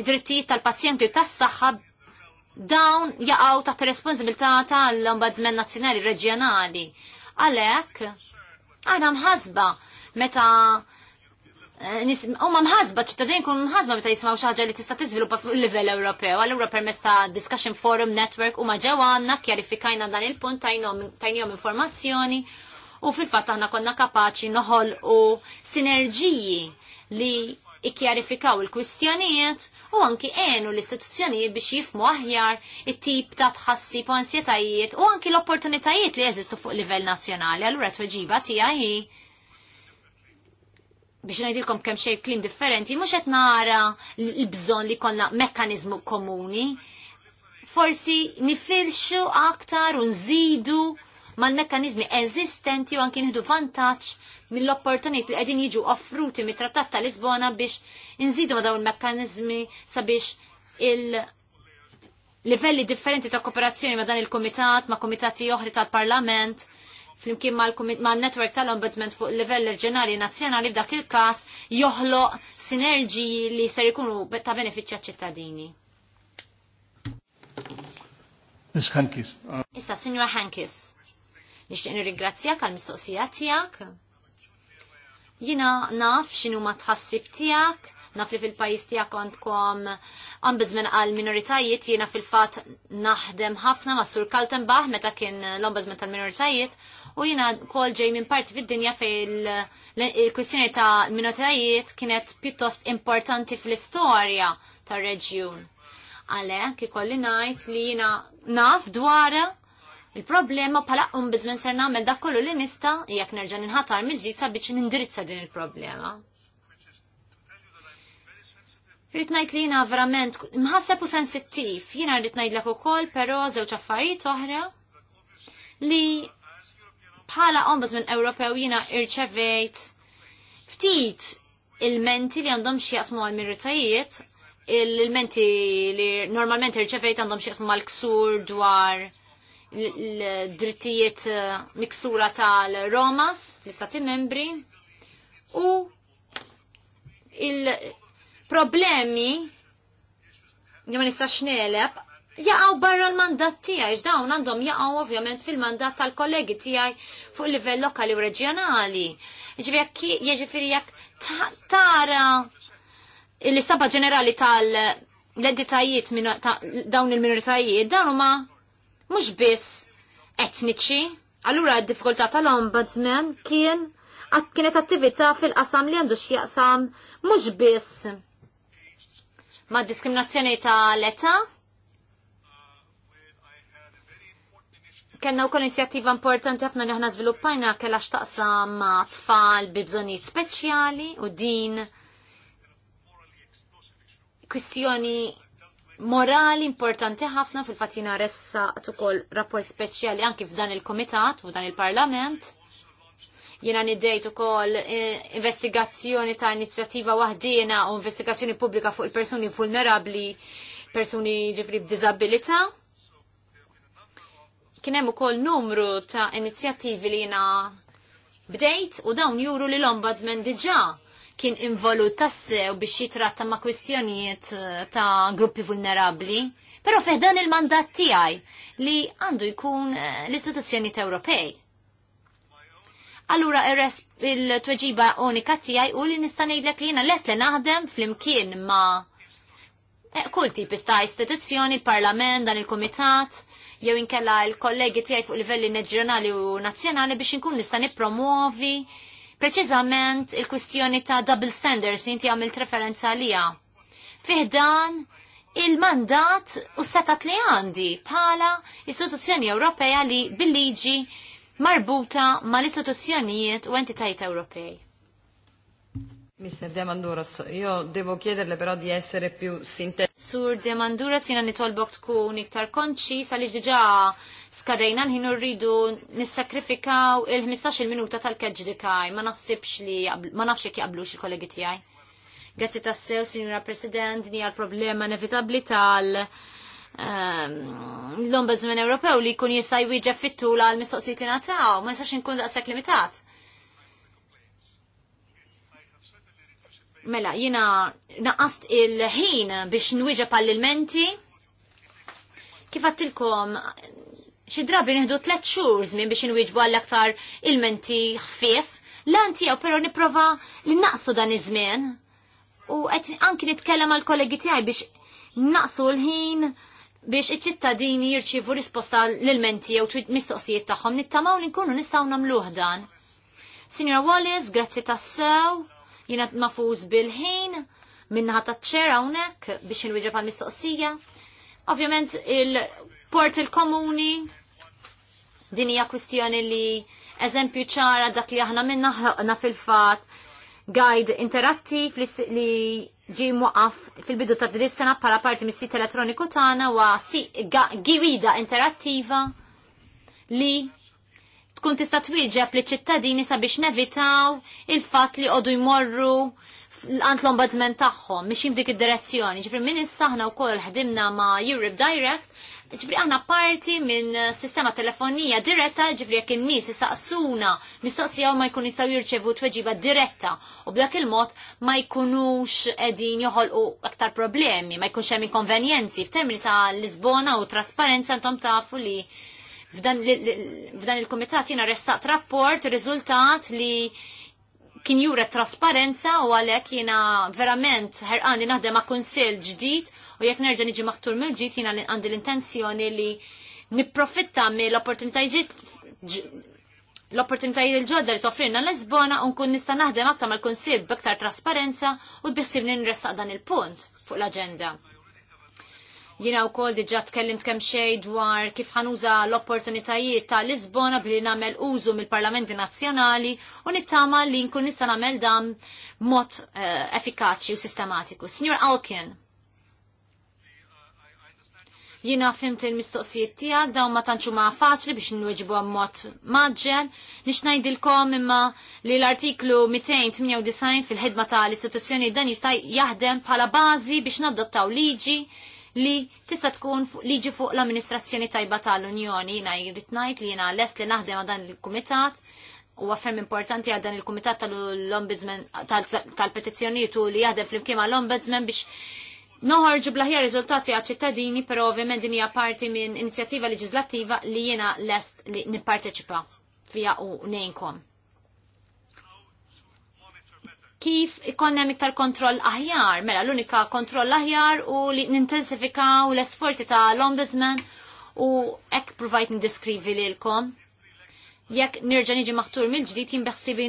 id-drittijiet tal-pazjenti u tas-saħħa dawn jaqgħu taħt responsabilità tal-Ombudsman Nazzjonali Reġjonali. Għalhekk għana mħasba meta eh, Huma mħasba, ċittadin kun mħasba meta jismaw ħaġa li tista' tiżviluppa fuq il-livell Ewropew. Allura permezz ta' Discussion Forum Network huma ġewwa għandna kjarifikajna dan il-punt tajnihom informazzjoni u fil-fatt aħna konna kapaċi noħol u sinerġiji li ikkjarifikaw il-kwistjonijiet u anki għenu l-istituzzjonijiet biex jifmu aħjar it-tip ta' tħassib u ansjetajiet u anki l-opportunitajiet li jeżistu fuq livell nazzjonali. Allura tweġiba tiegħi biex najdilkom kemm xejn klim differenti, mhux qed nara l-bżonn li konna mekkaniżmu komuni. Forsi nifilxu aktar u nżidu mal-mekkaniżmi eżistenti u anki nieħdu vantaġġ mill-opportunit li qegħdin jiġu offruti mit-Trattat ta' Lisbona biex nżidu ma' dawn il-mekkaniżmi sabiex il- livelli differenti ta' kooperazzjoni ma' dan il-komitat, ma' komitati oħri tal-parlament, flimkien ma' l-network tal-ombudsman fuq livell reġjonali nazzjonali f'dak il-każ joħloq sinerġiji li ser ikunu ta' benefiċċja ċittadini. Miss Hankis. Issa, Signora Hankis, nixtieq nirringrazzjak għall mistoqsija tiegħek. Jina naf xinu ma tħassib tijak, naf li fil-pajis tijak għandkom ombudsman għal minoritajiet, jina fil-fat naħdem ħafna ma' sur Kaltenbach meta kien l-ombudsman tal-minoritajiet, u jina kol ġej minn parti fid-dinja fil kwistjoni ta' minoritajiet kienet pjuttost importanti fil-istoria tar-reġjun. Għalek, ikolli najt li jina naf dwara il-problema pala ombudsman ser namel dak kollu li nista jekk nerġa' ninħatar mill-ġid sabiex nindirizza din il-problema. Rrit najt li jina verament mħasseb u sensittiv, jina rrid ngħidlek ukoll, però żewġ affarijiet oħra li bħala ombudsman Ewropew jina irċevejt ftit il-menti li għandhom xi jaqsmu għal mirritajiet, il-menti li normalment irċevejt għandhom xi jaqsmu mal-ksur dwar l-drittijiet eh, miksura tal-Romas, l-istati membri, u il-problemi li ma nistax neleb jaqaw barra l-mandat tijaj, x'dawn għandhom jaqgħu ovvjament fil-mandat tal-kollegi tiegħi fuq livell lokali u reġjonali. Jiġifieri jekk tara l-istampa ġenerali tal- l-editajiet dawn il-minoritajiet, dawn huma mhux biss etniċi. Allura d-diffikultà tal-ombudsman kien kienet attività fil-qasam li għandu x'jaqsam mhux biss ma' diskriminazzjoni tal-età. Kenna wkoll inizjattiva importanti ħafna li għana żviluppajna kellha x'taqsam ma' tfal bi bżonnijiet speċjali u din kwistjoni morali importanti ħafna fil-fatt ressa tukol rapport speċjali anki f'dan il-komitat, f'dan il-parlament. Jena niddejt ukoll eh, investigazzjoni ta' inizjattiva wahdina u investigazzjoni pubblika fuq il-persuni vulnerabli, persuni ġifri b'dizabilita. Kien hemm ukoll numru ta' inizjattivi li jena bdejt u dawn juru li l-ombudsman diġà kien involu tassew biex jitratta ma' kwistjonijiet eh, ta' gruppi vulnerabli. Pero fiħdan il-mandat tiegħi li għandu jkun eh, l-istituzzjonijiet Ewropej. Allura il-tweġiba unika tiegħi u li nista' ngħidlek li jiena les li naħdem flimkien ma' eh, kull tip ta' istituzzjoni, il-parlament, dan il-komitat, jew inkella l-kollegi tiegħi fuq livelli neġjonali u nazzjonali biex inkun nista' promuovi preċiżament il-kwistjoni ta' double standards inti għamil referenza għalija. Fiħdan il-mandat u setat li għandi pala istituzzjoni Ewropea li bil-liġi marbuta mal-istituzzjonijiet u entitajiet Ewropej. Mr. Diamanduras, io devo chiederle però di essere più sintetico. Sur Diamanduras, jina nitolbok tkun iktar konċis għaliex diġà skadejna nħinu rridu nissakrifikaw il-15 minuta tal-keġ ma naħsibx li, ma nafx jek jaqblux il-kollegi tiegħi. Grazzi tassew, Signora President, ni għal-problema inevitabli tal- ehm, l-Ombudsman Ewropew li jkun jista' jwieġeb fit-tul għal mistoqsijiet li nataw, ma jistax nkun daqshekk limitat Mela, jina naqast il-ħin biex nwiġa pallilmenti. ilmenti Kif għattilkom, xi drabi nieħdu tlet xhur żmien biex nwieġbu għall aktar ilmenti ħfief. Lan tiegħu però nipprova li naqsu dan iż-żmien. U għet anki nitkellem għal kollegi tiegħi biex naqsu l-ħin biex iċ-ċittadini jirċievu risposta l-ilmenti jew mistoqsijiet tagħhom nittamaw li nkunu nistgħu nagħmluh dan. Signora Wallace, grazzi tassew jiena mafuż bil-ħin minna taċ-ċer hawnhekk biex inwieġeb pa' mistoqsija Ovvjament il-port il-komuni din hija kwistjoni li eżempju ċara dak li aħna minna ħloqna fil-fat guide interattiv li ġi muqaf fil-bidu ta' din sena bħala parti mis-sit elettroniku tagħna wa si, gwida interattiva li tkun tista' twieġeb li ċittadini sabiex nevitaw il-fatt li qogħdu jmorru għand l-ombudsman tagħhom biex jimdik id-direzzjoni. Ġifri minn issaħna wkoll ħdimna ma' Europe Direct, ġifri aħna parti minn sistema telefonija diretta, ġifri jekk in-nies isaqsuna mistoqsija ma jkun jistgħu jirċevu tweġiba diretta u b'dak il-mod ma jkunux qegħdin joħolqu aktar problemi, ma jkunx hemm inkonvenjenzi f'termini ta' Lisbona u trasparenza intom tafu li F'dan il-komitat jina ressaqt rapport, riżultat li kien jura trasparenza u għalek jina verament ħerqan li naħdem ma' konsil ġdid u jekk nerġa' niġi maħtur mill ġid jina għandi l-intenzjoni li nipprofitta me l opportunità il-ġodda li toffrinna l-Lisbona u nkun nista' naħdem aktar mal konsil b'iktar trasparenza u biħsibni nressaq dan il-punt fuq l agenda Jina u kol diġa tkellimt kem xej dwar kif ħanuża l-opportunitajiet ta' Lisbona billi namel użu mill-Parlamenti Nazzjonali u nittama li nkun nista' namel dam mod uh, effikaċi u sistematiku. Signor Alkin, jina fimt il-mistoqsijiet tijak daw ma tanċu ma faċli biex nwieġbu mod maġġel, nix najdilkom imma li l-artiklu 298 fil-ħidma tal istituzzjoni dan jista' jaħdem bħala bażi biex naddottaw liġi li tista' tkun liġi fuq l-amministrazzjoni tajba tal-Unjoni. Jiena jrid ngħid li jiena lest li naħdem għal dan il-kumitat u għaffem importanti għal dan il-Kumitat tal-Ombudsman tal-Petizzjonijiet u li jaħdem fl-imkien l ombudsman biex noħorġu blaħja riżultati għal ċittadini, però ovvjament din hija parti minn inizjattiva leġislattiva li jiena lest li nipparteċipa fija u nejnkom kif ikonna iktar kontroll aħjar, mela l-unika kontroll aħjar u li nintensifikaw l-esforzi ta' l-ombudsman u ek provajt n-deskrivi li l-kom. Jek nirġan iġi maħtur mil-ġdijt jimbeħsibi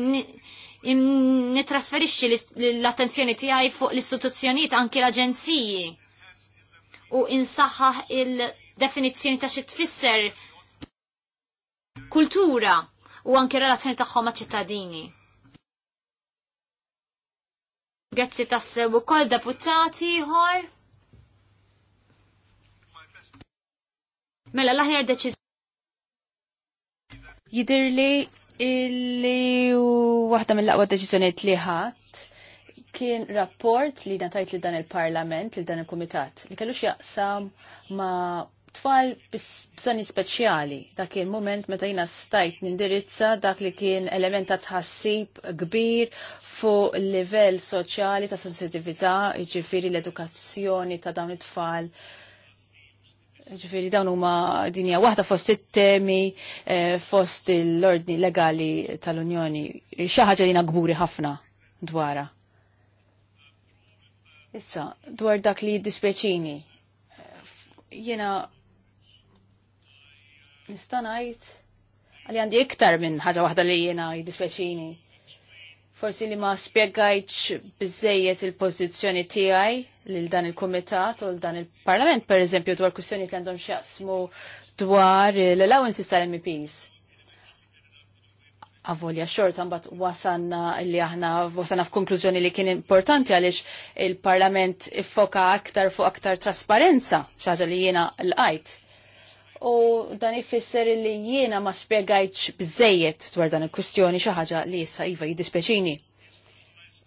nitrasferixxi l-attenzjoni tiegħi fuq l-istituzzjonijiet anki l-aġenziji u insaħħaħ il-definizzjoni ta' xi tfisser kultura u anki relazzjoni tagħhom ma' ċittadini. Grazzi tassew ukoll deputati ħor. Mela l-aħjar Jidir li illi waħda mill-aqwa deċiżjonijiet li ħadd kien rapport li natajt li dan il-parlament, li dan il-komitat, li kellux jaqsam ma tfal bżoni speċjali. Dak kien moment meta jina stajt nindirizza dak li kien element ta' tħassib kbir fuq livell soċjali ta' sensitività, ġifiri l-edukazzjoni ta' dawn it-tfal. Ġifiri dawn huma dinja waħda fost it-temi eh, fost l-ordni legali tal-Unjoni. Xi ħaġa li gburi ħafna dwara. Issa, dwar dak li dispeċini. Jena nistanajt għalli għandi iktar minn ħaġa waħda li jena jiddispjaċini? forsi li ma spiegħajċ bizzejiet il-pozizjoni tiegħi lil dan il-Kumitat u dan il-Parlament, per eżempju, dwar kwistjoni li għandhom xjaqsmu dwar l-allowances tal-MPs. Avolja xorta mbagħad wasanna li aħna wasanna f'konklużjoni li kien importanti għaliex il-Parlament iffoka aktar fuq aktar trasparenza, xaġa li jiena l għajt u dan ifisser li jiena ma spiegajċ bżejjed dwar dan il-kwistjoni xi ħaġa li issa iva jiddispjaċini.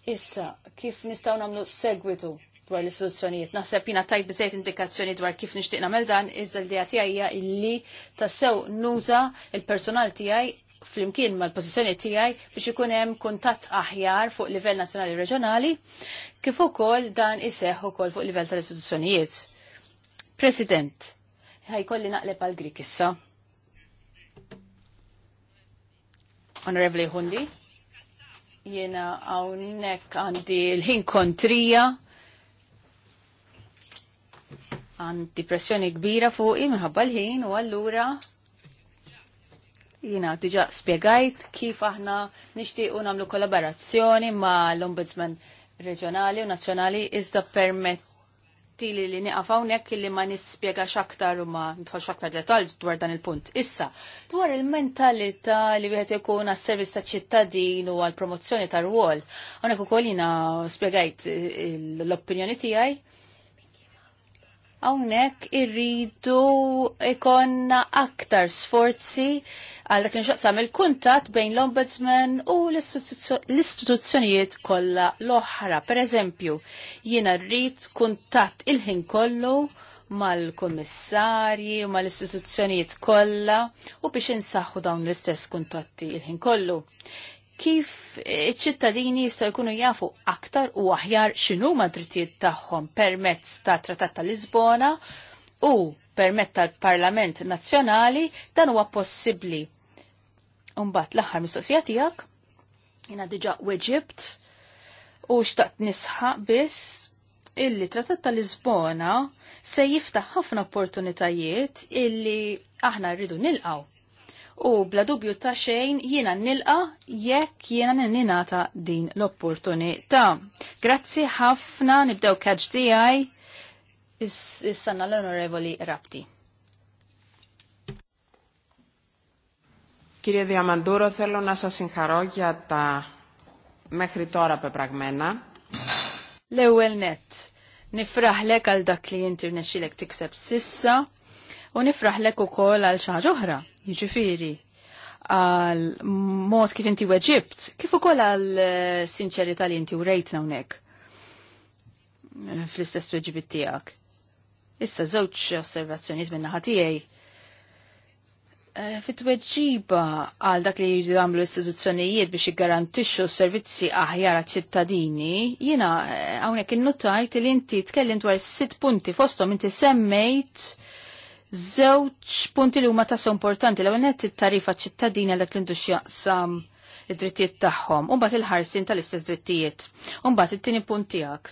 Issa, kif nistgħu nagħmlu segwitu dwar l-istituzzjonijiet? Naħseb jiena tajt bżejjed indikazzjoni dwar kif nixtieq nagħmel dan iżda l-dija tiegħi illi tassew nuża il-personal tiegħi fl-imkien ma l-pozizjoni tijaj biex ikun hemm kuntatt aħjar fuq livell nazzjonali reġjonali, kif ukoll dan iseħħ ukoll fuq livell tal-istituzzjonijiet. President, kolli naqleb għal Grik issa. Onorevoli Hundi, jena għawnek għandi l-ħin kontrija, għandi pressjoni kbira fuq minħabba l-ħin u għallura jina diġa spiegajt kif aħna nishtiqu unamlu kollaborazzjoni ma l-Ombudsman reġjonali u nazzjonali iżda permet. Tili li li niqafawnek li ma nispiega xaktar u ma nitħol xaktar detal dwar dan il-punt. Issa, dwar il-mentalità li wieħed ikun għas servis ta' ċittadin u għal promozzjoni tar-rwol, għonek u kolina spiegajt l-opinjoni tijaj Hawnhekk irridu ikonna aktar sforzi għal dak nxaqsam il-kuntat bejn l-Ombudsman u l-istituzzjonijiet kollha l-oħra. Pereżempju, jiena rrid kuntatt il-ħin kollu mal-kummissarji u mal-istituzzjonijiet kollha u biex insaħħu dawn l-istess kuntatti il-ħin kollu kif iċ-ċittadini jistgħu jkunu jafu aktar u aħjar x'inhuma drittijiet tagħhom permezz ta' Trattat ta' Lisbona u permezz tal-Parlament Nazzjonali dan huwa possibbli. Umbagħad l-aħħar mistoqsija tiegħek jiena diġà weġibt u xtaqt nisħaq biss illi Trattat ta' Lisbona se jiftaħ ħafna opportunitajiet illi aħna rridu nilqaw u bla dubju ta' xejn jiena nilqa jekk jiena ninata din l-opportunità. Grazzi ħafna nibdew kaġ tiegħi is-sanna l-Onorevoli Rapti. Κύριε Διαμαντούρο, θέλω να σας συγχαρώ για τα μέχρι τώρα πεπραγμένα. L-ewwel net, nifraħlek għal dak li inti rnexxilek u nifraħlek ukoll għal xi ħaġa oħra, jiġifieri għal mod kif inti weġibt, kif ukoll għal eh, sinċerità li inti rejtna hawnhekk eh, fl-istess weġibit tiegħek. Issa żewġ osservazzjonijiet minn naħa tiegħi. Eh, fit-tweġiba għal dak li jiġu għamlu istituzzjonijiet biex jgarantixxu servizzi aħjar ċittadini, jiena hawnhekk nuttajt li inti tkellim dwar sitt punti fosthom inti semmejt żewġ punti li huma tas importanti l-ewwel net it-tarifa ċittadina dak l-industrija sam id-drittijiet tagħhom, u mbagħad il-ħarsin tal-istess drittijiet. U mbagħad it-tieni punt tiegħek.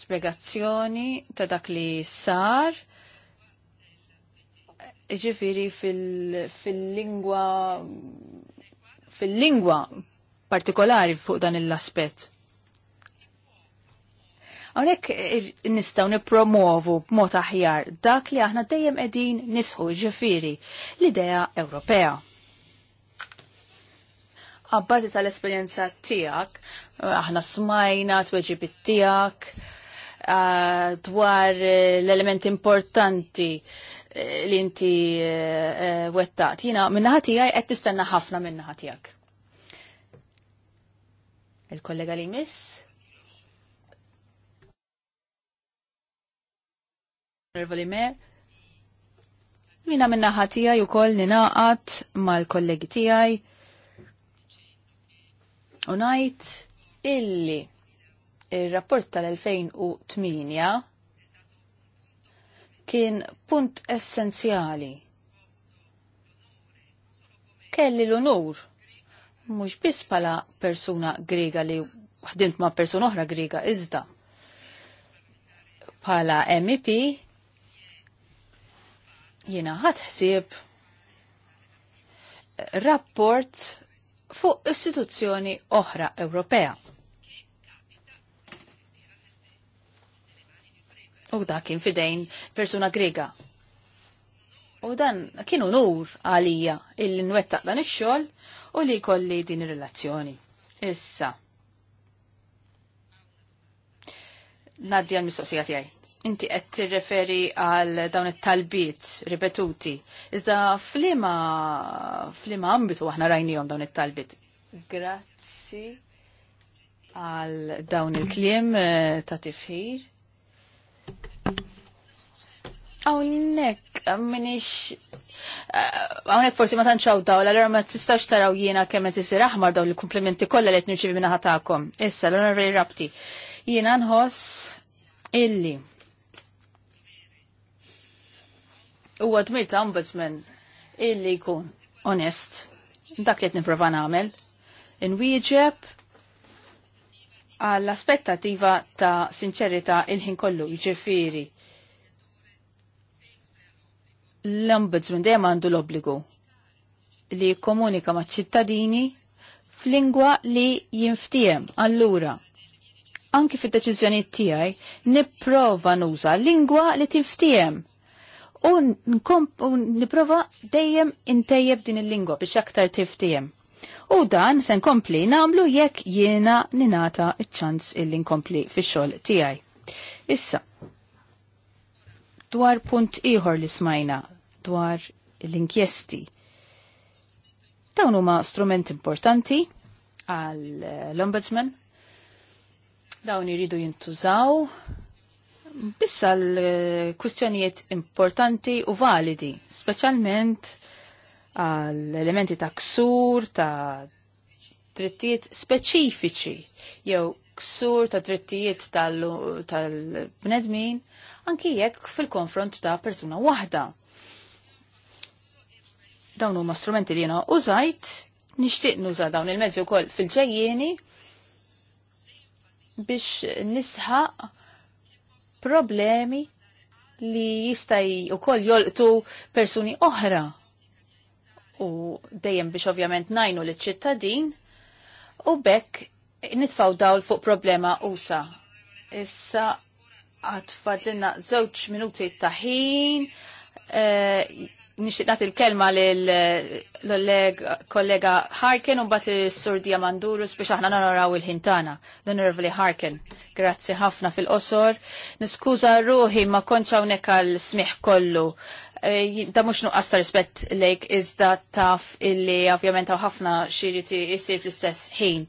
Spjegazzjoni ta' dak li sar ġifiri fil-lingwa fil-lingwa partikolari fuq dan l-aspet. Hawnhekk eh, nistgħu nippromovu b'mod aħjar dak li aħna dejjem qegħdin nisħu ġifieri l-idea Ewropea. Għabbażi tal-esperjenza tiegħek, eh, aħna smajna t-weġib tiegħek eh, dwar l-element importanti li inti wettaqt. Jina, minna ħatijaj, għed nistenna ħafna minna ħatijak. Il-kollega li miss? Onorevoli Mer, jina minna ħatija ju kol ninaqat mal-kollegi tijaj u illi il-rapport tal-2008 kien punt essenzjali. Kelli l unur mux bis pala persuna grega li ħdimt ma persuna oħra grega, iżda. Pala MEP Jiena ħadħsib rapport fuq istituzzjoni oħra Ewropea. U da kien fidejn persuna grega. U dan kienu nur għalija illi nwettaq dan ix-xogħol u li kolli din ir-relazzjoni. Issa. Nadja għal-mistoqsija tiegħi inti qed tirreferi għal dawn it-talbiet ripetuti. Iżda flima flima ambitu aħna rajnijhom dawn it-talbiet. Grazzi għal dawn il-kliem eh, ta' tifħir. Għawnek, minix, eh, għawnek forsi ma tanċaw daw, l-għalra ma tistax taraw jiena kemm qed isir aħmar dawn il komplimenti kollha li qed nirċivi minna ħatakom. Issa, l-għalra rabti. Jiena nħoss illi u għadmir ombudsman illi jkun onest, dak li t-niprofa namel, inwieġeb għall-aspettativa ta' sinċerita il-ħin kollu, ġifiri. L-ombudsman dejjem għandu l-obbligu li komunika ma' ċittadini f'lingwa li jinftijem. Allura, anki fid deċiżjoni tiegħi nipprova nuża lingwa li tinftijem u niprofa dejjem intejjeb din il-lingwa biex aktar tiftijem. U dan se nkompli namlu jekk jiena ninata il ċans il nkompli fix-xogħol tiegħi. Issa, dwar punt ieħor li smajna dwar l-inkjesti. Dawn huma strument importanti għall ombudsman Dawn iridu jintużaw bissa l-kwistjonijiet importanti u validi, speċjalment għal elementi ta' ksur, ta' drittijiet speċifiċi, jew ksur ta' drittijiet tal-bnedmin, anki jekk fil-konfront ta' persuna waħda. Dawn huma strumenti li jena użajt, nixtieq nuża dawn il-mezzi wkoll fil-ġejjieni biex nisħaq problemi li jistaj u koll jolqtu persuni oħra. U dejjem biex ovvjament najnu li ċittadin u bekk nitfaw dawl fuq problema usa. Issa għatfadlina zewċ minuti taħin, e, eh, nixtiqnat il-kelma l-kollega Harken u bat il-sur Mandurus biex aħna naraw il-ħintana, l-onorevoli Harken. Grazzi ħafna fil-qosor. Niskuza ruħi ma konċa unek għal-smiħ kollu. E, da mux nuqqas ta' rispett lejk iżda taf illi ovvjament ħafna xiriti jisir fl-istess ħin.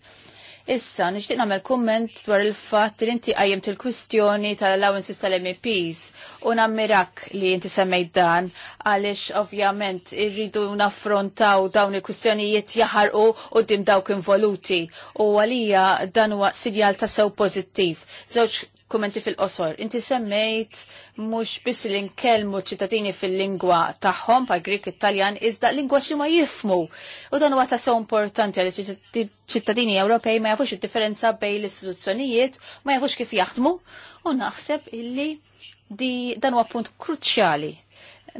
Issa, nixtieq nagħmel kumment dwar il-fatt li inti qajjem il-kwistjoni tal-allowances tal-MEPs u nammirak li inti semmejt dan għaliex ovvjament irridu naffrontaw dawn il-kwistjonijiet jaħarqu dim dawk involuti u għalija dan huwa sinjal ta' sew pożittiv. Żewġ kummenti fil-qosor. Inti semmejt mhux biss li nkellmu ċittadini fil-lingwa tagħhom pa' Grik Italjan iżda lingwa xi ma jifmu. U dan huwa ta' so importanti għal ċittadini Ewropej ma jafux id-differenza bejn l-istituzzjonijiet, ma jafux kif jaħdmu u naħseb illi di dan huwa punt kruċjali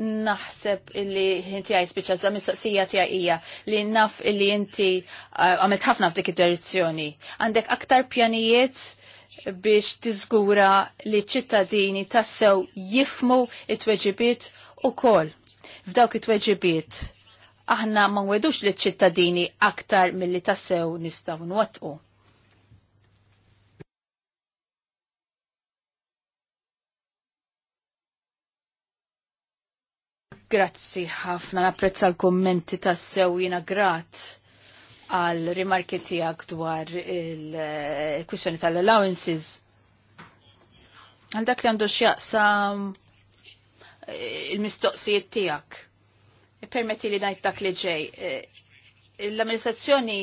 naħseb illi inti għaj spiċa za mistoqsija tija ija li naf illi inti uh, għamilt ħafna f'dik id-direzzjoni. Għandek aktar pjanijiet biex tiżgura li ċittadini tassew jifmu it-tweġibiet u kol. F'dawk it-tweġibiet aħna ma nwedux li ċittadini aktar mill-li tassew nistaw nwattqu. Grazzi ħafna napprezza l-kommenti tas-sew jina grat għal rimarki tijak dwar il-kwissjoni tal-allowances. Għal dak li għandu xjaqsam eh, il-mistoqsijiet tijak. Permetti li najt dak li ġej. Eh, l-amministrazzjoni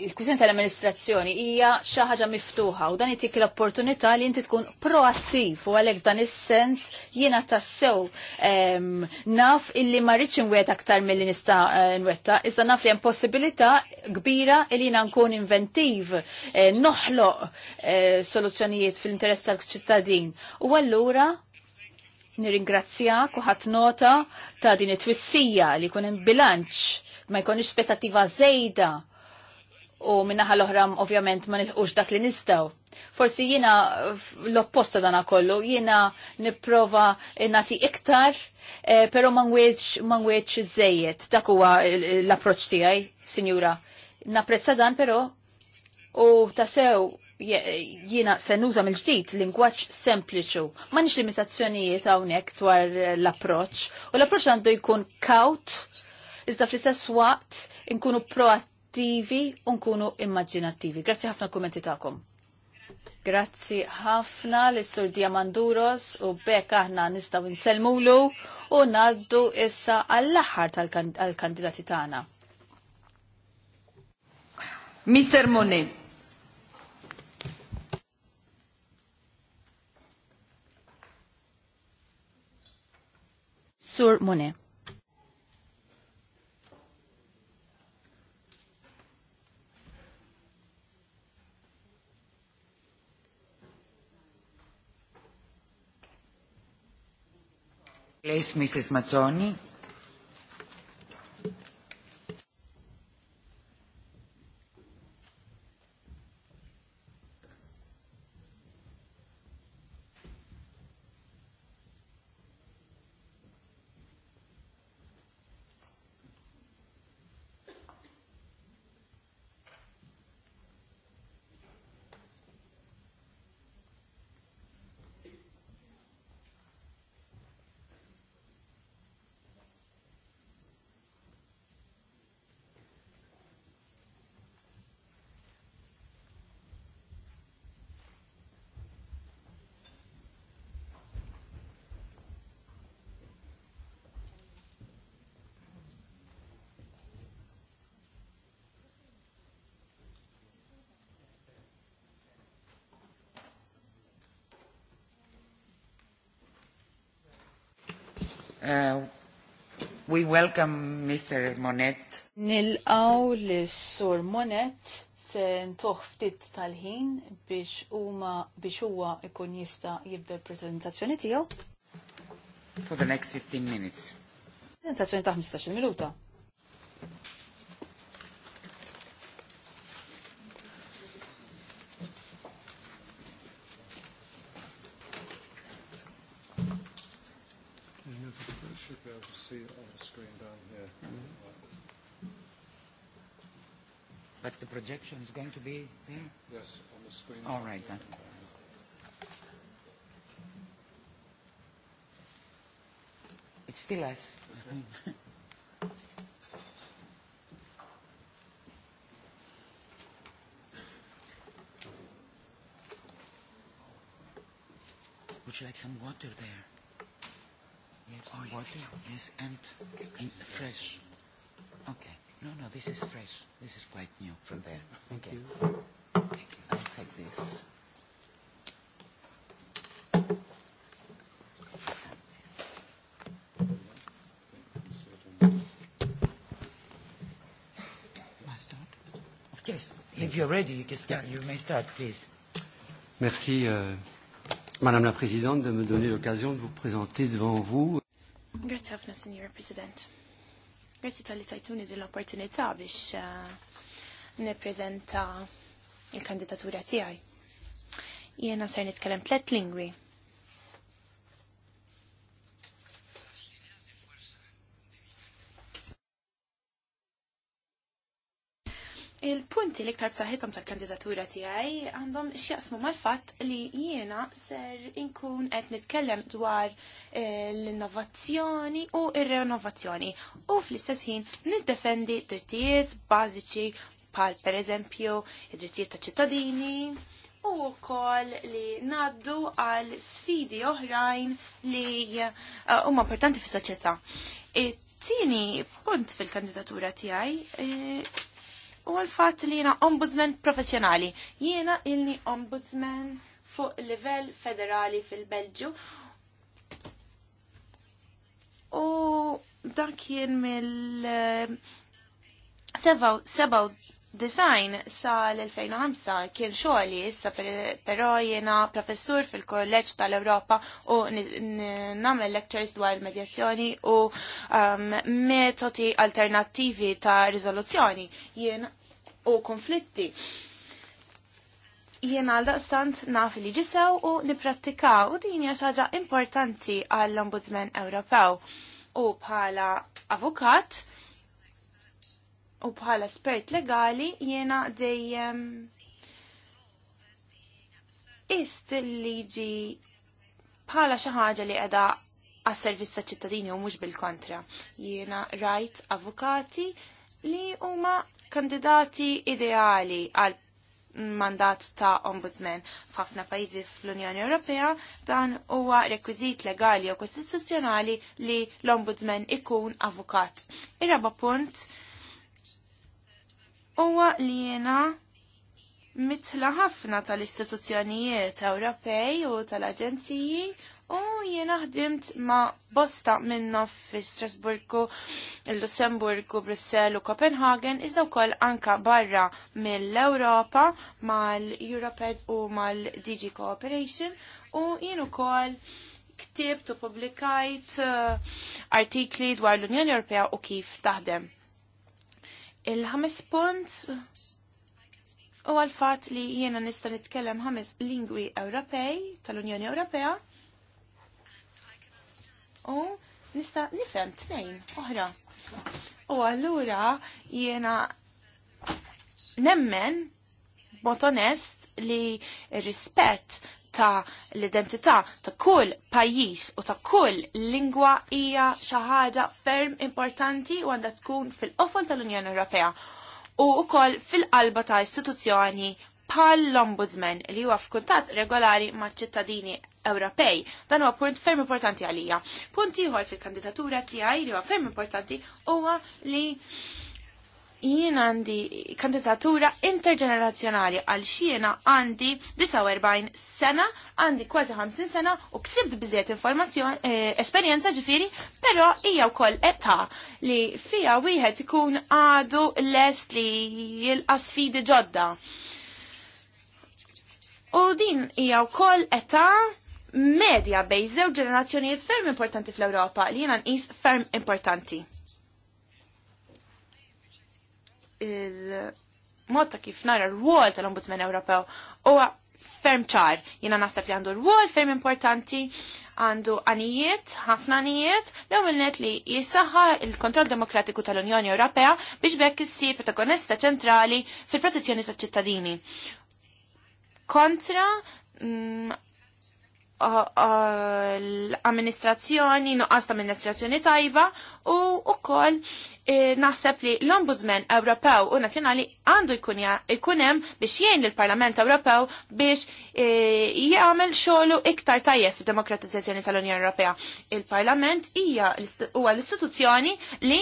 il kwisjoni tal-amministrazzjoni hija xi ħaġa miftuħa u dan jtik l-opportunità li inti tkun proattiv u għalhekk dan is-sens jiena tassew ehm, naf illi ma rridx inwet aktar milli nista' nwetta, iżda naf li hemm possibilità kbira li jiena nkun inventiv, eh, noħloq eh, soluzzjonijiet fil-interess tal-ċittadin. U allura nirringrazzjak u ħadd nota ta' din it-twissija li jkun hemm bilanċ ma jkunx spettattiva żejda u minnaħa l-oħra ovvjament ma nilħux dak li nistaw. Forsi jina l-opposta dana kollu, jina niprofa nati iktar, eh, pero mangweċ zejjed, dak huwa l-approċ tiegħi, sinjura. Napprezza dan pero u tasew jiena se nuża mill-ġdid lingwaġġ sempliċu. M'għandx limitazzjonijiet hawnhekk dwar l-approċċ. U l-approċċ għandu jkun kaut, iżda fl-istess waqt inkunu proattivi attivi u nkunu immaġinattivi. Grazzi ħafna kummenti tagħkom. Grazzi ħafna l sur Diamanduros u bekk aħna nistgħu nselmulu u ngħaddu issa għall-aħħar tal-kandidati tagħna. Mr. Moni. Sur Monet. Place Mrs. Mazzoni. Uh, we welcome Mr. Monet. nil Nilqaw li sur Monet se ntoħ ftit tal-ħin biex huma biex huwa ikun jista' jibda l prezentazzjoni tiegħu. For the next 15 minutes. Prezentazzjoni ta' 15 minuta. description is going to be there? Yes, on the screen. All right then. It's still us. Would you like some water there? Yes, oh, water. Yes, and, and fresh. No, no, this is fresh. This is quite new from there. Thank okay. you. Thank you. I'll take this. Yes, if you're ready, you can start. You may start, please. Merci, euh, Madame la Présidente, de me donner l'occasion de vous présenter devant vous. Grazie, your President. Grazzi tal-li tajtuni din l-opportunità biex eh, neprezenta il-kandidatura tiegħi. Jiena ser nitkellem tliet lingwi. Il-punti li ktar b'saħħithom tal-kandidatura tiegħi għandhom x'jaqsmu mal-fatt li jiena ser inkun qed nitkellem dwar eh, l-innovazzjoni u r renovazzjoni u fl-istess ħin niddefendi drittijiet bażiċi bħal pereżempju id-drittijiet tal-ċittadini u wkoll li naddu għal sfidi oħrajn li eh, huma importanti fis-soċjetà. It-tieni punt fil-kandidatura tiegħi eh, u għal-fat li jena ombudsman professjonali. Jena ni ombudsman fuq livell federali fil-Belġu. U dak jien mill- eh, sebaw design sa l-2005 kien xogħli issa però jiena professur fil-Kolleġġ tal-Ewropa u nagħmel lectures dwar medjazzjoni u um, metodi alternattivi ta' riżoluzzjoni jien u konflitti. Jiena għal stant naf li ġisew u nipprattika u din hija xaġa importanti għall-Ombudsman Ewropew u bħala avukat u bħala espert legali jiena dejjem ist liġi bħala xi ħaġa li qiegħda għas-servizz tal-ċittadini u mhux bil-kontra. Jiena rajt avukati li huma kandidati ideali għal mandat ta' ombudsman. F'ħafna pajjiżi fl-Unjoni Ewropea dan huwa rekwiżit legali u kostituzzjonali li l-ombudsman ikun avukat. Ir-raba punt huwa li jena mitla ħafna tal-istituzzjonijiet Ewropej u tal-aġenziji u jiena ħdimt ma' bosta minnhom fi Strasburgu, lussemburgu Brussell u Copenhagen, iżda wkoll anka barra mill-Ewropa mal-Europed u mal-DG Cooperation u jien ukoll ktibt u publikajt uh, artikli dwar l-Unjoni Ewropea u kif taħdem. Il-ħames punt u għal-fat li jiena nista' nitkellem ħames lingwi Ewropej tal-Unjoni Ewropea u nista' nifhem tnejn oħra. U allura jiena nemmen b'mod onest li rispett ta' l-identità ta' kull pajjiż u ta' kull lingwa hija xi ħaġa ferm importanti u għandha tkun fil-qofol tal-Unjoni Ewropea u wkoll fil-qalba ta' istituzzjoni bħal l-Ombudsman li huwa f'kuntatt regolari maċ ċittadini Ewropej. Dan huwa punt ferm importanti għalija. Punt ieħor fil-kandidatura tiegħi li huwa ferm importanti huwa li jien għandi kandidatura interġenerazzjonali għal xiena għandi 49 sena, għandi kważi 50 sena u ksibt biżiet informazzjoni, eh, esperjenza ġifiri, però hija wkoll età li fija wieħed ikun għadu lest li jilqa sfidi ġodda. U din hija wkoll età medja bejn żewġ ġenerazzjonijiet ferm importanti fl-Ewropa li jiena nqis ferm importanti il-mod ta' kif nara r-wol tal-Ombudsman Ewropew huwa ferm ċar. Jiena naħseb li għandu r-wol ferm importanti, għandu għanijiet, ħafna għanijiet, l għamilnet li jisaha il-kontroll demokratiku tal-Unjoni Ewropea biex bekk issir protagonista ċentrali fil-protezzjoni tal-ċittadini. Kontra mm, l-amministrazzjoni, nuqqas ta' amministrazzjoni tajba u ukoll eh, naħseb li l-Ombudsman Ewropew u Nazzjonali għandu jkunem biex jgħin l-Parlament Ewropew biex eh, jgħamil xogħlu iktar tajjeb fid-demokratizzazzjoni tal-Unjoni Ewropea. Il-Parlament hija huwa l-istituzzjoni li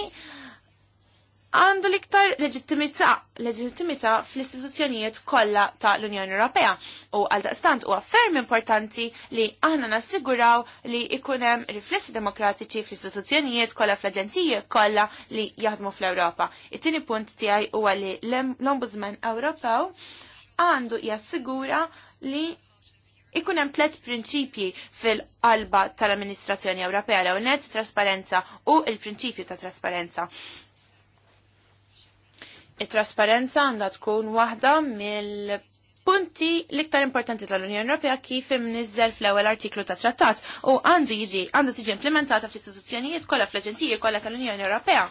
għandu l-iktar leġittimità leġittimità fl-istituzzjonijiet kollha ta' l-Unjoni Ewropea u għal daqstant huwa ferm importanti li aħna nassiguraw li ikun hemm riflessi demokratiċi fl-istituzzjonijiet kollha fl-aġenziji kollha li jaħdmu fl-Ewropa. It-tieni punt tiegħi huwa li l-Ombudsman Ewropew għandu jassigura li ikun hemm tliet prinċipji fil-qalba tal-Amministrazzjoni Ewropea l net trasparenza u l-prinċipju ta' trasparenza it-trasparenza għandha tkun waħda mill punti l-iktar importanti tal-Unjoni Ewropea kif imnizzel fl-ewwel artiklu ta' trattat u għandu jiġi għandu tiġi implementata fl-istituzzjonijiet kollha fl-Aġenziji kollha tal-Unjoni Ewropea.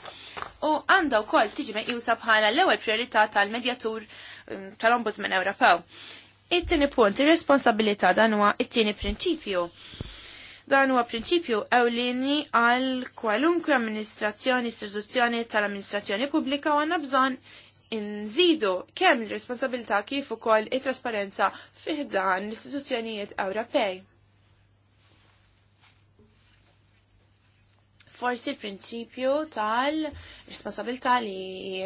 U għandha wkoll tiġi meqjusa bħala l-ewwel priorità tal-Medjatur mm, tal-Ombudsman Ewropew. It-tieni punt, ir-responsabilità dan huwa it-tieni prinċipju. Dan huwa prinċipju ewlieni għal kwalunkwe amministrazzjoni, istituzzjoni tal-amministrazzjoni pubblika u għanna bżonn inżidu kemm l-responsabilità kif ukoll it-trasparenza fih dan l-istituzzjonijiet Ewropej. Forsi l-prinċipju tal-responsabilità li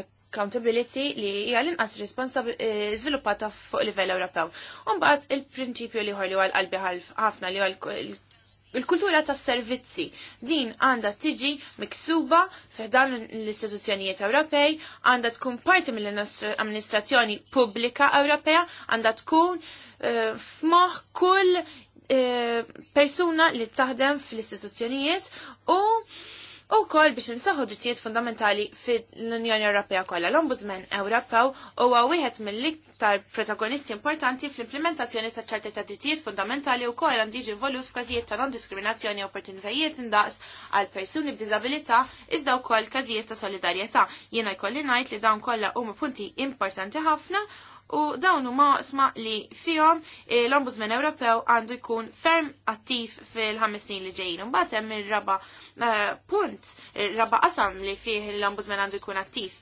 accountability li hija l-inqas eh, sviluppata fuq livell Ewropew. Imbagħad il-prinċipju li ħolli għal qalbi ħafna li għal il-kultura tas servizzi din għandha tiġi miksuba f'dan l-istituzzjonijiet Ewropej, għandha tkun parti mill-amministrazzjoni pubblika Ewropea, għandha tkun f'moħ eh, f'moħħ kull eh, persuna li taħdem fl-istituzzjonijiet u u kol biex nsaħu drittijiet fundamentali fil-Unjoni Ewropea kollha. L-Ombudsman Ewropew huwa wieħed mill-iktar protagonisti importanti fl-implementazzjoni ta' ċarti ta' drittijiet fundamentali u kol għandi ġi involut f'każijiet ta' non-diskriminazzjoni opportunitajiet indaqs għal persuni b'diżabilità iżda wkoll każijiet ta' solidarjetà. Jiena jkolli ngħid li dawn kollha huma punti importanti ħafna u dawn huma sma li fihom l-Ombudsman Ewropew għandu jkun ferm attiv fil-ħames snin li ġejjin. Mbagħad hemm ir-raba eh, punt, raba qasam li fih l-Ombudsman għandu jkun attiv.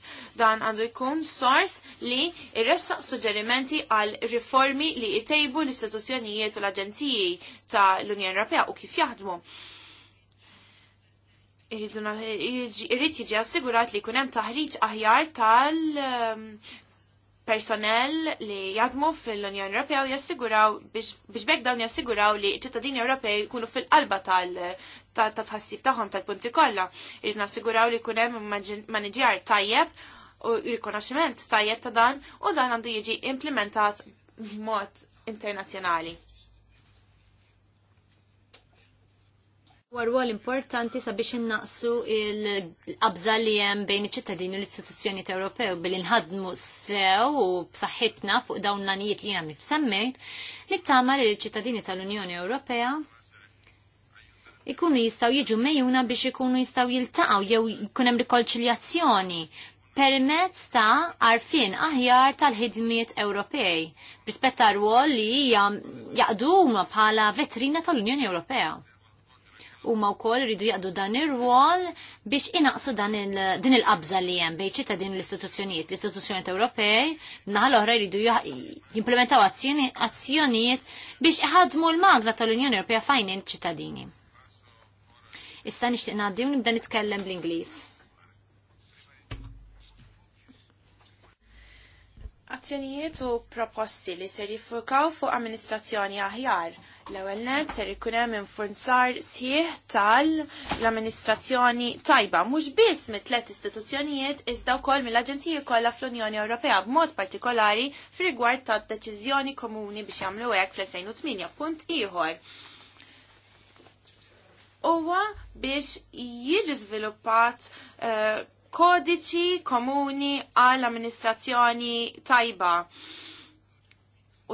Dan għandu jkun sors li irressaq suġġerimenti għal riformi li jtejbu l-istituzzjonijiet u l-aġenziji ta' l-Unjoni Ewropea u kif jaħdmu irrid jiġi assigurat li kunem taħriġ aħjar tal eh, personell li jadmu fil-Unjoni Ewropea u jassiguraw biex bekk dawn jassiguraw li ċittadini Ewropej jkunu fil-qalba tal-tħassib tagħhom tal-punti kollha. Irid nassiguraw li jkun hemm maniġjar tajjeb u rikonoxximent tajjeb ta' dan u dan għandu jiġi implementat b'mod internazzjonali. War għal importanti sabiex innaqsu il-qabża li hemm bejn iċ-ċittadini u l-istituzzjoni Ewropew billi nħadmu sew u b'saħħitna fuq dawn l-anijiet li għandi f'semmejt li tagħmel li ċittadini tal-Unjoni Ewropea ikunu jistaw jiġu mejuna biex ikunu jistaw jiltaqgħu jew jkun hemm rikolċiljazzjoni permezz ta' arfin aħjar tal-ħidmiet Ewropej, rispetta rwol li jaqduma bħala vetrina tal-Unjoni Ewropea huma wkoll iridu jaqdu dan ir-rwol biex inaqsu dan il, din il-qabża li hemm bejn ċittadin l-istituzzjonijiet, l-istituzzjonijiet Ewropej, naħa l-oħra jridu jimplementaw azzjonijiet biex iħadmu l-magna tal-Unjoni Ewropea fajn ċittadini Issa nixtieq ngħaddi u nibda nitkellem bl-Ingliż. azzjonijiet u proposti li ser jiffurkaw fuq amministrazzjoni aħjar L-ewwel net ser ikun hemm infurzar sħiħ tal-amministrazzjoni tajba mhux biss mit-tliet istituzzjonijiet iżda wkoll mill-Aġenziji kollha fl-Unjoni Ewropea b'mod partikolari f'rigward tad-deċiżjoni komuni biex jagħmlu hekk fl-2008 punt ieħor. Huwa biex jiġi żviluppat eh, kodiċi komuni għall-amministrazzjoni tajba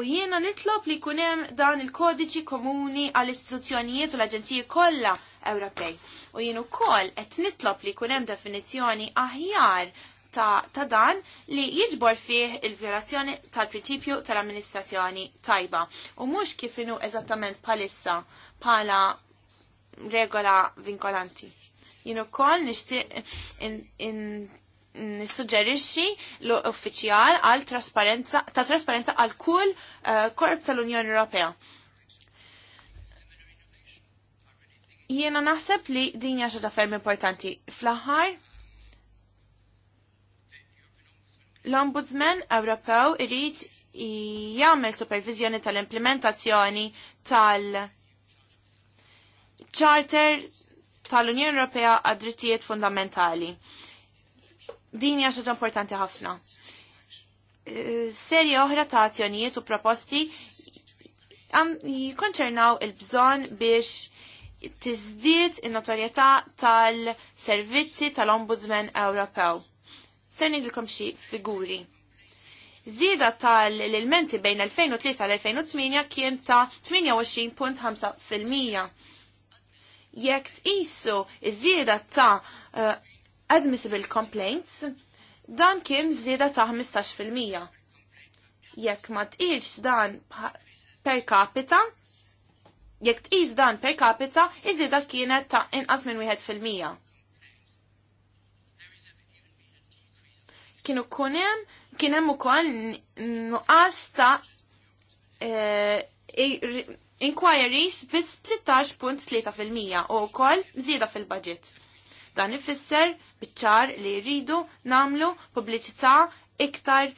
U jiena nitlob li kunem dan il-kodiċi komuni għall-istituzzjonijiet u l-aġenziji kollha Ewropej. U jien ukoll qed nitlob li jkun hemm definizzjoni aħjar ta', ta dan li jiġbor fih il-violazzjoni tal-prinċipju tal-amministrazzjoni tajba. U mhux kif inhu eżattament palissa pala regola vinkolanti. Jien ukoll nixtieq nissuġġerixxi l-uffiċjal għal trasparenza ta' trasparenza għal kull eh, korp tal-Unjoni Ewropea. Jiena naħseb li din hija xi ferm importanti fl-aħħar l-Ombudsman Ewropew irid jagħmel supervizjoni tal-implementazzjoni tal-Charter tal-Unjoni Ewropea għad-drittijiet fundamentali. Din hija ħaġa importanti ħafna. Eh, serje oħra ta' azzjonijiet u proposti jikonċernaw il-bżon biex tizdiet in-notorjetà tal-servizzi tal-Ombudsman Ewropew. Ser nidilkom xi figuri. Zida tal-elementi bejn 2003 l-2008 kien ta' 28.5%. Jekk tqisu iż-żieda ta' eh, admissible complaints dan kien fżieda ta' 15%. Jekk ma tqilx dan per capita, jekk tqis dan per capita, iżieda kienet ta' inqas minn 1%. Kienu kunem, kienem u kol nuqas ta' eh, inquiries bis 16.3% u kol zida fil-budget. Dan ifisser biċċar li jridu namlu pubbliċità iktar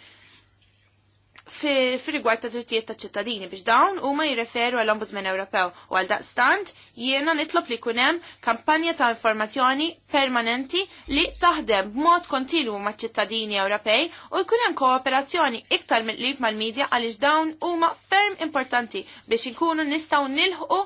fil-rigward ta' drittijiet ta' ċittadini biex dawn huma jirreferu għall ombudsman Ewropew u għal daqstant jiena nitlob li jkun hemm kampanja ta' informazzjoni permanenti li taħdem b'mod kontinwu maċ ċittadini Ewropej u jkun hemm kooperazzjoni iktar mill lib mal-medja għaliex dawn huma ferm importanti biex inkunu nistgħu nilħu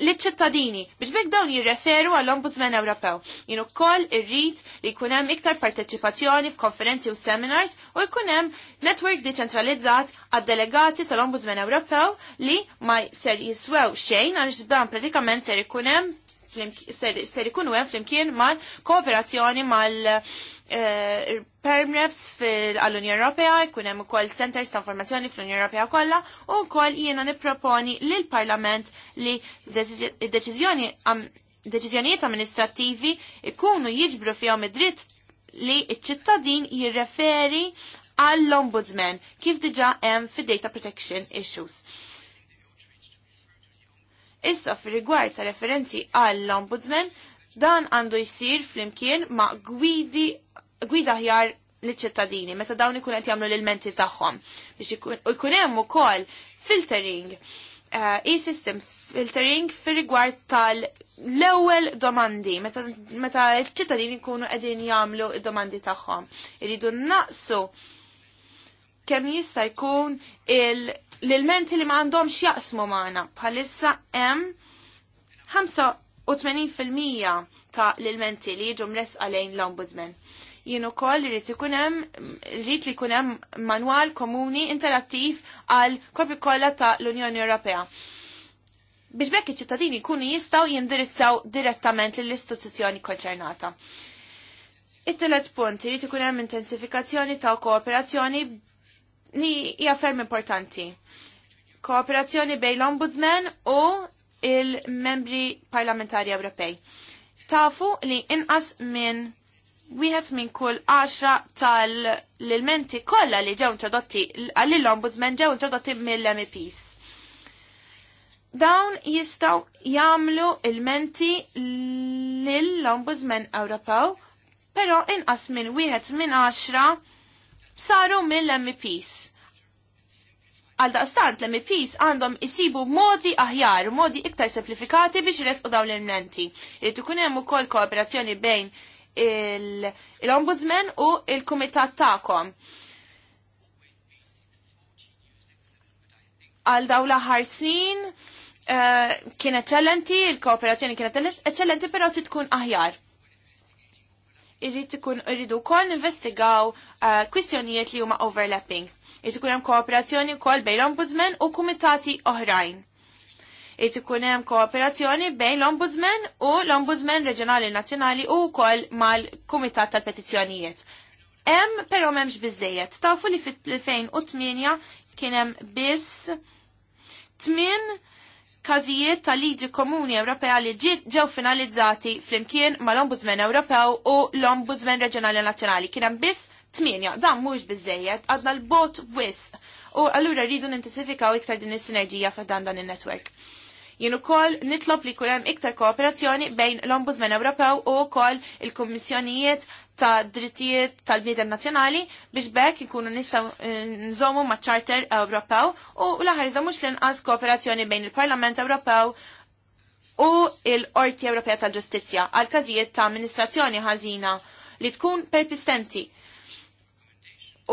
l-ċittadini biex bekk dawn jirreferu għall-Ombudsman Ewropew. Jien ukoll irrid li jkun hemm iktar parteċipazzjoni f'konferenzi u seminars u jkun hemm network deċentralizzat għad-delegati tal-Ombudsman Ewropew li ma ser jiswew xejn għaliex dan pratikament ser ikun hemm ser ikunu hemm flimkien mal-kooperazzjoni mal-, -kooperazzjoni mal Eh, permrefs fil-Unjoni Ewropea, jkun hemm ukoll centers ta' informazzjoni fl-Unjoni Ewropea kollha, u wkoll jiena nipproponi lil parlament li deċiżjoni deċiżjonijiet amministrattivi ikunu jiġbru fihom id-dritt li ċ-ċittadin jirreferi għall-ombudsman kif diġa hemm fid-data protection issues. Issa fir-rigward ta' referenzi għall-ombudsman dan għandu jsir flimkien ma' gwidi gwida ħjar l-ċittadini meta dawn ikun qed jagħmlu l-ilmenti tagħhom biex ikun hemm ukoll filtering uh, e-system filtering fir rigward tal l-ewwel domandi meta l-ċittadini jkunu qegħdin jagħmlu d-domandi tagħhom. Iridu naqsu kemm jista' jkun l-ilmenti li m'għandhomx jaqsmu magħna bħalissa hemm 85% ta' l-ilmenti li jiġu mres għalejn l-ombudsman jien ukoll irid ikun hemm li jkun hemm manwal komuni interattiv għal kopi kollha ta' l-Unjoni Ewropea. Biex bekk iċ-ċittadini jkunu jistgħu jindirizzaw direttament lill-istituzzjoni konċernata. It-telet punt irid ikun hemm intensifikazzjoni ta' kooperazzjoni li hija ferm importanti. Kooperazzjoni bejn l-Ombudsman u il-membri parlamentari Ewropej. Tafu li inqas minn wieħed minn kull 10 tal-ilmenti kollha li ġew introdotti għall-ombudsman ġew introdotti mill-MPs. Dawn jistgħu jagħmlu ilmenti lill-Ombudsman Ewropew, però inqas minn wieħed minn 10 saru mill-MPs. Għal daqstant l-MPs għandhom isibu modi aħjar, modi iktar semplifikati biex resqu dawn l-ilmenti. Irid ikun hemm ukoll kooperazzjoni bejn l-Ombudsman u il-Kumitat ta'kom. Għal dawla ħarsin uh, eh, kien eccellenti, il-kooperazzjoni kienet eccellenti, però tkun aħjar irrid ikun irridu wkoll investigaw eh, kwistjonijiet li huma overlapping. Irrid ikun hemm kooperazzjoni wkoll bejn l-Ombudsman u kumitati oħrajn. Irid ikun hemm kooperazzjoni bejn l-Ombudsman u l-Ombudsman Reġjonali Nazzjonali u wkoll mal-Kumitat tal-Petizzjonijiet. Hemm però m'hemmx biżejjed. Tafu li fit-2008 kien hemm biss tmien każijiet liġi komuni Ewropea li ġew finalizzati flimkien mal-Ombudsman Ewropew u l-Ombudsman Reġjonali Nazzjonali. Kien hemm biss Tminja, dan mhux biżejjed, għadna l-bot wis. U allura rridu nintensifikaw iktar din is-sinerġija f'dan dan in-netwerk. Jien ukoll nitlob li kulem hemm iktar kooperazzjoni bejn l-Ombudsman Ewropew u wkoll il-Kummissjonijiet ta' drittijiet tal bnidem nazzjonali biex bekk ikunu nistgħu eh, nżommu ma' Charter Ewropew u l-aħħar iżammux l-inqas kooperazzjoni bejn il-Parlament Ewropew u l-Qorti Ewropea tal-Ġustizzja għal każijiet ta' amministrazzjoni ħażina li tkun persistenti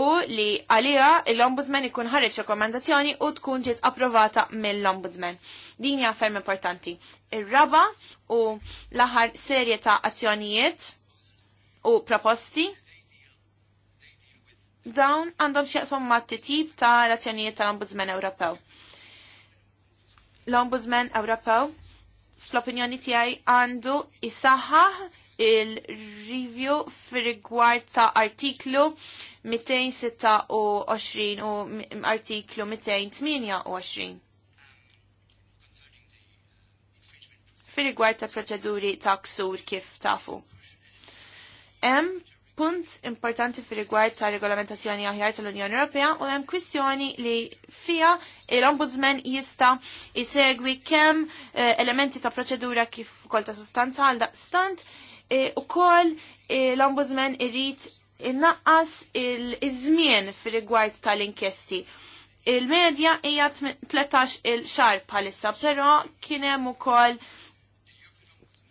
u li għalija l-Ombudsman ikun ħareġ rekomendazzjoni u tkun ġiet approvata mill-Ombudsman. Din hija ferm importanti. Ir-raba u l-aħħar serje ta' azzjonijiet u proposti dawn għandhom xieqsom ma' t-tip ta' l-azzjonijiet tal-Ombudsman Ewropew. L-Ombudsman Ewropew fl-opinjoni tiegħi għandu isaħħaħ il-review fil rigward ta' artiklu 226 u artiklu 228. Fir-rigward ta' proċeduri ta' ksur kif tafu. Hemm punt importanti fi rigward ta' regolamentazzjoni aħjar tal-Unjoni Ewropea u hemm kwistjoni li fija l-Ombudsman jista' isegwi kemm eh, elementi ta' proċedura kif ukoll ta' sustanza għal daqstant E, kol e, l-Ombudsman irrit innaqqas il-żmien fir-rigward tal-inkjesti. Il-medja hija 13 il-xar bħalissa, però kien hemm ukoll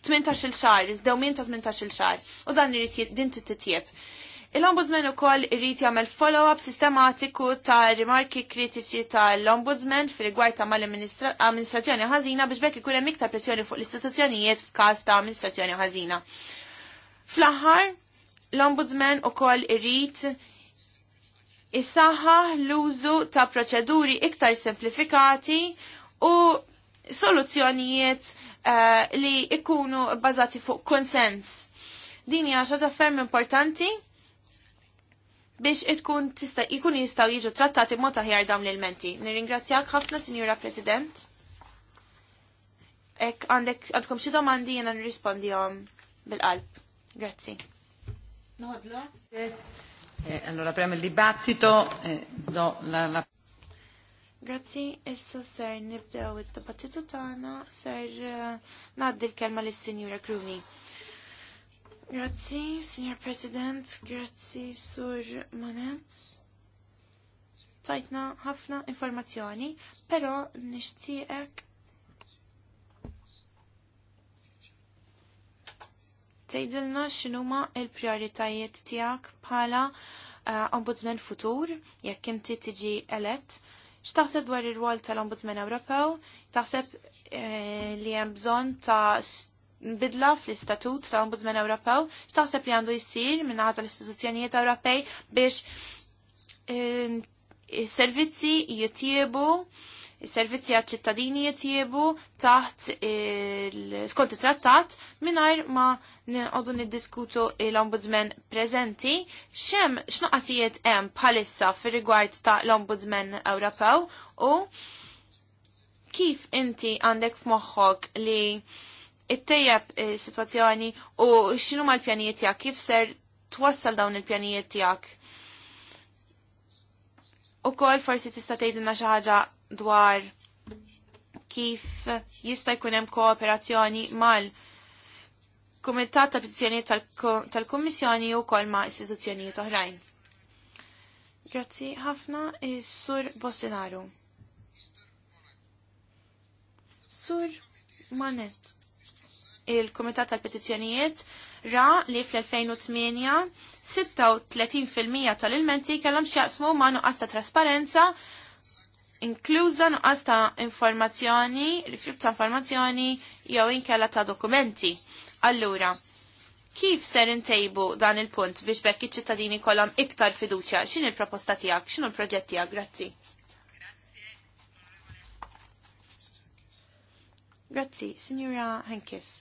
18 il-xar, iżdew min ta' 18 il-xar. U dan irid din titjeb. Il-Ombudsman ukoll irrit jagħmel follow-up sistematiku ta' rimarki kritiċi tal-Ombudsman fil-rigward ta' mal-amministrazzjoni ħażina biex bekk ikun hemm iktar pressjoni fuq l-istituzzjonijiet f'każ ta' amministrazzjoni ħażina. Fl-aħħar, l-Ombudsman ukoll irrit isaħħa l-użu ta' proċeduri iktar simplifikati u soluzzjonijiet uh, li ikunu bbażati fuq konsens. Din hija ta' ferm importanti biex itkun tista' jkun jistgħu jiġu trattati mod aħjar dawn l-elementi. Nirringrazzjak ħafna, Sinjura President. Ek għandek għadkom xi domandi jiena nirrispondihom bil-qalb. Grazzi. Noħodla? Eh, allora prem il-dibattito, eh, do la Grazzi, issa ser nibdew il-dibattito tagħna, ser eh, ngħaddi l-kelma lis-Sinjura Gruni. Grazzi, signor President, grazie, sur Manet. Tajtna ħafna informazzjoni, pero nishtiqek tejdilna x'inhuma il-prioritajiet tiegħek bħala eh, ombudsman futur, jekk inti tiġi elett, x'taħseb dwar ir-rwol tal-Ombudsman Ewropew? Taħseb eh, li hemm bżonn ta' bidla fl-istatut tal Ombudsman Ewropew, x'taħseb li għandu jsir minn ħaġa l-istituzzjonijiet Ewropej biex ehm, is-servizzi jitjiebu is servizzi għaċ ċittadini jitjiebu taħt skont trattat mingħajr ma nqogħdu niddiskutu l-ombudsman preżenti, x'hemm x'naqasijiet hemm bħalissa fir-rigward ta' l-ombudsman Ewropew u kif inti għandek f'moħħok li it-tejjeb eh, situazzjoni u x'inhu mal-pjanijiet tiegħek kif ser twassal dawn il-pjanijiet tiegħek. kol forsi tista' tgħidilna xi ħaġa dwar kif jista' jkun hemm kooperazzjoni mal kumitat ta' pizzjonijiet tal-Kummissjoni wkoll ma' istituzzjonijiet oħrajn. Grazzi ħafna is-Sur eh, Bossinaru. Sur Manet il-Kumitat tal-Petizzjonijiet ra li fl-2008 36% tal-ilmenti kellhom x'jaqsmu ma' nuqqas ta' trasparenza inkluża nuqqas ta' informazzjoni, rifjut ta' informazzjoni jew inkella ta' dokumenti. Allura, kif ser intejbu dan il-punt biex bekk iċ-ċittadini kollhom iktar fiduċja? X'in il-proposta tiegħek? X'inhu l-proġett tiegħek? Grazzi. Grazzi, Signora Henkis.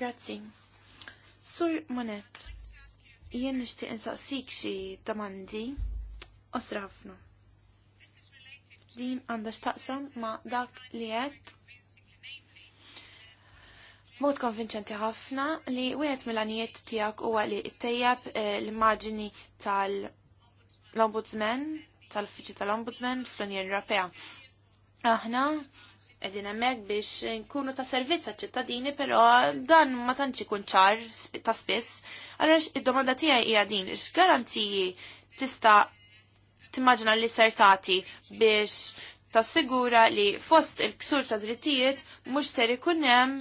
Grazzi. Sur Monet, jien nixtieq insaqsik xi domandi osra ħafna. Din għandha x'taqsam ma' dak li qed Mod konvinċenti ħafna li wieħed mill-għanijiet tiegħek huwa li ttejjeb eh, l-immaġini tal-Ombudsman, tal-Uffiċċju tal-Ombudsman fl-Unjoni Ewropea. Aħna edin emmek biex nkunu ta' servizz ċittadini, pero dan ma tantx ikun ċar ta' spiss. Allora id-domanda tiegħi hija din, x'garantiji tista' timmaġna li sertati biex tassigura li fost il-ksur ta' drittijiet mhux ser ikun hemm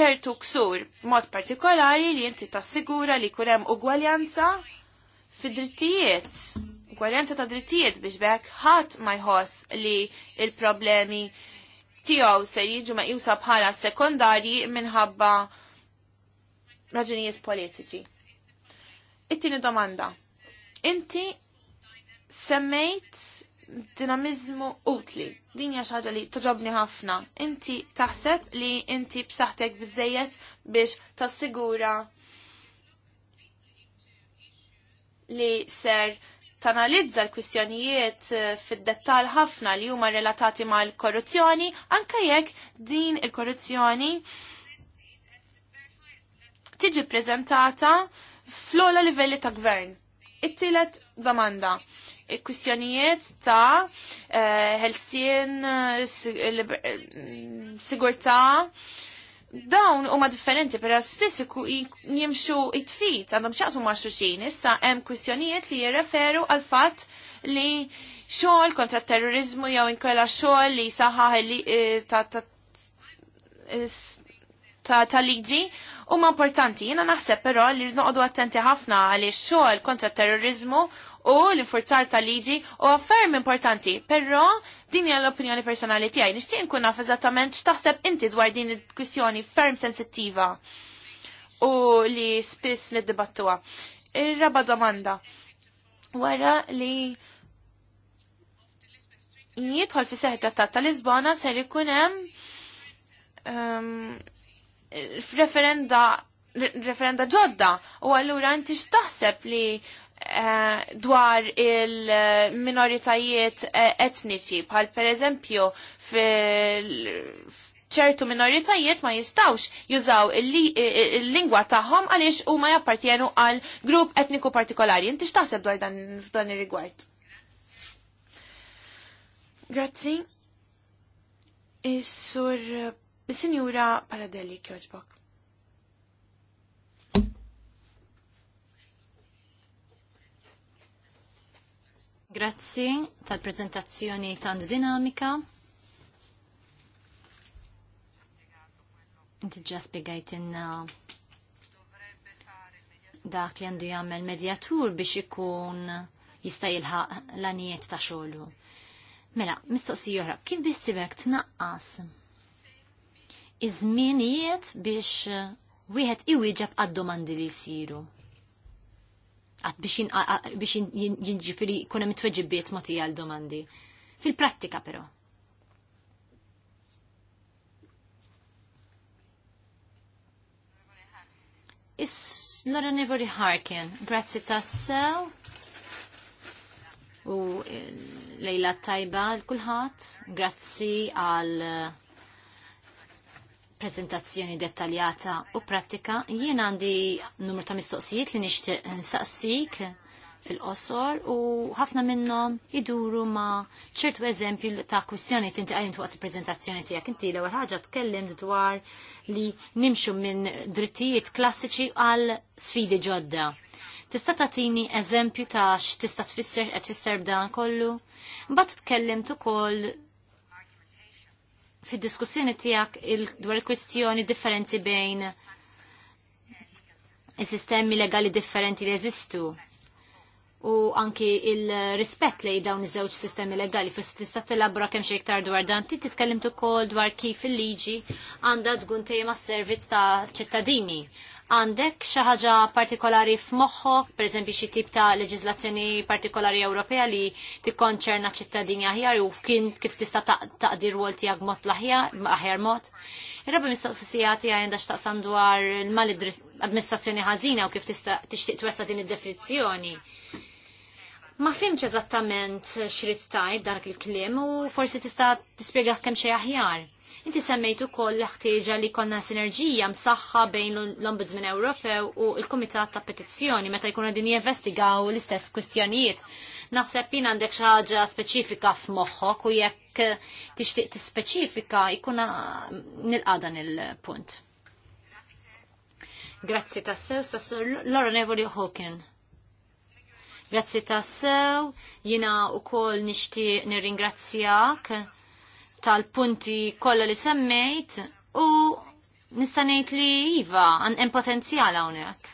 ċertu ksur mod partikolari li inti tassigura li jkun hemm ugwaljanza fid-drittijiet l ta' drittijiet biex bekk ħadd ma jħoss li il-problemi tiegħu se jiġu ma jusa bħala sekondarji minħabba raġunijiet politiċi. It-tieni domanda. Inti semmejt dinamizmu utli. Din hija xi ħaġa li toġobni ħafna. Inti taħseb li inti b'saħħtek biżejjed biex tassigura li ser tanalizza l-kwistjonijiet eh, fid-dettal ħafna li huma relatati mal-korruzzjoni, anke jekk din il-korruzzjoni tiġi prezentata fl-ola livelli ta' gvern. It-tielet domanda. Il-kwistjonijiet ta' ħelsien, eh, eh, sigurtà, dawn huma differenti per spiss jimxu it-tfit għandhom xaqsu ma' xuxin. Issa hemm kwistjonijiet li jirreferu għal fatt li xogħol kontra terrorizmu jew inkolla xogħol li saħaħ li e, e, ta' liġi huma importanti. Jiena naħseb però li noqogħdu attenti ħafna għaliex xogħol kontra terrorizmu u l-infurzar ta' liġi u affermi importanti, però Din hija l-opinjoni personali tiegħi. Nixtieq nkun naf eżattament x'taħseb inti dwar din il-kwistjoni ferm sensittiva u li spiss niddibattuha. Ir-raba domanda. Wara li jidħol fi seħ trattat ta' Lisbona ser ikun hemm ehm, referenda referenda ġodda u allura inti x'taħseb li Eh, dwar il-minoritajiet eh, etniċi, bħal per eżempju ċertu minoritajiet ma jistawx jużaw il-lingwa tagħhom għaliex huma jappartjenu għal grupp etniku partikolari. Inti x'taħseb dwar dan f'dan ir-rigward? Grazzi. Is-sur eh, Sinjura Paradelli kjoġbok. Grazzi tal-prezentazzjoni tant dinamika. Inti ġa spiegajtinna dak li għandu jagħmel medjatur biex ikun jista' jilħaq l-anijiet ta' xogħlu. Mela, mistoqsija oħra, kif bissibek tnaqqas iż-żmienijiet biex wieħed iwieġeb għad-domandi li jsiru? għat biex jinġifiri kuna it-tweġibiet moti għal domandi. Fil-prattika però. Is Laura Nevori Harkin, grazzi tassew u eh, lejla tajba kulħat grazzi għal eh, prezentazzjoni dettaljata u pratika. Jien għandi numru ta' mistoqsijiet li nixtieq nsaqsik fil-qosor u ħafna minnhom iduru ma' ċertu eżempju ta' kwistjoni li inti qajmt waqt il prezentazzjoni tiegħek. Inti l-ewwel ħaġa tkellimt dwar li nimxu minn drittijiet klassiċi għal sfidi ġodda. Tista' tagħtini eżempju ta' x'tista' tfisser qed tfisser b'dan kollu? Mbagħad tkellimt ukoll fid-diskussjoni tiegħek dwar il-kwistjoni differenzi bejn is-sistemi legali differenti li jeżistu u anki il-rispett li dawn iż-żewġ sistemi legali fis tista' tilabra kemm xi iktar dwar dan ti titkellimt ukoll dwar kif il-liġi għandha tkun tejma s-servizz ta' ċittadini għandek xi ħaġa partikolari f'moħħok, pereżempju xi tip ta' leġislazzjoni partikolari Ewropea li tikkonċerna ċittadini aħjar u f'kien kif tista' taqdir wol tiegħek mod l-aħjar aħjar mod. Ir-rabbi mistoqsija tiegħi għandha x'taqsam dwar il-mal administrazzjoni ħażina u kif tista' tixtieq twessa din id-definizzjoni. Ma fimx eżattament xrid tajt dak il-klim u forsi tista' tispjega kemm xej aħjar. Inti semmejtu koll l-ħtieġa li konna sinerġija msaħħa bejn l-Ombudsman Ewropew u l-Kumitat ta' Petizzjoni meta jkunu din jinvestigaw l-istess kwistjonijiet. Naħseb jien għandek xi ħaġa speċifika f'moħħok u jekk tixtieq tispeċifika jkun nilqadan il-punt. Grazzi tassew, sassur Laura Nevoli Hawken. Grazzi sew, jina u kol nishti nirringrazzjak tal-punti kolla li semmejt u nistanejt li jiva għan potenzjal għonek.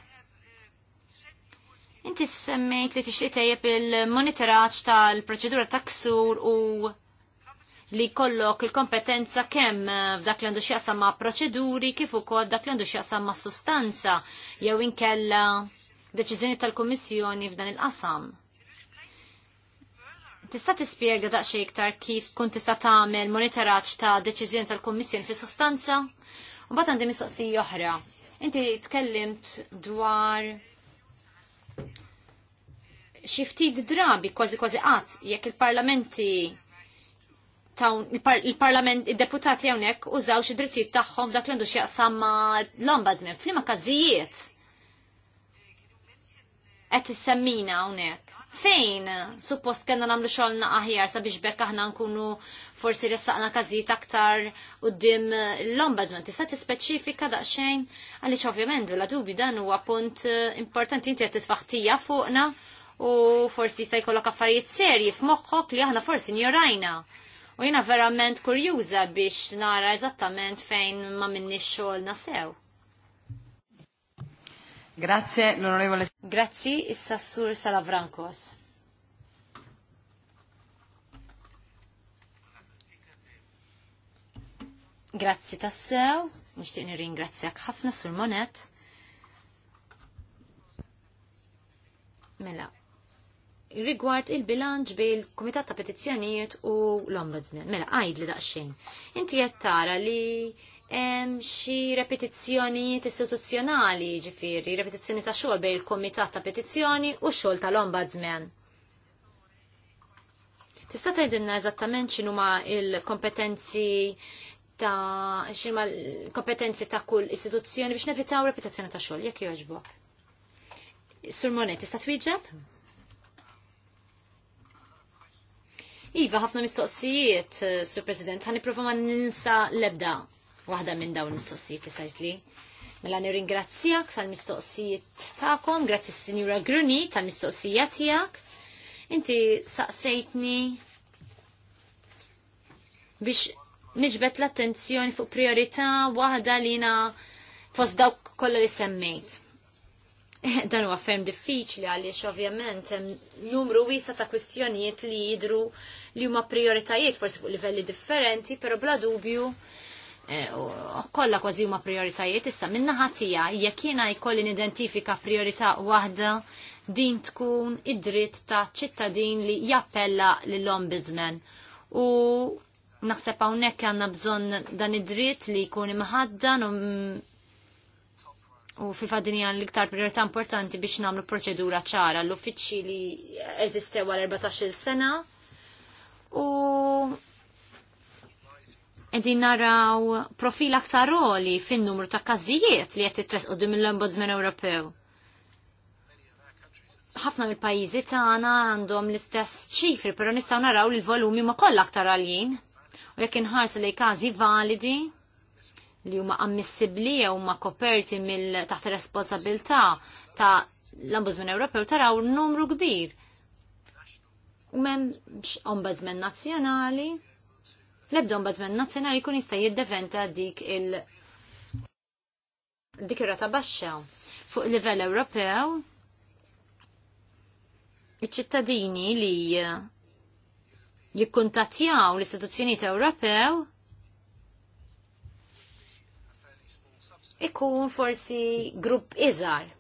Inti semmejt li tixti tejjeb il-monitoraċ tal-proċedura ta' ksur u li kollok il-kompetenza kemm eh, f'dak li għandu xjaqsam ma' proċeduri kif ukoll dak li għandu xjaqsam ma' sustanza jew inkella deċiżjoni tal-Kummissjoni f'dan il-qasam. Tista' tispjega daqsxejn iktar kif tkun tista' tagħmel monitoraġġ ta' deċiżjoni tal-Kummissjoni fis sostanza? U bad għandi mistoqsija oħra. Inti tkellimt dwar xi ftit drabi kważi kważi qatt jekk il-parlamenti il-parlament id-deputati hawnhekk użaw xi drittijiet tagħhom dak li għandu xi jaqsam l-ombudsman f'liema każijiet qed semmina hawnhekk. Fejn suppost kellna nagħmlu xogħolna aħjar sabiex bekk aħna nkunu forsi ressaqna każijiet aktar quddiem l-ombudsman. Tista' tispeċifika daqsxejn għaliex ovvjament la dubi dan huwa punt eh, importanti inti għet t fuqna u forsi jista' jkollok affarijiet serji f'moħħok li aħna forsi njorajna. U jiena verament kurjuża biex nara eżattament fejn ma minni xogħolna sew. Grazie, l'onorevole. Grazzi, Sassur Salavrancos. Grazzi tassew, nishtiq nirringrazzjak ħafna sur monet. Mela, rigward il-bilanċ bil kumitat ta' Petizzjonijiet u l-Ombudsman. Mela, għajd li daqxin. Inti jett tara li xi repetizzjonijiet istituzzjonali ġifiri, repetizzjoni ta' xogħol bejn il-Komitat ta' Petizzjoni u xogħol tal-Ombudsman. Tista' tgħidilna eżattament x'inhuma il-kompetenzi ta' x'inhuma l-kompetenzi ta' kull istituzzjoni biex nevitaw reputazzjoni ta' xogħol jekk jogħġbok. Sur Monet, tista' twieġeb? Iva, ħafna mistoqsijiet, Sur President, ħani prova ma ninsa l-ebda waħda minn dawn is-sossijiet li sajt li. Mela nirringrazzjak tal-mistoqsijiet tagħkom, grazzi s-Sinjura Gruni tal-mistoqsija tiegħek. Inti saqsejtni biex niġbed l-attenzjoni fuq priorità waħda li na fost dawk kollha li semmejt. Dan huwa ferm diffiċli għaliex ovvjament hemm numru wiesa ta' kwistjonijiet li jidru li huma prioritajiet forsi fuq livelli differenti, però bla dubju Eh, kollha kważi huma prioritajiet issa min-naħa tiegħi jekk jiena jkolli nidentifika priorità waħda din tkun id-dritt ta' ċittadin li jappella lill-ombudsman u naħseb hawnhekk għandna bżonn dan id-dritt li jkun imħaddan u u fil hija l-iktar priorità importanti biex namlu proċedura ċara l-uffiċċji li eżistew għal 14 sena u edin naraw profil aktar roli fin numru ta' każijiet li qed titres qudiem l-Ombudsman Ewropew. Ħafna mill-pajjiżi tagħna għandhom l-istess ċifri, però nistgħu naraw li l-volumi ma kollha aktar għaljin. U jekk inħarsu lejn każi validi li huma ammissibbli jew huma koperti mill taħt responsabilità ta' l-Ombudsman Ewropew taraw numru kbir. U m'hemmx ombudsman nazzjonali, l-ebda ombudsman nazzjonali jkun jista' jiddeventa dik il- dik ir-rata baxxa fuq livell Ewropew iċ-ċittadini li eh, jikkuntattjaw l-istituzzjonijiet Ewropew ikun forsi grupp iżgħar.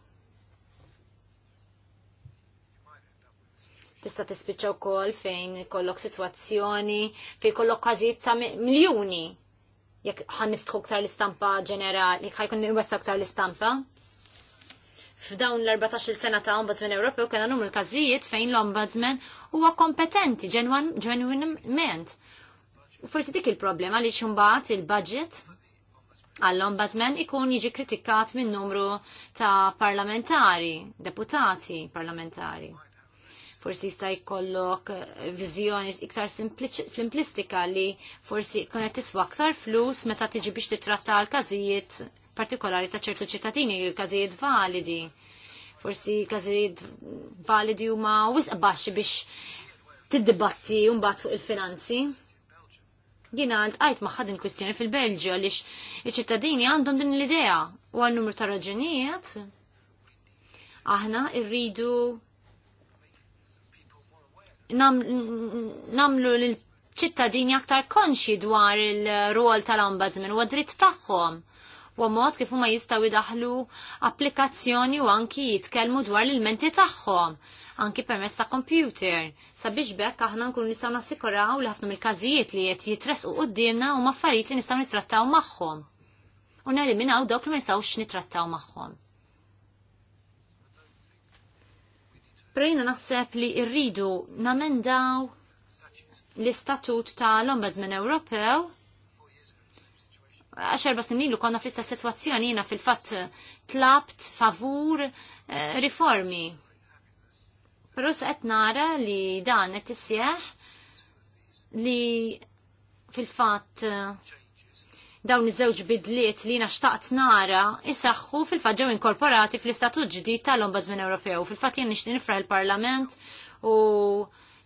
tista' tispiċċa wkoll fejn kollok sitwazzjoni fejn kollok każijiet ta' miljuni jekk ħan niftħu ktar l-istampa ġenerali, jekk ħajkun nirwessa ktar l-istampa. F'dawn l-14 sena ta' Ombudsman Ewropew kena numru l każijiet fejn l-Ombudsman huwa kompetenti ġenwinament. Forsi dik il-problema li xumbat il-budget għall-ombudsman ikun jiġi kritikat minn numru ta' parlamentari, deputati parlamentari forsi jista' jkollok viżjoni iktar simplistika li forsi kunet tiswa aktar flus meta tiġi biex titratta għal każijiet partikolari ta' ċertu ċittadini, każijiet validi. Forsi każijiet validi huma wisq baxxi biex tiddibatti mbagħad fuq il-finanzi jina għajt ma' il-kwistjoni fil-Belġio għaliex iċ-ċittadini għandhom din l-idea u għal numru ta' raġunijiet aħna irridu namlu l ċittadini aktar konxi dwar il-rol tal-ombudsman u għadrit tagħhom u mod kif huma jistgħu jidaħlu applikazzjoni u anki jitkellmu dwar l-menti tagħhom anki permezz ta' computer sabiex bekk aħna nkunu nistgħu nassikuraw li ħafna mill-każijiet li qed jitresqu quddiemna huma affarijiet li nistgħu nittrattaw magħhom. U neliminaw dawk li ma nistgħux nittrattaw magħhom. Prejna naħseb li rridu namendaw l-istatut ta' l-Ombudsman Ewropew għax erba snilu konna fl-istess situazzjoni jina fil-fatt tlabt favur eh, riformi. Però se qed nara li dan qed isseħ li fil-fatt eh, dawn iż-żewġ bidliet li naxtaqt nara isaħħu fil-faġġew inkorporati fl-istatut ġdid tal-Ombudsman Ewropew. Fil-fatt jien nixtin nifra l-Parlament u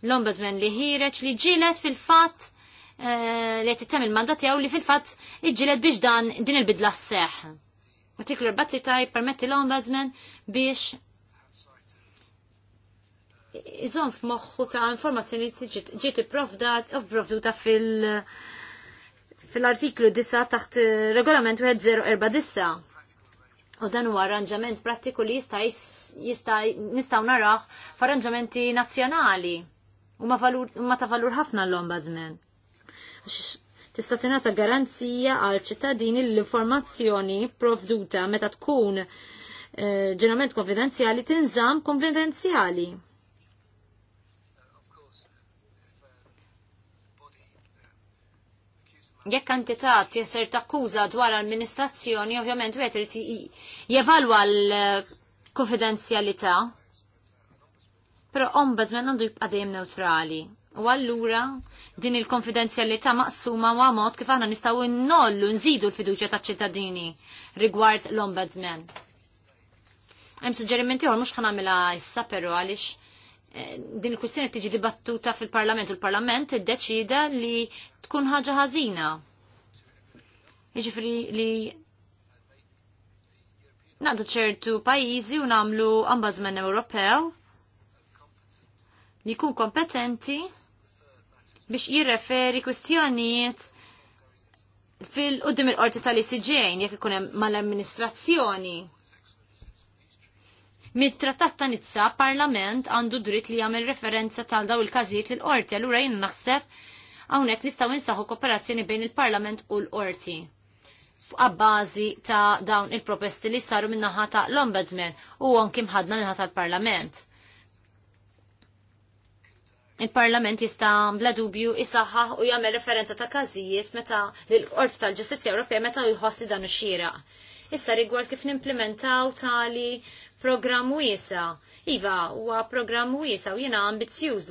l-Ombudsman li ħireġ li ġilet fil-fatt eh, li qed il-mandat jew li fil-fatt iġilet biex dan din il-bidla s-seħ. Artiklu 4 li taj permetti l-Ombudsman biex iżom f'moħħu ta' informazzjoni ġiet ipprovdat, ipprovduta fil- fil-artiklu 9 taħt eh, regolament 1049. U dan huwa arranġament prattiku li jista' jista' nistgħu naraħ f'arranġamenti nazzjonali u ma ta' valur ħafna l-ombudsman. Tista' tingħata garanzija għal ċittadini l-informazzjoni provduta meta tkun eh, ġeneralment konfidenzjali tinżam konfidenzjali. jekk kantità tisir takkuża dwar l-amministrazzjoni, ovvjament wieħed irid jevalwa l-konfidenzjalità. Però ombudsman għandu jibqa' dejjem neutrali. U allura din il-konfidenzjalità maqsuma ma' mod kif aħna nistgħu nnollu nżidu l-fiduċja taċ-ċittadini rigward l-ombudsman. Hemm suġġerimenti oħra mhux ħanagħmilha issa però għaliex din il-kwistjoni tiġi dibattuta fil-Parlament u l-Parlament iddeċida li tkun ħaġa ħażina. Jiġifieri li naqdu ċertu pajjiżi u nagħmlu Ombudsman Ewropew li jkun kompetenti biex jirreferi kwistjonijiet fil-qudiem il-qorti tal-ICJ jekk ikun hemm mal-amministrazzjoni Mit-trattat ta' Nizza, Parlament għandu dritt li jagħmel referenza tal daw il-każijiet lil qorti allura jien naħseb hawnhekk nistgħu insaħħu kooperazzjoni bejn il-Parlament u l-qorti għabbażi ta' dawn il-proposti li saru minnaħa ta' l-Ombudsman u anki mħadna minnaħa l parlament Il-Parlament jista' bla dubju jisaħħaħ u jagħmel referenza ta' każijiet meta l-Qorti tal-Ġustizzja Ewropea meta jħoss li dan ix-xira. Issa rigward kif nimplementaw tali programm wiesa. Iva, huwa programm wiesa u jiena ambizzjuż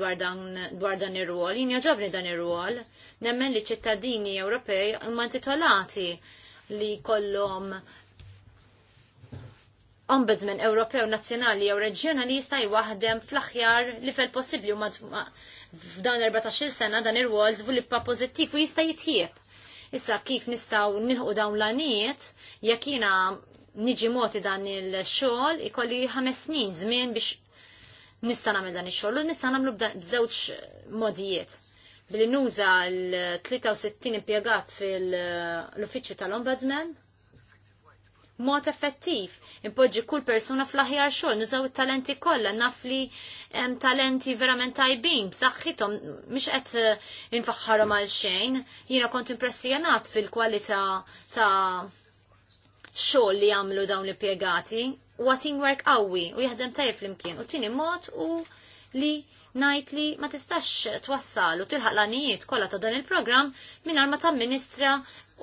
dwar dan ir-rwol, jien jaġobni dan ir-rwol, nemmen li ċittadini Ewropej huma intitolati li kollhom ombudsman Ewropew nazzjonali jew reġjonali jista' jwaħdem fl-aħjar li fel possibbli huma f'dan 14-il sena dan ir-rwol żviluppa pożittiv u jista' jitjieb. Issa kif nistgħu nilħu dawn l-għanijiet jekk jiena niġi moti dan il-xogħol ikolli ħames snin żmien biex nista' nagħmel dan ix-xogħol u nista' nagħmlu b'żewġ modijiet. Billi nuża l-63 impjegat fil-uffiċċju tal-Ombudsman mod effettiv. Impoġġi kull persuna fl-aħjar xogħol, nużaw it-talenti kollha, nafli hemm talenti verament tajbin, b'saħħithom mhux qed eh, infaħħarhom għal xejn. Jiena kont impressjonat fil-kwalità ta' xogħol li jagħmlu dawn l u huwa teamwork qawwi u jaħdem tajjeb flimkien u tini mod u li ngħid li ma tistax twassal u tilħaq l-għanijiet kollha ta' dan il-programm mingħajr ma Ministra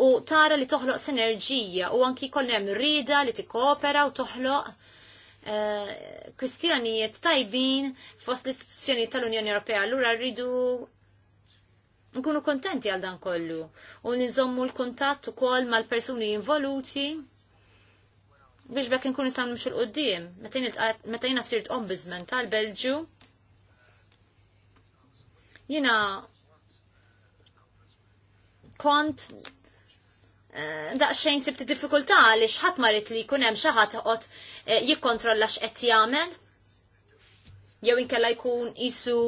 u tara li toħloq sinerġija u anki jkollna hemm rida li tikkoopera u toħloq eh, kwistjonijiet tajbin fost l-istituzzjoni tal-Unjoni Ewropea allura rridu nkunu kontenti għal dan kollu u nizommu l-kuntatt ukoll mal-persuni involuti biex bekk nkun nistgħu nimxu l-qudiem. Meta jiena sirt ombudsman tal-Belġju, jiena kont eh, daqsxejn sibti diffikultà għaliex ħadd marit li jkun hemm xi ħadd qod eh, jikkontrolla x'qed jagħmel. Jew inkella jkun isu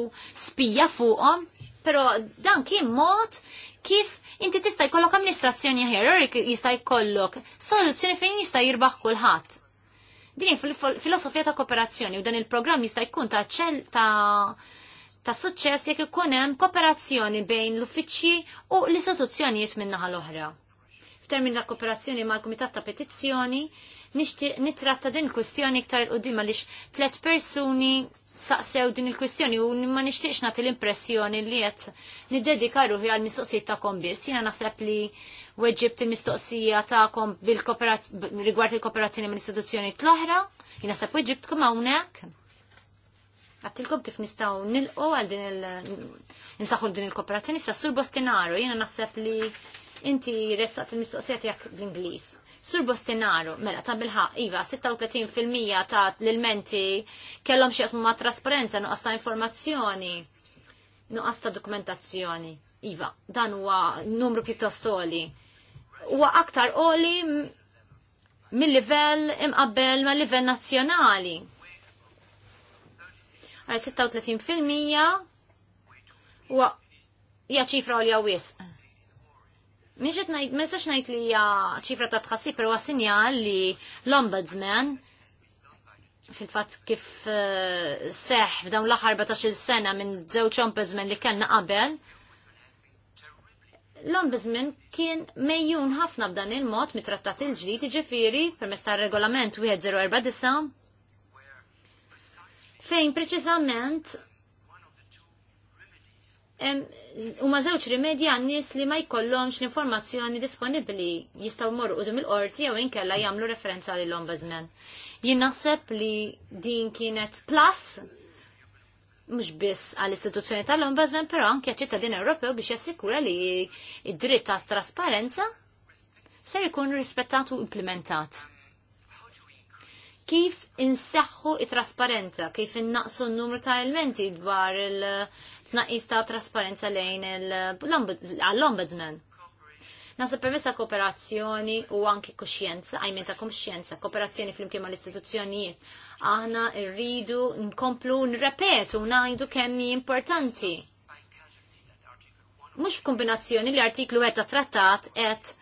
spija fuqhom, però dan kien mod kif inti tista' jkollok amministrazzjoni aħjar, jista' jkollok soluzzjoni fejn jista' jirbaħ kulħadd. Din fil-filosofija ta' kooperazzjoni u dan il-programm jista' jkun ta' ċell ta' ta' suċċess jekk ikun hemm kooperazzjoni bejn l-uffiċċji u l-istituzzjonijiet min-naħa l-oħra. F'termin ta' kooperazzjoni mal-Kumitat ta' Petizzjoni, nixtieq nitratta din kwistjoni iktar il-qudiem għaliex tliet persuni saqsew din il-kwistjoni u ma nixtieqx nagħti l-impressjoni li qed niddedika ruħi għal mistoqsijiet tagħkom biss. Jiena naħseb li weġġibt il-mistoqsija tagħkom rigward il-kooperazzjoni mill istituzzjoni tal oħra jiena naħseb weġġibtkom hawnhekk. Għattilkom kif nistgħu nilqu għal din il- nsaħħu din il-kooperazzjoni sa sur Bostinaru, jiena naħseb li inti ressaqt il-mistoqsija tiegħek bl-Ingliż. Sur Bostinaru, mela ta' bilħa, iva, 36% ta' l-ilmenti kellom xie ma' trasparenza, nuqqas ta' informazzjoni, nuqqas ta' dokumentazzjoni. Iva, dan huwa numru pjuttost oli. Huwa aktar oli mill-livell imqabbel ma' livell nazzjonali. Għal 36% huwa hija ċifra għawis. wisq Miġet najt, messax najt li hija ċifra ta' tħassib pero sinjal li l-ombudsman fil-fat kif uh, seħ f'dawn l-aħħar 14 sena minn żewġ ombudsman li kellna qabel. L-ombudsman kien mejjun ħafna b'dan il-mod trattat il-ġdid, ġifiri, permess tar regolament 1049 fejn preċiżament U ma zewċ rimedja nies li ma jkollhomx l-informazzjoni disponibli jistaw mor u il-qorti jew inkella jamlu referenza li l-ombudsman. Jien naħseb li din kienet plus mhux biss għall-istituzzjoni tal-ombudsman, però anke ċittadin Ewropew biex jassikura li id-dritt ta' trasparenza ser ikun rispettat u implementat kif inseħħu it-trasparenza, kif innaqsu n-numru ta' elementi dwar il-tnaqis ta' trasparenza lejn l-ombudsman. Nasa permessa kooperazzjoni u anki kuxjenza, għajmen ta' kuxjenza, kooperazzjoni fl-imkien mal istituzzjonijiet Aħna rridu nkomplu n-repetu najdu kemmi importanti. Mux f'kombinazzjoni li artiklu għetta trattat et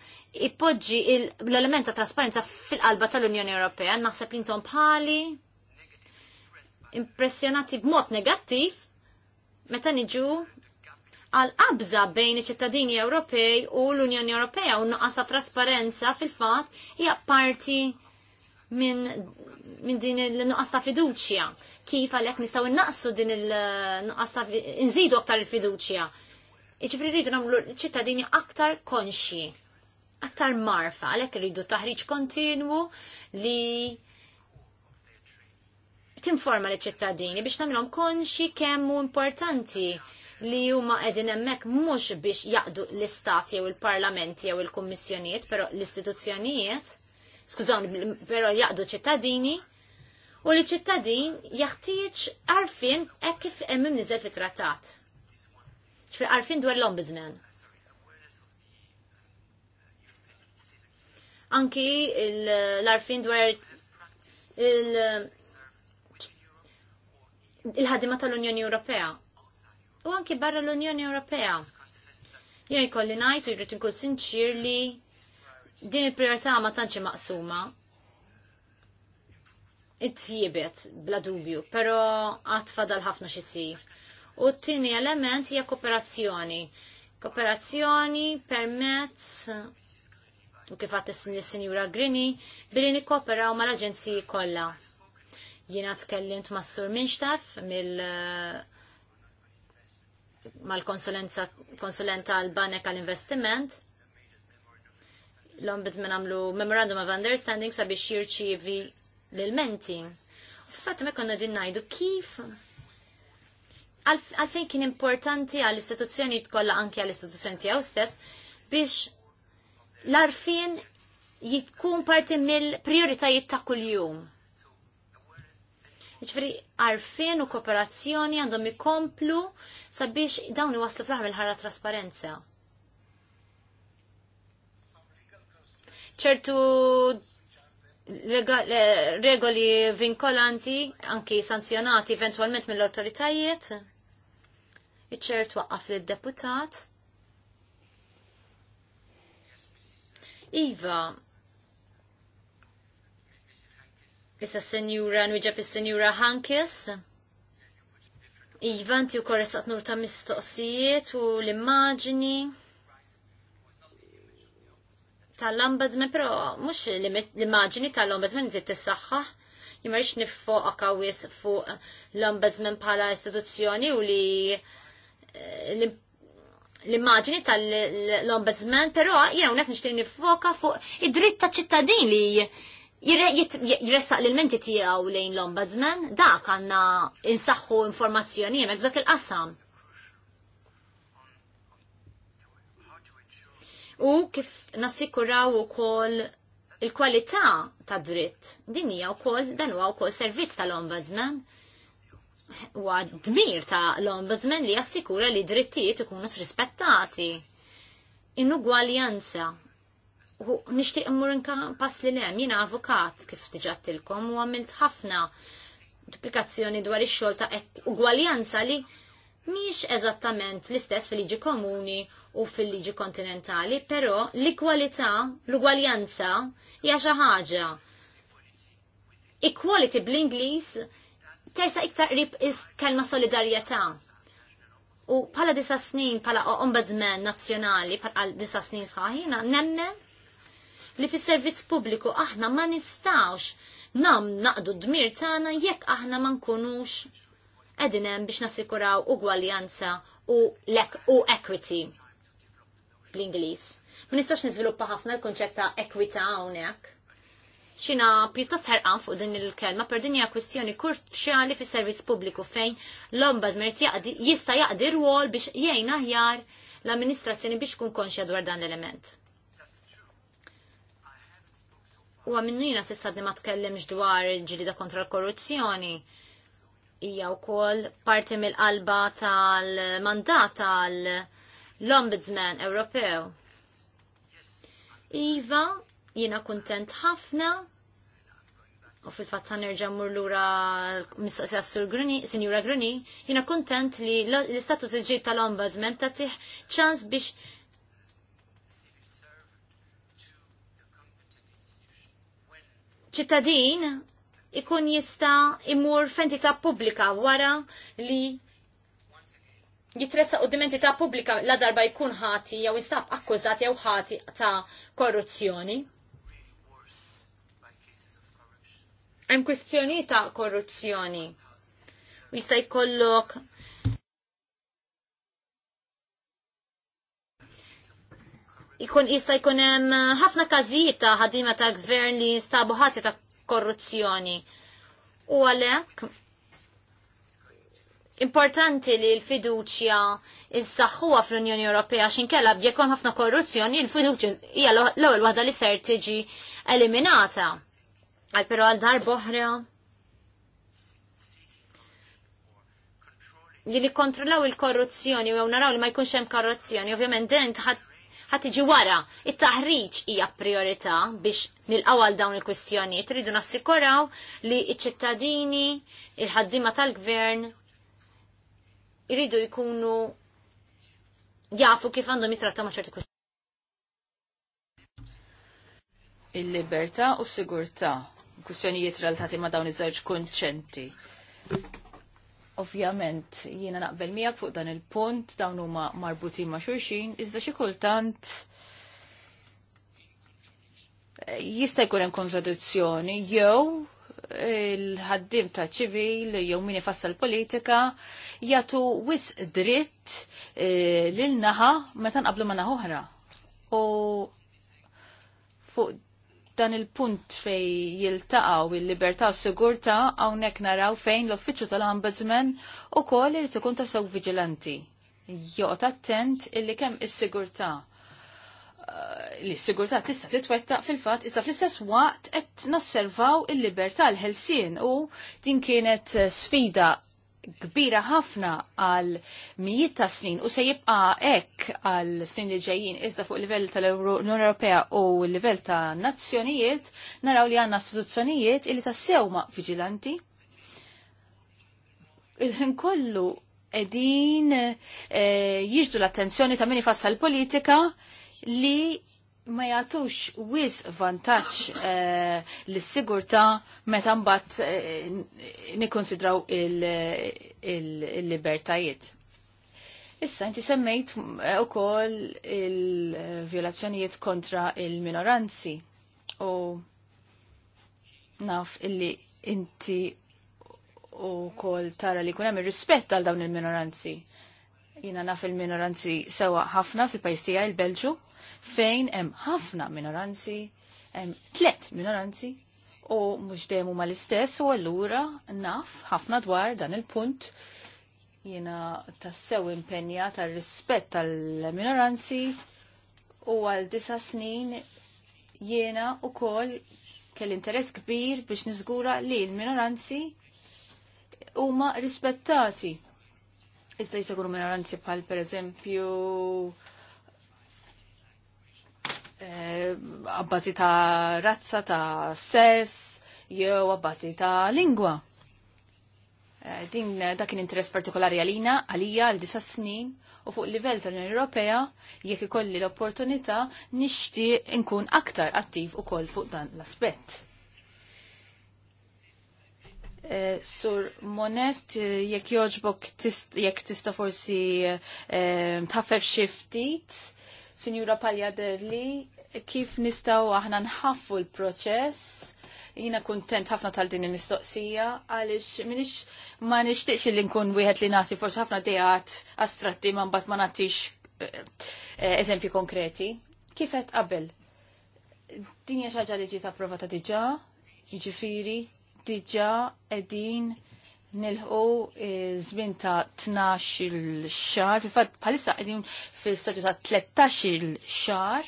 ipoġġi l-element ta' trasparenza fil-qalba tal-Unjoni Ewropea, naħseb li intom bħali impressjonati b'mod negattiv meta niġu għal qabża bejn iċ-ċittadini Ewropej u l-Unjoni Ewropea u nuqqas ta' trasparenza fil-fatt hija parti minn min din il-nuqqas ta' fiduċja. Kif għalhekk nistgħu innaqsu din il-nuqqas ta' nżidu aktar il-fiduċja. Iġifri rridu nagħmlu ċittadini aktar konxi aktar marfa, għalhekk rridu taħriġ kontinwu li tinforma li ċittadini biex nagħmlhom konxi kemm hu importanti li huma qegħdin hemmhekk mhux biex jaqdu l-istat jew il-parlament jew il-kummissjonijiet, però l-istituzzjonijiet, skużawni, però jaqdu ċittadini u li ċittadin jaħtieġ għarfien hekk kif hemm imniżel fit-trattat. Ċfri għarfien dwar l-ombudsman anki l-arfin dwar il-ħadima tal-Unjoni Ewropea. U anki barra l-Unjoni Ewropea. Jena jkolli najt u jgħrit nkun sinċir li din il-priorità ma tantx maqsuma. It-tjibet, bla dubju, pero għatfa dal-ħafna xisir. U t-tini element hija kooperazzjoni. Kooperazzjoni permezz u kif għat il-Sinjura Grini billi nikkooperaw mal-Aġenziji kollha. Jiena tkellimt ma' Sur Minxtaf mill uh, mal-konsulenta l banek għal-Investiment l-ombudsman għamlu memorandum of understanding sabiex jirċievi l-menti. Fatt me konna din najdu kif għalfejn kien importanti għall istituzzjoni tkolla anki għall istituzzjoni tiegħu stess biex l-arfin jikun parti mill-prioritajiet ta' kuljum. Ġifri, arfin u kooperazzjoni għandhom ikomplu sabiex dawn waslu fl-ħar mill-ħarra trasparenza. ċertu regoli vinkolanti, anki sanzjonati eventualment mill-autoritajiet, iċert waqqaf l-deputat Iva, issa senjura, nwiġab is-senjura Hankis. Iva, nti u korresat nur ta' mistoqsijiet u l immagini tal-ombudsman, pero mux l-immaġini tal-ombudsman nti t-saxħa. rix nifoqa kawis fuq l-ombudsman pala istituzzjoni u li eh, l-immaġini tal-ombudsman, però jena unek nishtiq nifoka fuq id-dritt ta' ċittadin li jirressaq l-menti tiegħu lejn l-ombudsman, dak għandna insaħħu informazzjoni hemmhekk dak il-qasam. U kif nassikuraw ukoll il-kwalità ta' dritt, din hija wkoll dan huwa wkoll servizz tal-ombudsman huwa dmir ta' l-ombudsman li jassikura li drittijiet ikunu srispettati. In-ugwaljanza. Nixtieq immur pass li nem. jiena avukat kif tiġattilkom u għamilt ħafna duplikazzjoni dwar ix-xogħol ta' ugwaljanza li mhix eżattament l-istess fil-liġi komuni u fil-liġi kontinentali, però l-ikwalità, l-ugwaljanza hija xi ħaġa. Equality bl-Ingliż tersa iktar rib is kelma solidarjetà. U pala disa snin, pala ombudsman nazjonali, pala disa snin sħaħina, nemme li fis servizz pubbliku aħna ma nistawx nam naqdu d-dmir tagħna jekk aħna ma nkunux qegħdin hemm biex nassikuraw ugwaljanza u lek u equity bl-Ingliż. Ma nistax niżviluppa ħafna l-konċett ta' equita hawnhekk xina pjuttost ħarqan fuq din il-kelma per din hija kwistjoni kurċjali fis servizz pubbliku fejn l-ombudsman jista' jaqdi rwol biex jgħin aħjar l-amministrazzjoni biex tkun konxja dwar dan l-element. U minnu jina sissadni ma tkellimx dwar ġilida kontra l-korruzzjoni hija wkoll parti mill-qalba tal-mandat tal-Ombudsman Ewropew. Iva, Jiena kuntent ħafna u fil-fatt nerġa' mur lura mistoqsija Sinjura Gruni, jiena kuntent li l-istatus il-ġid tal-Ombudsman tiħ ċans biex ċittadin ikun jista imur f'entità pubblika wara li jitressa u dimentità pubblika la darba jkun ħati jew jista'b akkużati jew ħati ta' korruzzjoni. Hemm kwistjoni ta' korruzzjoni. Jista' jkollok Ikun jista' jkun hemm ħafna każijiet ta' ħadima ta' gvern li jinstabu ħati ta' korruzzjoni. U għalhekk importanti li l-fiduċja issaħħuha fl-Unjoni Ewropea x'inkella b'jekk hemm ħafna korruzzjoni, l-fiduċja hija l-ewwel waħda li ser tiġi eliminata. Għal pero għal dar boħra li li kontrollaw il-korruzzjoni u naraw li ma jkunx hemm korruzzjoni, ovvjament den ħadd tiġi wara. It-taħriġ hija priorità biex nilqgħu dawn il kwistjoni rridu nassikuraw li ċ-ċittadini, il-ħaddiema tal-gvern irridu jkunu jafu kif għandhom jitrattaw ma' ċerti kwistjoni. Il-libertà u s-sigurtà kwistjonijiet relatati ma' dawn iż-żewġ Ovvjament, jiena naqbel miegħek fuq dan il-punt, dawn huma marbutin ma' xulxin, iżda xi kultant jista' jkun hemm kontradizzjoni jew il-ħaddim ta' ċivil jew min ifassal politika jagħtu wis dritt eh, lil naħa meta qablu ma' oħra. U fuq dan il-punt fej jiltaqaw il-libertà u sigurtà hawnhekk naraw fejn l-uffiċċju tal-Ombudsman ukoll irid ikun ta' sew viġilanti. Joqgħod attent illi kemm is-sigurtà eh, li s-sigurtà tista' titwettaq fil-fatt iżda fl-istess waqt qed nosservaw il-libertà l-ħelsien u din kienet sfida kbira ħafna għal mijiet ta' snin u se jibqa' hekk għal snin li ġejjin iżda fuq livell tal-Unjoni Ewropea u livell ta' nazzjonijiet naraw li għandna istituzzjonijiet illi tassew ma' viġilanti. Il-ħin kollu qegħdin e, jiġdu l-attenzjoni ta' min ifassal politika li ma jagħtux wis vantaġġ l eh, lis-sigurtà meta mbagħad eh, il-libertajiet. Issa inti semmejt eh, ukoll il-vjolazzjonijiet kontra il-minoranzi u naf illi inti u kol tara li kunem ir-rispett għal dawn il-minoranzi. Jina naf il-minoranzi sewa ħafna fil-pajstija il-Belġu, fejn hemm ħafna minoranzi, hemm tlet minoranzi u mhux dejjem huma l-istess u allura naf ħafna dwar dan il-punt jiena tassew impenja tal-rispett tal-minoranzi u għal disa snin jiena u kol kell interess kbir biex nizgura li l-minoranzi huma rispettati. Iżda jisegħu minoranzi bħal per eżempju għabbażi eh, ta' razza, ta' sess, jew għabbażi ta' lingwa. Eh, din dakin interess partikolari għalina, għalija għal disa snin u fuq livell tal-Unjoni Ewropea jekk ikolli l-opportunità nixtieq nkun aktar attiv ukoll fuq dan l-aspett. Eh, Sur Monet, jekk joġbok jekk tista forsi tħaffef xi ftit Sinjura Pagliaderli, kif nistaw aħna nħaffu l-proċess, jina kontent ħafna tal din il-mistoqsija, għalix minix ma nishtiqx li nkun wieħed li nagħti forsi ħafna dejat astratti man bat ma nagħtix eh, eh, eżempji konkreti. Kif qed qabel? Din hija xi ħaġa li ġiet approvata diġà, jiġifieri diġa' qegħdin nilħu żmien ta' 12 il xar, fil-fatt bħalissa qegħdin fil-stadju ta' 13 il xar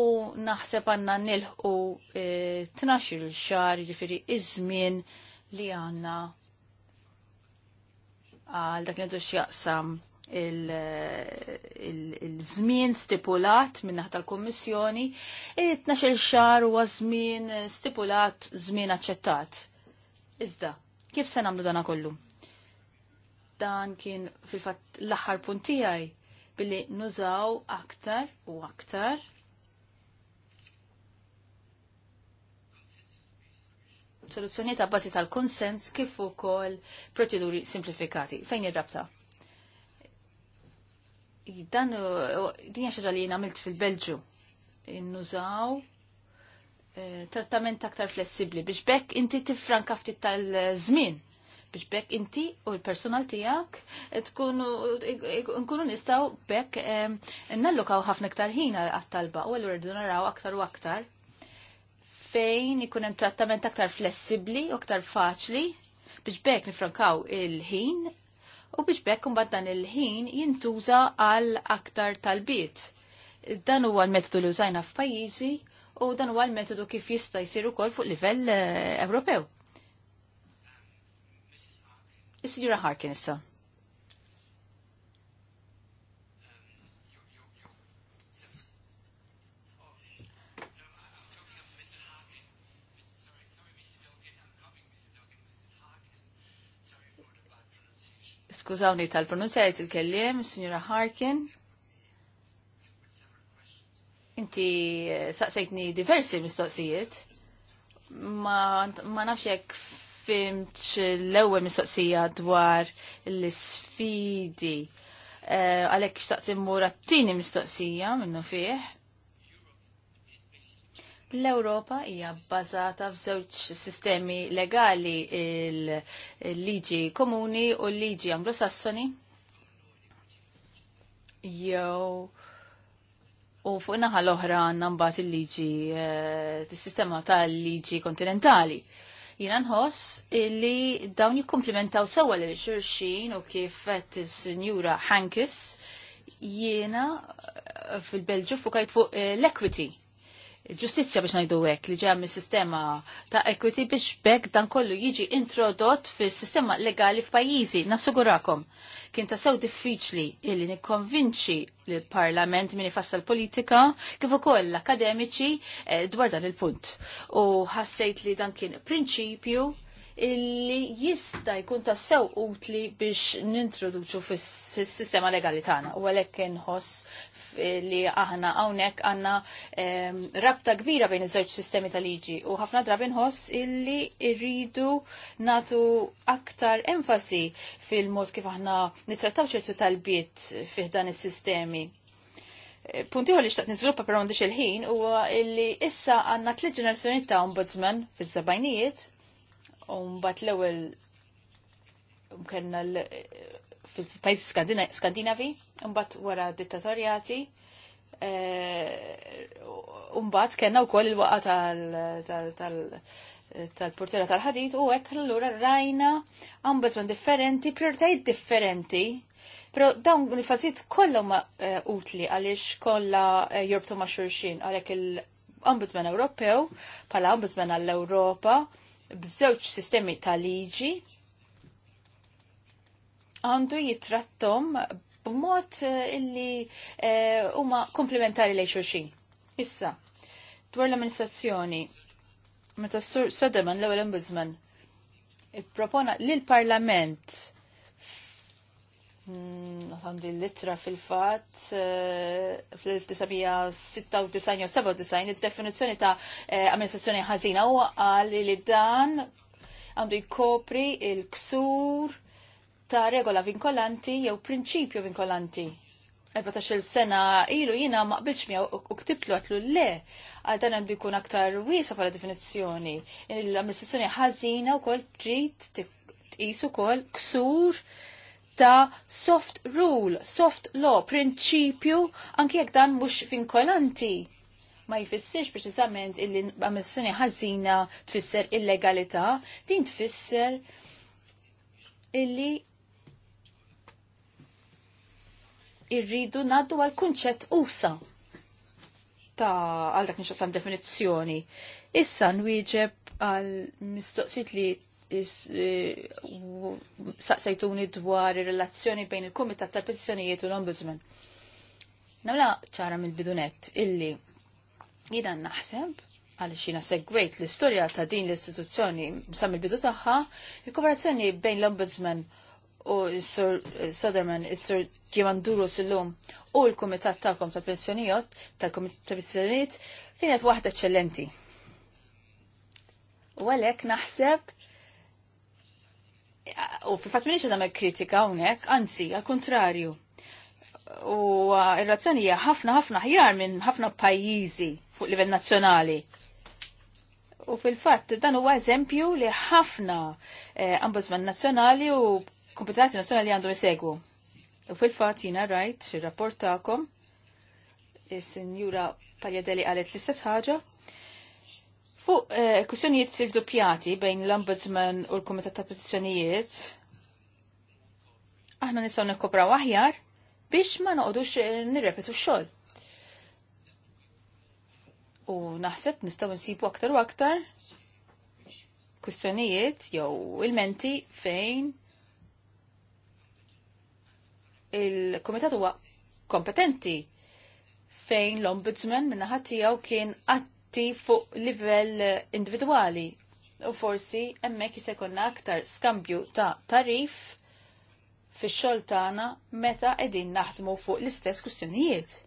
u naħseb għandna nilħu 12 e, il xar, jiġifieri iż-żmien li għandna għal dak nidu x'jaqsam il-żmien stipulat minn naħta l-Kommissjoni, 12 xar huwa żmien stipulat żmien aċċettat. Iżda, Kif se nagħmlu dana kollu? Dan kien fil fat l-aħħar punt tiegħi billi nużaw aktar u aktar soluzzjonijiet ta' bażi tal-konsens kif ukoll proċeduri simplifikati. Fejn ir-rabta? Dan din hija xi li għamilt fil-Belġju. Innużaw trattament aktar flessibli biex bekk inti tifranka ftit tal-żmien biex bekk inti u l-personal tijak nkunu nistaw bekk nallukaw ħafna ktar ħin għat-talba u għallu rridu naraw aktar u aktar fejn ikun hemm trattament aktar flessibli u aktar faċli biex bekk nifrankaw il-ħin u biex bekk mbagħad dan il-ħin jintuża għal aktar talbiet. Dan huwa l-metodu li użajna f'pajjiżi u dan huwa l-metodu kif jista' jsir ukoll fuq livell eh, Ewropew. Is-Sinjura Harkin issa. Skużawni tal-pronunzjajt il-kellim, Sinjura Harkin. Inti eh, saqsejtni diversi mistoqsijiet. Ma, ma nafx jekk fimx l-ewwel mistoqsija dwar l-sfidi. Eh, għalhekk e, xtaqt immur t-tini mistoqsija minnu fih. L-Europa hija bbażata f'żewġ sistemi legali il-liġi komuni u l-liġi anglosassoni jew U fuq naħa l-oħra għanna il-liġi eh, il sistema tal-liġi kontinentali. Jiena nħoss illi dawn jikkumplimentaw sewwa lil xulxin u kif qed is-Sinjura Hankis jiena eh, fil-Belġu fukajt fuq eh, l-equity ġustizja biex najdu hekk li ġem il sistema ta' equity biex bekk dan kollu jiġi introdott fil sistema legali f'pajjiżi. Nassugurakom, kien ta' sew diffiċli illi nikkonvinċi l-Parlament min ifassal politika kif ukoll l-akademiċi eh, dwar dan il-punt. U ħassejt li dan kien prinċipju illi jista jkun tassew utli biex nintroduċu fis-sistema legali tagħna u għalhekk inħoss li aħna hawnhekk għandna ehm, rabta kbira bejn iż-żewġ sistemi tal-liġi u ħafna drabi nħoss illi rridu natu aktar enfasi fil-mod kif aħna nittrattaw ċertu talbiet fih dan is-sistemi eh, punti li xtaqt nizviluppa per għandix il-ħin u illi issa għanna tliet ġenerazzjoni ta' ombudsman fiż sabajnijiet U mbagħad l-ewwel kellna fil-pajjiżi Skandinavi, mbagħad wara dittatorjati, eh, mbagħad kellna wkoll il-waqa tal portera tal-ħadit u hekk allura rajna ambasman differenti, prioritajt differenti Pero dawn il-fazit kollha ma eh, utli għaliex kollha eh, jorbtu ma' xulxin għalhekk il-Ombudsman Ewropew, pala Ombudsman għall-Ewropa, b'żewġ sistemi ta' liġi għandu jitrattom b'mod eh, illi eh, huma uh, komplementari lejn xulxin. Issa, dwar l-amministrazzjoni, meta s-sur l-ewwel ombudsman, propona l parlament Mm, għandi l-litra fil-fat eh, fl-1996 u 97 il-definizjoni ta' eh, amministrazzjoni ħazina u għal li dan għandu jkopri il-ksur ta' regola vinkolanti jew prinċipju vinkolanti. 14 sena ilu jina ma qbilx miegħu u ktiblu għatlu le, għal dan għandu jkun aktar wiesa bħala definizzjoni. L-amministrazzjoni ħażina wkoll trid tqisu kol ksur ta' soft rule, soft law, prinċipju, anki jekk dan mhux finkolanti Ma jfissirx preċiżament illi ammissjoni ħażina tfisser illegalità, din tfisser illi irridu naddu għal kunċett usa ta' għal dak nixosam definizjoni. Issa nwieġeb għal mistoqsit li Eh, Saqsajtuni dwar ir-relazzjoni bejn il-Kumitat tal-Petizzjonijiet u l-Ombudsman. Namla ċara mill-bidunet illi jina naħseb għal xina segwejt l-istorja ta' din l-istituzzjoni sam il-bidu tagħha, il-kooperazzjoni bejn l-Ombudsman u s-Sur eh, Soderman, s-Sur Kimanduru s-lum u l-Kumitat ta'kom ta' pensjonijiet, ta' Petizzjonijiet kienet waħda eċċellenti. U għalek naħseb u fil fatt minix għadam kritika unek, anzi, għal-kontrarju. U il-razzjoni hija ħafna ħafna ħjar minn ħafna pajjiżi fuq livell nazzjonali. U fil-fatt dan huwa eżempju li ħafna ambazman eh, ambasman nazzjonali u kompetenti nazzjonali għandu jsegwu. U fil-fatt jina rajt fir-rapport tagħkom is-Sinjura Pagliadelli qalet l-istess ħaġa Fuq eh, kwistjonijiet sirdoppjati bejn l-Ombudsman u l-Kumitat ta' Petizzjonijiet, aħna nistgħu nikkopraw aħjar biex ma noqogħdux eh, nirrepetu x-xogħol. U naħseb nistgħu nsibu aktar u aktar kwistjonijiet jew il-menti fejn il-Kumitat huwa kompetenti fejn l-Ombudsman minnaħat tiegħu kien qatt attiv fuq livell individwali u forsi hemmhekk jisekonna aktar skambju ta' tarif fix-xogħol tagħna meta qegħdin naħdmu fuq l-istess kustjonijiet.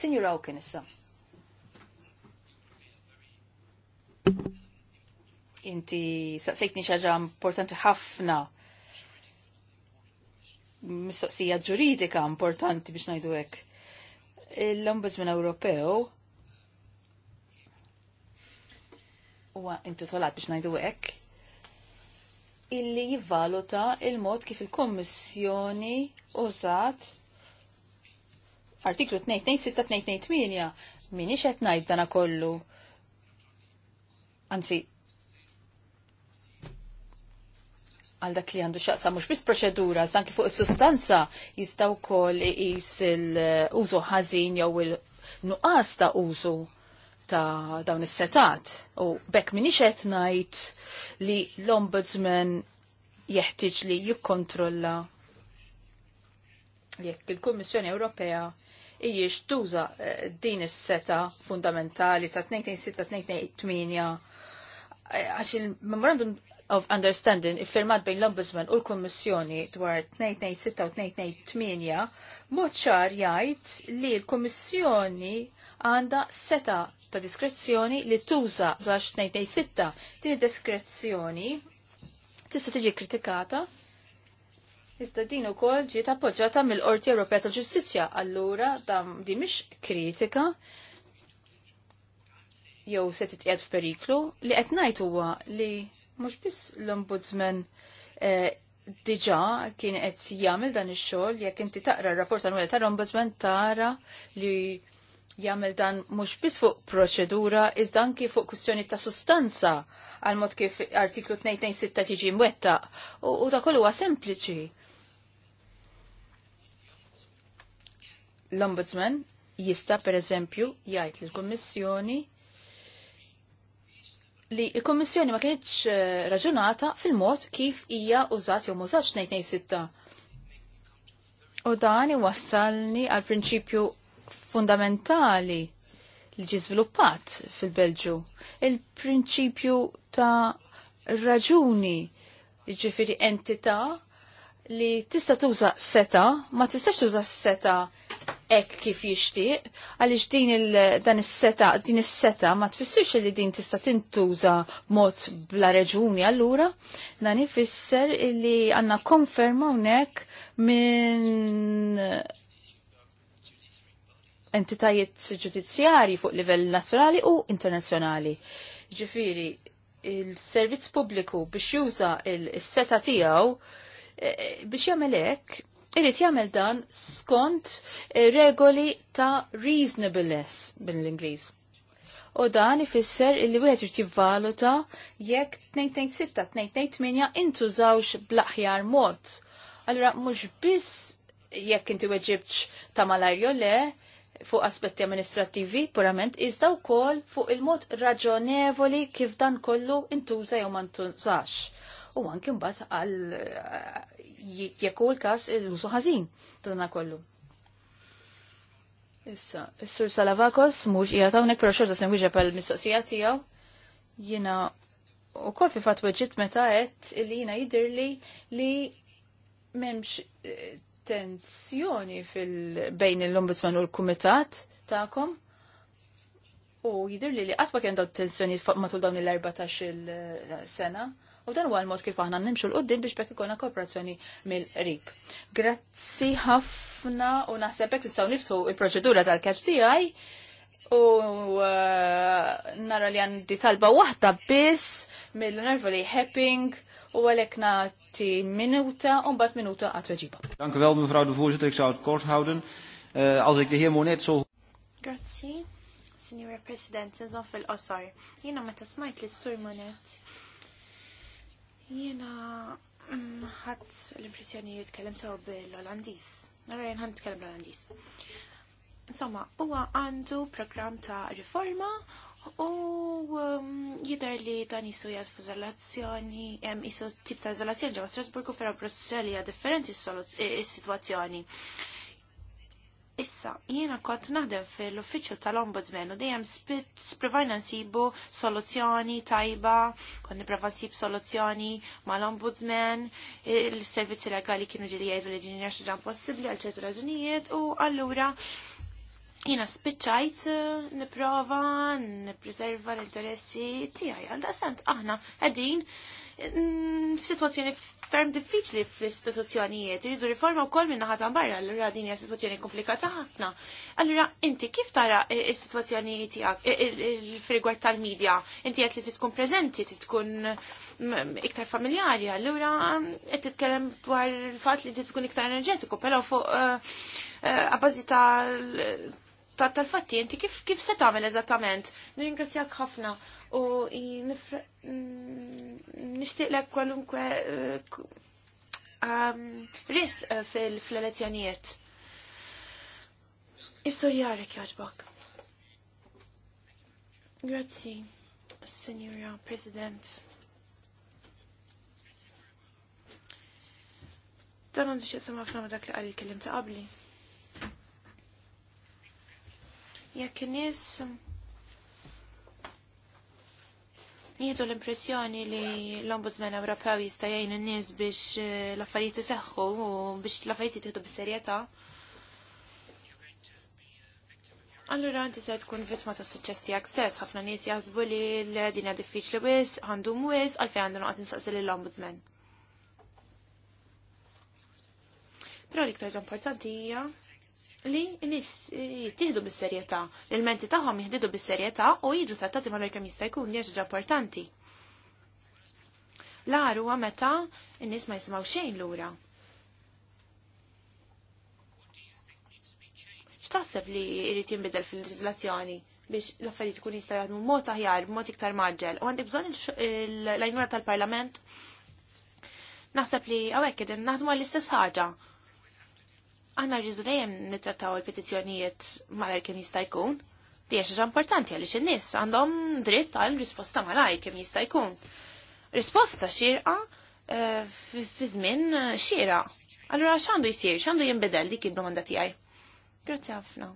Signor Hawken issa. Inti saqsejtni xaġa importanti ħafna mistoqsija ġuridika importanti biex najdu hekk. L-Ombudsman Ewropew huwa intitolat biex najdu hekk illi jivvaluta il-mod kif il-Kommissjoni użat artiklu 226-228 minix qed ngħid dana kollu. Anzi, għal dak li għandu xaqsa mux bis proċedura, sanki fuq il-sustanza jistaw kol jis il-użu ħazin jew il-nuqas ta' użu ta' dawn is-setat. U bekk minix qed ngħid li l-ombudsman jeħtieġ li jikkontrolla jekk il-Kummissjoni Ewropea hijiex tuża eh, din is-seta fundamentali ta' ta' 2028 eh, għax il-memorandum of Understanding iffirmat bejn l-Ombudsman u l-Kommissjoni dwar 226 u 228 mod ċar jgħid li l-Kommissjoni għandha seta ta' diskrezzjoni li tuża żax 226 din id-diskrezzjoni tista' tiġi kritikata Iżda din ukoll ġiet appoġġjata mill-Qorti Ewropea tal-Ġustizzja, allura dam di mhix kritika, jew se titqiegħed f'periklu li qed ngħid huwa li mhux biss l-Ombudsman eh, diġa kien qed jagħmel dan ix-xogħol jekk inti taqra r-rapport annwali tal-Ombudsman tara li jagħmel dan mhux biss fuq proċedura iżda anki fuq kwistjoni ta' sustanza għal mod kif artiklu 226 tiġi mwettaq u kollu huwa sempliċi. L-Ombudsman jista' pereżempju jgħid lill-Kummissjoni li il-Kommissjoni ma kienx eh, raġunata fil-mod kif hija użat jew mużat ngħid sitta. U dan iwassalni għal prinċipju fundamentali li ġi żviluppat fil-Belġu. Il-prinċipju ta' raġuni, ġifiri entità li tista' tuża seta, ma tistax tuża seta' ek kif jixtieq, għaliex din dan is-seta, din is-seta ma tfissirx li din tista' tintuża mod bla reġuni allura, dan ifisser li għandna konferma hawnhekk minn entitajiet ġudizzjarji fuq livell nazzjonali u internazzjonali. Ġifiri, il-servizz pubbliku biex juża il-seta tiegħu eh, biex jagħmel hekk irrit jagħmel dan skont eh, regoli ta' reasonableness bil-Ingliż. U dan ifisser illi wieħed irid jivvaluta jekk 226-228 intużawx bl-aħjar mod. Allura mhux biss jekk inti weġibx ta' malarjo le fuq aspetti amministrattivi, purament iżda wkoll fuq il-mod raġonevoli kif dan kollu intuża jew ma ntużax u anki mbagħad għal jekku l-kas il-usu ħażin ta' dana kollu. Issa, s-sur Salavakos, mux jgħatawnek pero xorta sen wieġa pal-mistoqsija tijaw, jina u kol fi fatwa ġit meta għet li jina jidirli li memx eh, tensjoni fil-bejn l-ombudsman u l-kumitat ta'kom. U jidir li li għatba kien dal tensjoni matul dawn il-14 eh, sena. U dan huwa l-mod kif aħna nimxu l-qoddim biex bekk ikolna kooperazzjoni mill-rib. Grazzi ħafna u naħseb hekk nistgħu niftu il-proċedura tal-catch tiegħi. U uh, nara li għandi talba waħda biss mill-nervoli Hepping u għalek nagħti minuta un bat minuta għat-reġiba. Danke wel, mevrouw de voorzitter, ik zou het kort houden. Uh, als ik de heer Monet zo... Grazie, signora President, nżon fil oh, sorry. Jina ma smajt li sur Monet Jena mm, ħadd l-impressjoni li jitkellem sew bil-Olandiż. Nara jien ħan tkellem l-Olandiż. Insomma, huwa għandu programm ta' riforma u um, jidher li dan jisu jgħad f'izolazzjoni, hemm isu tip ta' iżolazzjoni ġewwa Strasburgu fera Brussell hija differenti s-sitwazzjoni. Issa, jiena kont naħdem fil-uffiċċju tal-Ombudsman u dejjem sprivajna nsibu soluzzjoni tajba, kont nipprova nsib soluzzjoni mal-Ombudsman, il-servizzi legali kienu ġili jgħidu li ġini ġan possibbli għal ċertu raġunijiet u allura jiena spiċċajt nipprova nippreserva l-interessi tiegħi għal daqsant aħna qegħdin f'sitwazzjoni mm, ferm diffiċli fl-istituzzjonijiet, jridu riforma wkoll minn ħatan barra, allura din hija sitwazzjoni komplikata ħafna. Allura inti kif tara il sitwazzjoni tijak, il-frigwar tal-medja? Inti qed li titkun prezenti, titkun mm, iktar familjari, allura qed titkellem dwar il-fatt li titkun tkun iktar enerġetiku, però fuq għabazi eh, eh, tal fatti inti kif, kif se tagħmel eżattament? Nirringrazzjak ħafna u nishtiq nishtiqlek kwalunkwe eh, um, ris eh, fil-elezzjonijiet. Is-sur jarek jaġbok. Grazzi, Signora President. Dan għandu xie sama f'na dak li għalli kellim ta' qabli. Jekk nis Nieħdu l-impressjoni li l-Ombudsman Ewropew jista' jgħin in-nies biex eh, l-affarijiet iseħħu u biex l-affarijiet jittieħdu bis-serjetà. Allura inti se tkun vittma ta' suċċess tiegħek stess, ħafna nies jaħsbu li l-dinja diffiċli wis, għandu wis għalfejn għandu qatt nistaqsi lill-Ombudsman. Però l-iktar importanti hija li nis jittihdu bis-serjetà, il-menti tagħhom jihdidu bis-serjetà u jiġu trattati mal kemm jista' jkun li importanti. L-għar huwa meta n-nies ma jisimgħu xejn lura. X'taħseb li jrid jinbidel fil-leġiżlazzjoni biex l-affarijiet ikun jista' jaħdmu mod aħjar, mod iktar maġġel. U għandek bżonn l-għajnuna tal-Parlament naħseb li għawek id naħdmu għall-istess ħaġa Għanna rridu dejjem nitrattaw il-petizzjonijiet mal kemm jista' jkun. Dija xi importanti għaliex in-nies għandhom dritt għal risposta malajr kemm jista' jkun. Risposta xirqa eh, fi żmien xirqa. Allura x'għandu jsir, x'għandu jinbidel dik id-domanda tiegħi. Grazzi ħafna.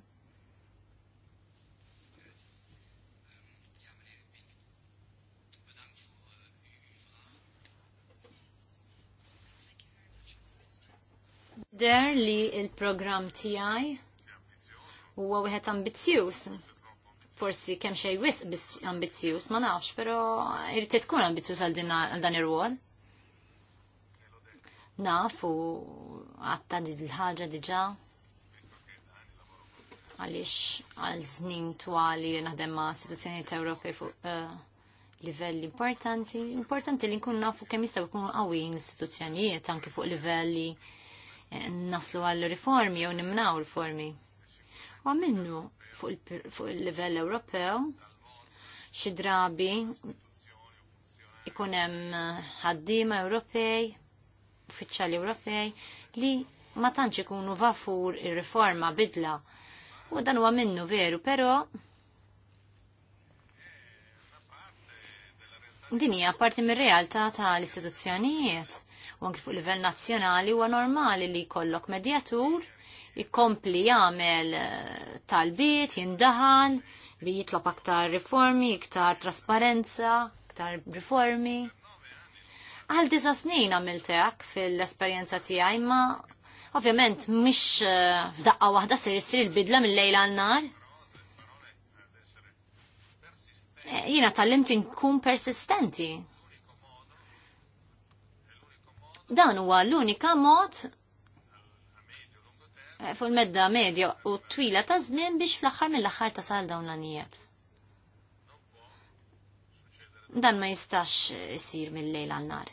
Der li il-programm TI huwa wieħed ambizzjuż. Forsi kemm xejn wisq ambizjus, ma nafx, però irid tkun ambizjus għal dan ir-rwol. Naf u għatta di l-ħaġa diġà għaliex għal żmien twali li naħdem ma' istituzzjonijiet Ewropej fuq eh, livelli importanti, importanti li nkun nafu kemm jistgħu jkunu qawwi istituzzjonijiet anke fuq livelli naslu għall riformi jew nimnaw riformi. U minnu fuq il-livell Ewropew xi drabi ikun hemm ħaddiema Ewropej, uffiċjali Ewropej li ma tantx ikunu vafur ir-riforma bidla. U dan huwa minnu veru, però din hija parti mir-realtà tal-istituzzjonijiet u anki fuq livell nazzjonali huwa normali li jkollok medjatur jikompli jagħmel eh, talbiet, jindaħan, li jitlob aktar riformi, iktar trasparenza, iktar riformi. Għal disa snin għamiltek fil-esperjenza tiegħi ma ovvjament mhix eh, f'daqqa waħda sir issir il-bidla mill-lejla għan-nar. Eh, jiena tal-limt nkun persistenti. Dan huwa l-unika mod eh, fuq medda medja u twila ta' żmien biex fl-aħħar mill-aħħar tasal dawn l-anijiet. Dan ma jistax isir mill-lejl għal nar.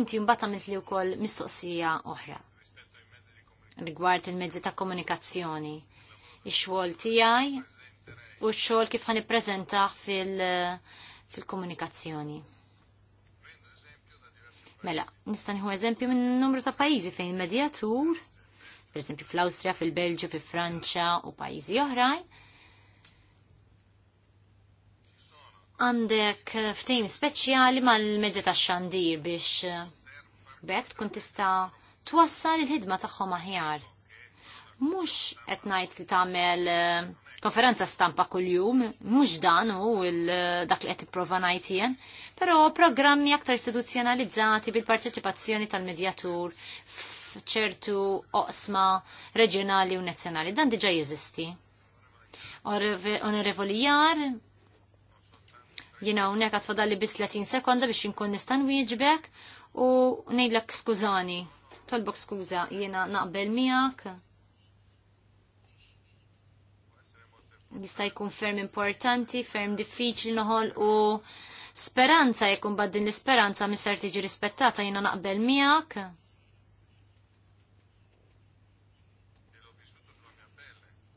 Inti mbata mitli li wkoll mistoqsija oħra rigward il-mezzi ta' komunikazzjoni. Ix-xogħol tiegħi u x-xogħol kif ħanippreżentah fil-komunikazzjoni. Fil Mela, nista' nieħu eżempju minn numru ta' pajjiżi fejn medjatur, pereżempju fl austria fil-Belġju, fil-Franċa u pajjiżi oħrajn, għandek ftim speċjali mal-mezzi ta' xandir biex eh, bekk tkun tista' twassal il-ħidma tagħhom aħjar mux etnajt li tamel eh, konferenza stampa kull-jum, mux dan u eh, dak li għet prova najtijen, pero programmi aktar istituzjonalizzati bil-parteċipazzjoni tal-medjatur f'ċertu oqsma reġjonali u nazzjonali. Dan diġa jeżisti. Onorevoli jar, jina unnek għatfadalli bis 30 sekonda biex jinkun nistan wieġbek u nejdlek skużani. Tolbok skuża, jena naqbel miegħek jista' jkun ferm importanti, ferm diffiċli noħol u speranza jekk bad din l-isperanza misser tiġi rispettata jiena naqbel miegħek.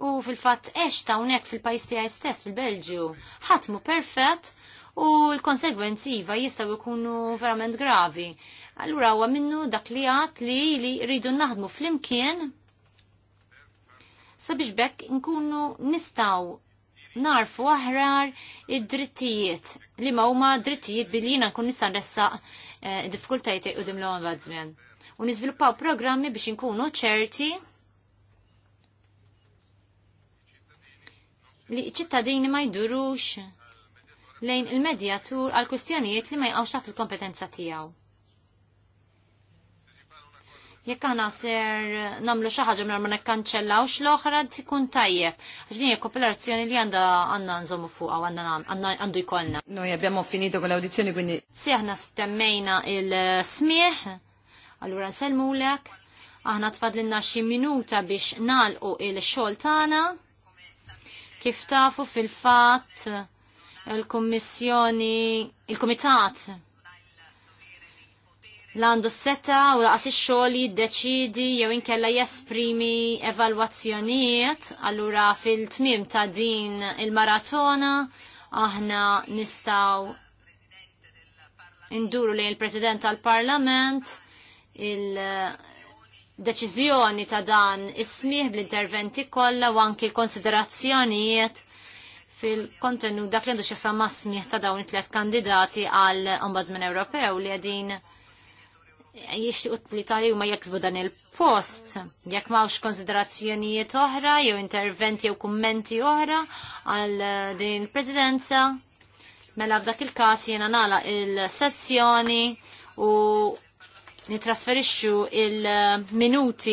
U fil-fatt eċ ta' unek fil-pajis tiegħi stess fil-Belġju. Ħatmu perfett u l-konsegwenzi iva jistaw ikunu verament gravi. Allura għu minnu dak li għat li li rridu naħdmu fl-imkien sabiex bekk nkunu nistaw narfu aħrar id-drittijiet li ma huma drittijiet billi jina nkun nista' nressa eh, diffikultajiet u dimlu bad żmien. U niżviluppaw programmi biex inkunu ċerti li ċittadini ma jdurux lejn il-medjatur għal kwistjonijiet li ma jqawx taħt il-kompetenza tiegħu. Jekk aħna ser nagħmlu xi ħaġa minn ma nikkanċellawx l-oħra tkun tajjeb. Għax din hija kopolazzjoni li għandha għandna nżommu fuq u għandna għandu jkollna. Noi abbiamo finito con l-audizzjoni quindi. Si aħna stemmejna il-smieħ, eh, allura nselmulek, aħna tfadlilna xi minuta biex nalqu il-xogħol tagħna. Kif tafu fil-fatt il-Kummissjoni, il-Kumitat l-għandu s-seta u laqas ix-xogħol jiddeċidi jew inkella jesprimi evalwazzjonijiet, allura fil-tmim ta' din il-maratona aħna nistaw induru li il-President tal-Parlament il-deċiżjoni ta' dan ismiħ bl-interventi kollha u anki l-konsiderazzjonijiet fil-kontenu dak li għandu xesa masmiħ ta' dawn it-tlet kandidati għal Ombudsman Ewropew li għedin jixtiqut li tali huma jeksbu dan il-post. Jekk mawx konsiderazzjonijiet oħra, jew interventi jew kummenti oħra għal uh, din il-presidenza, mela f'dak il-każ jena nala il-sessjoni u nitrasferixxu il-minuti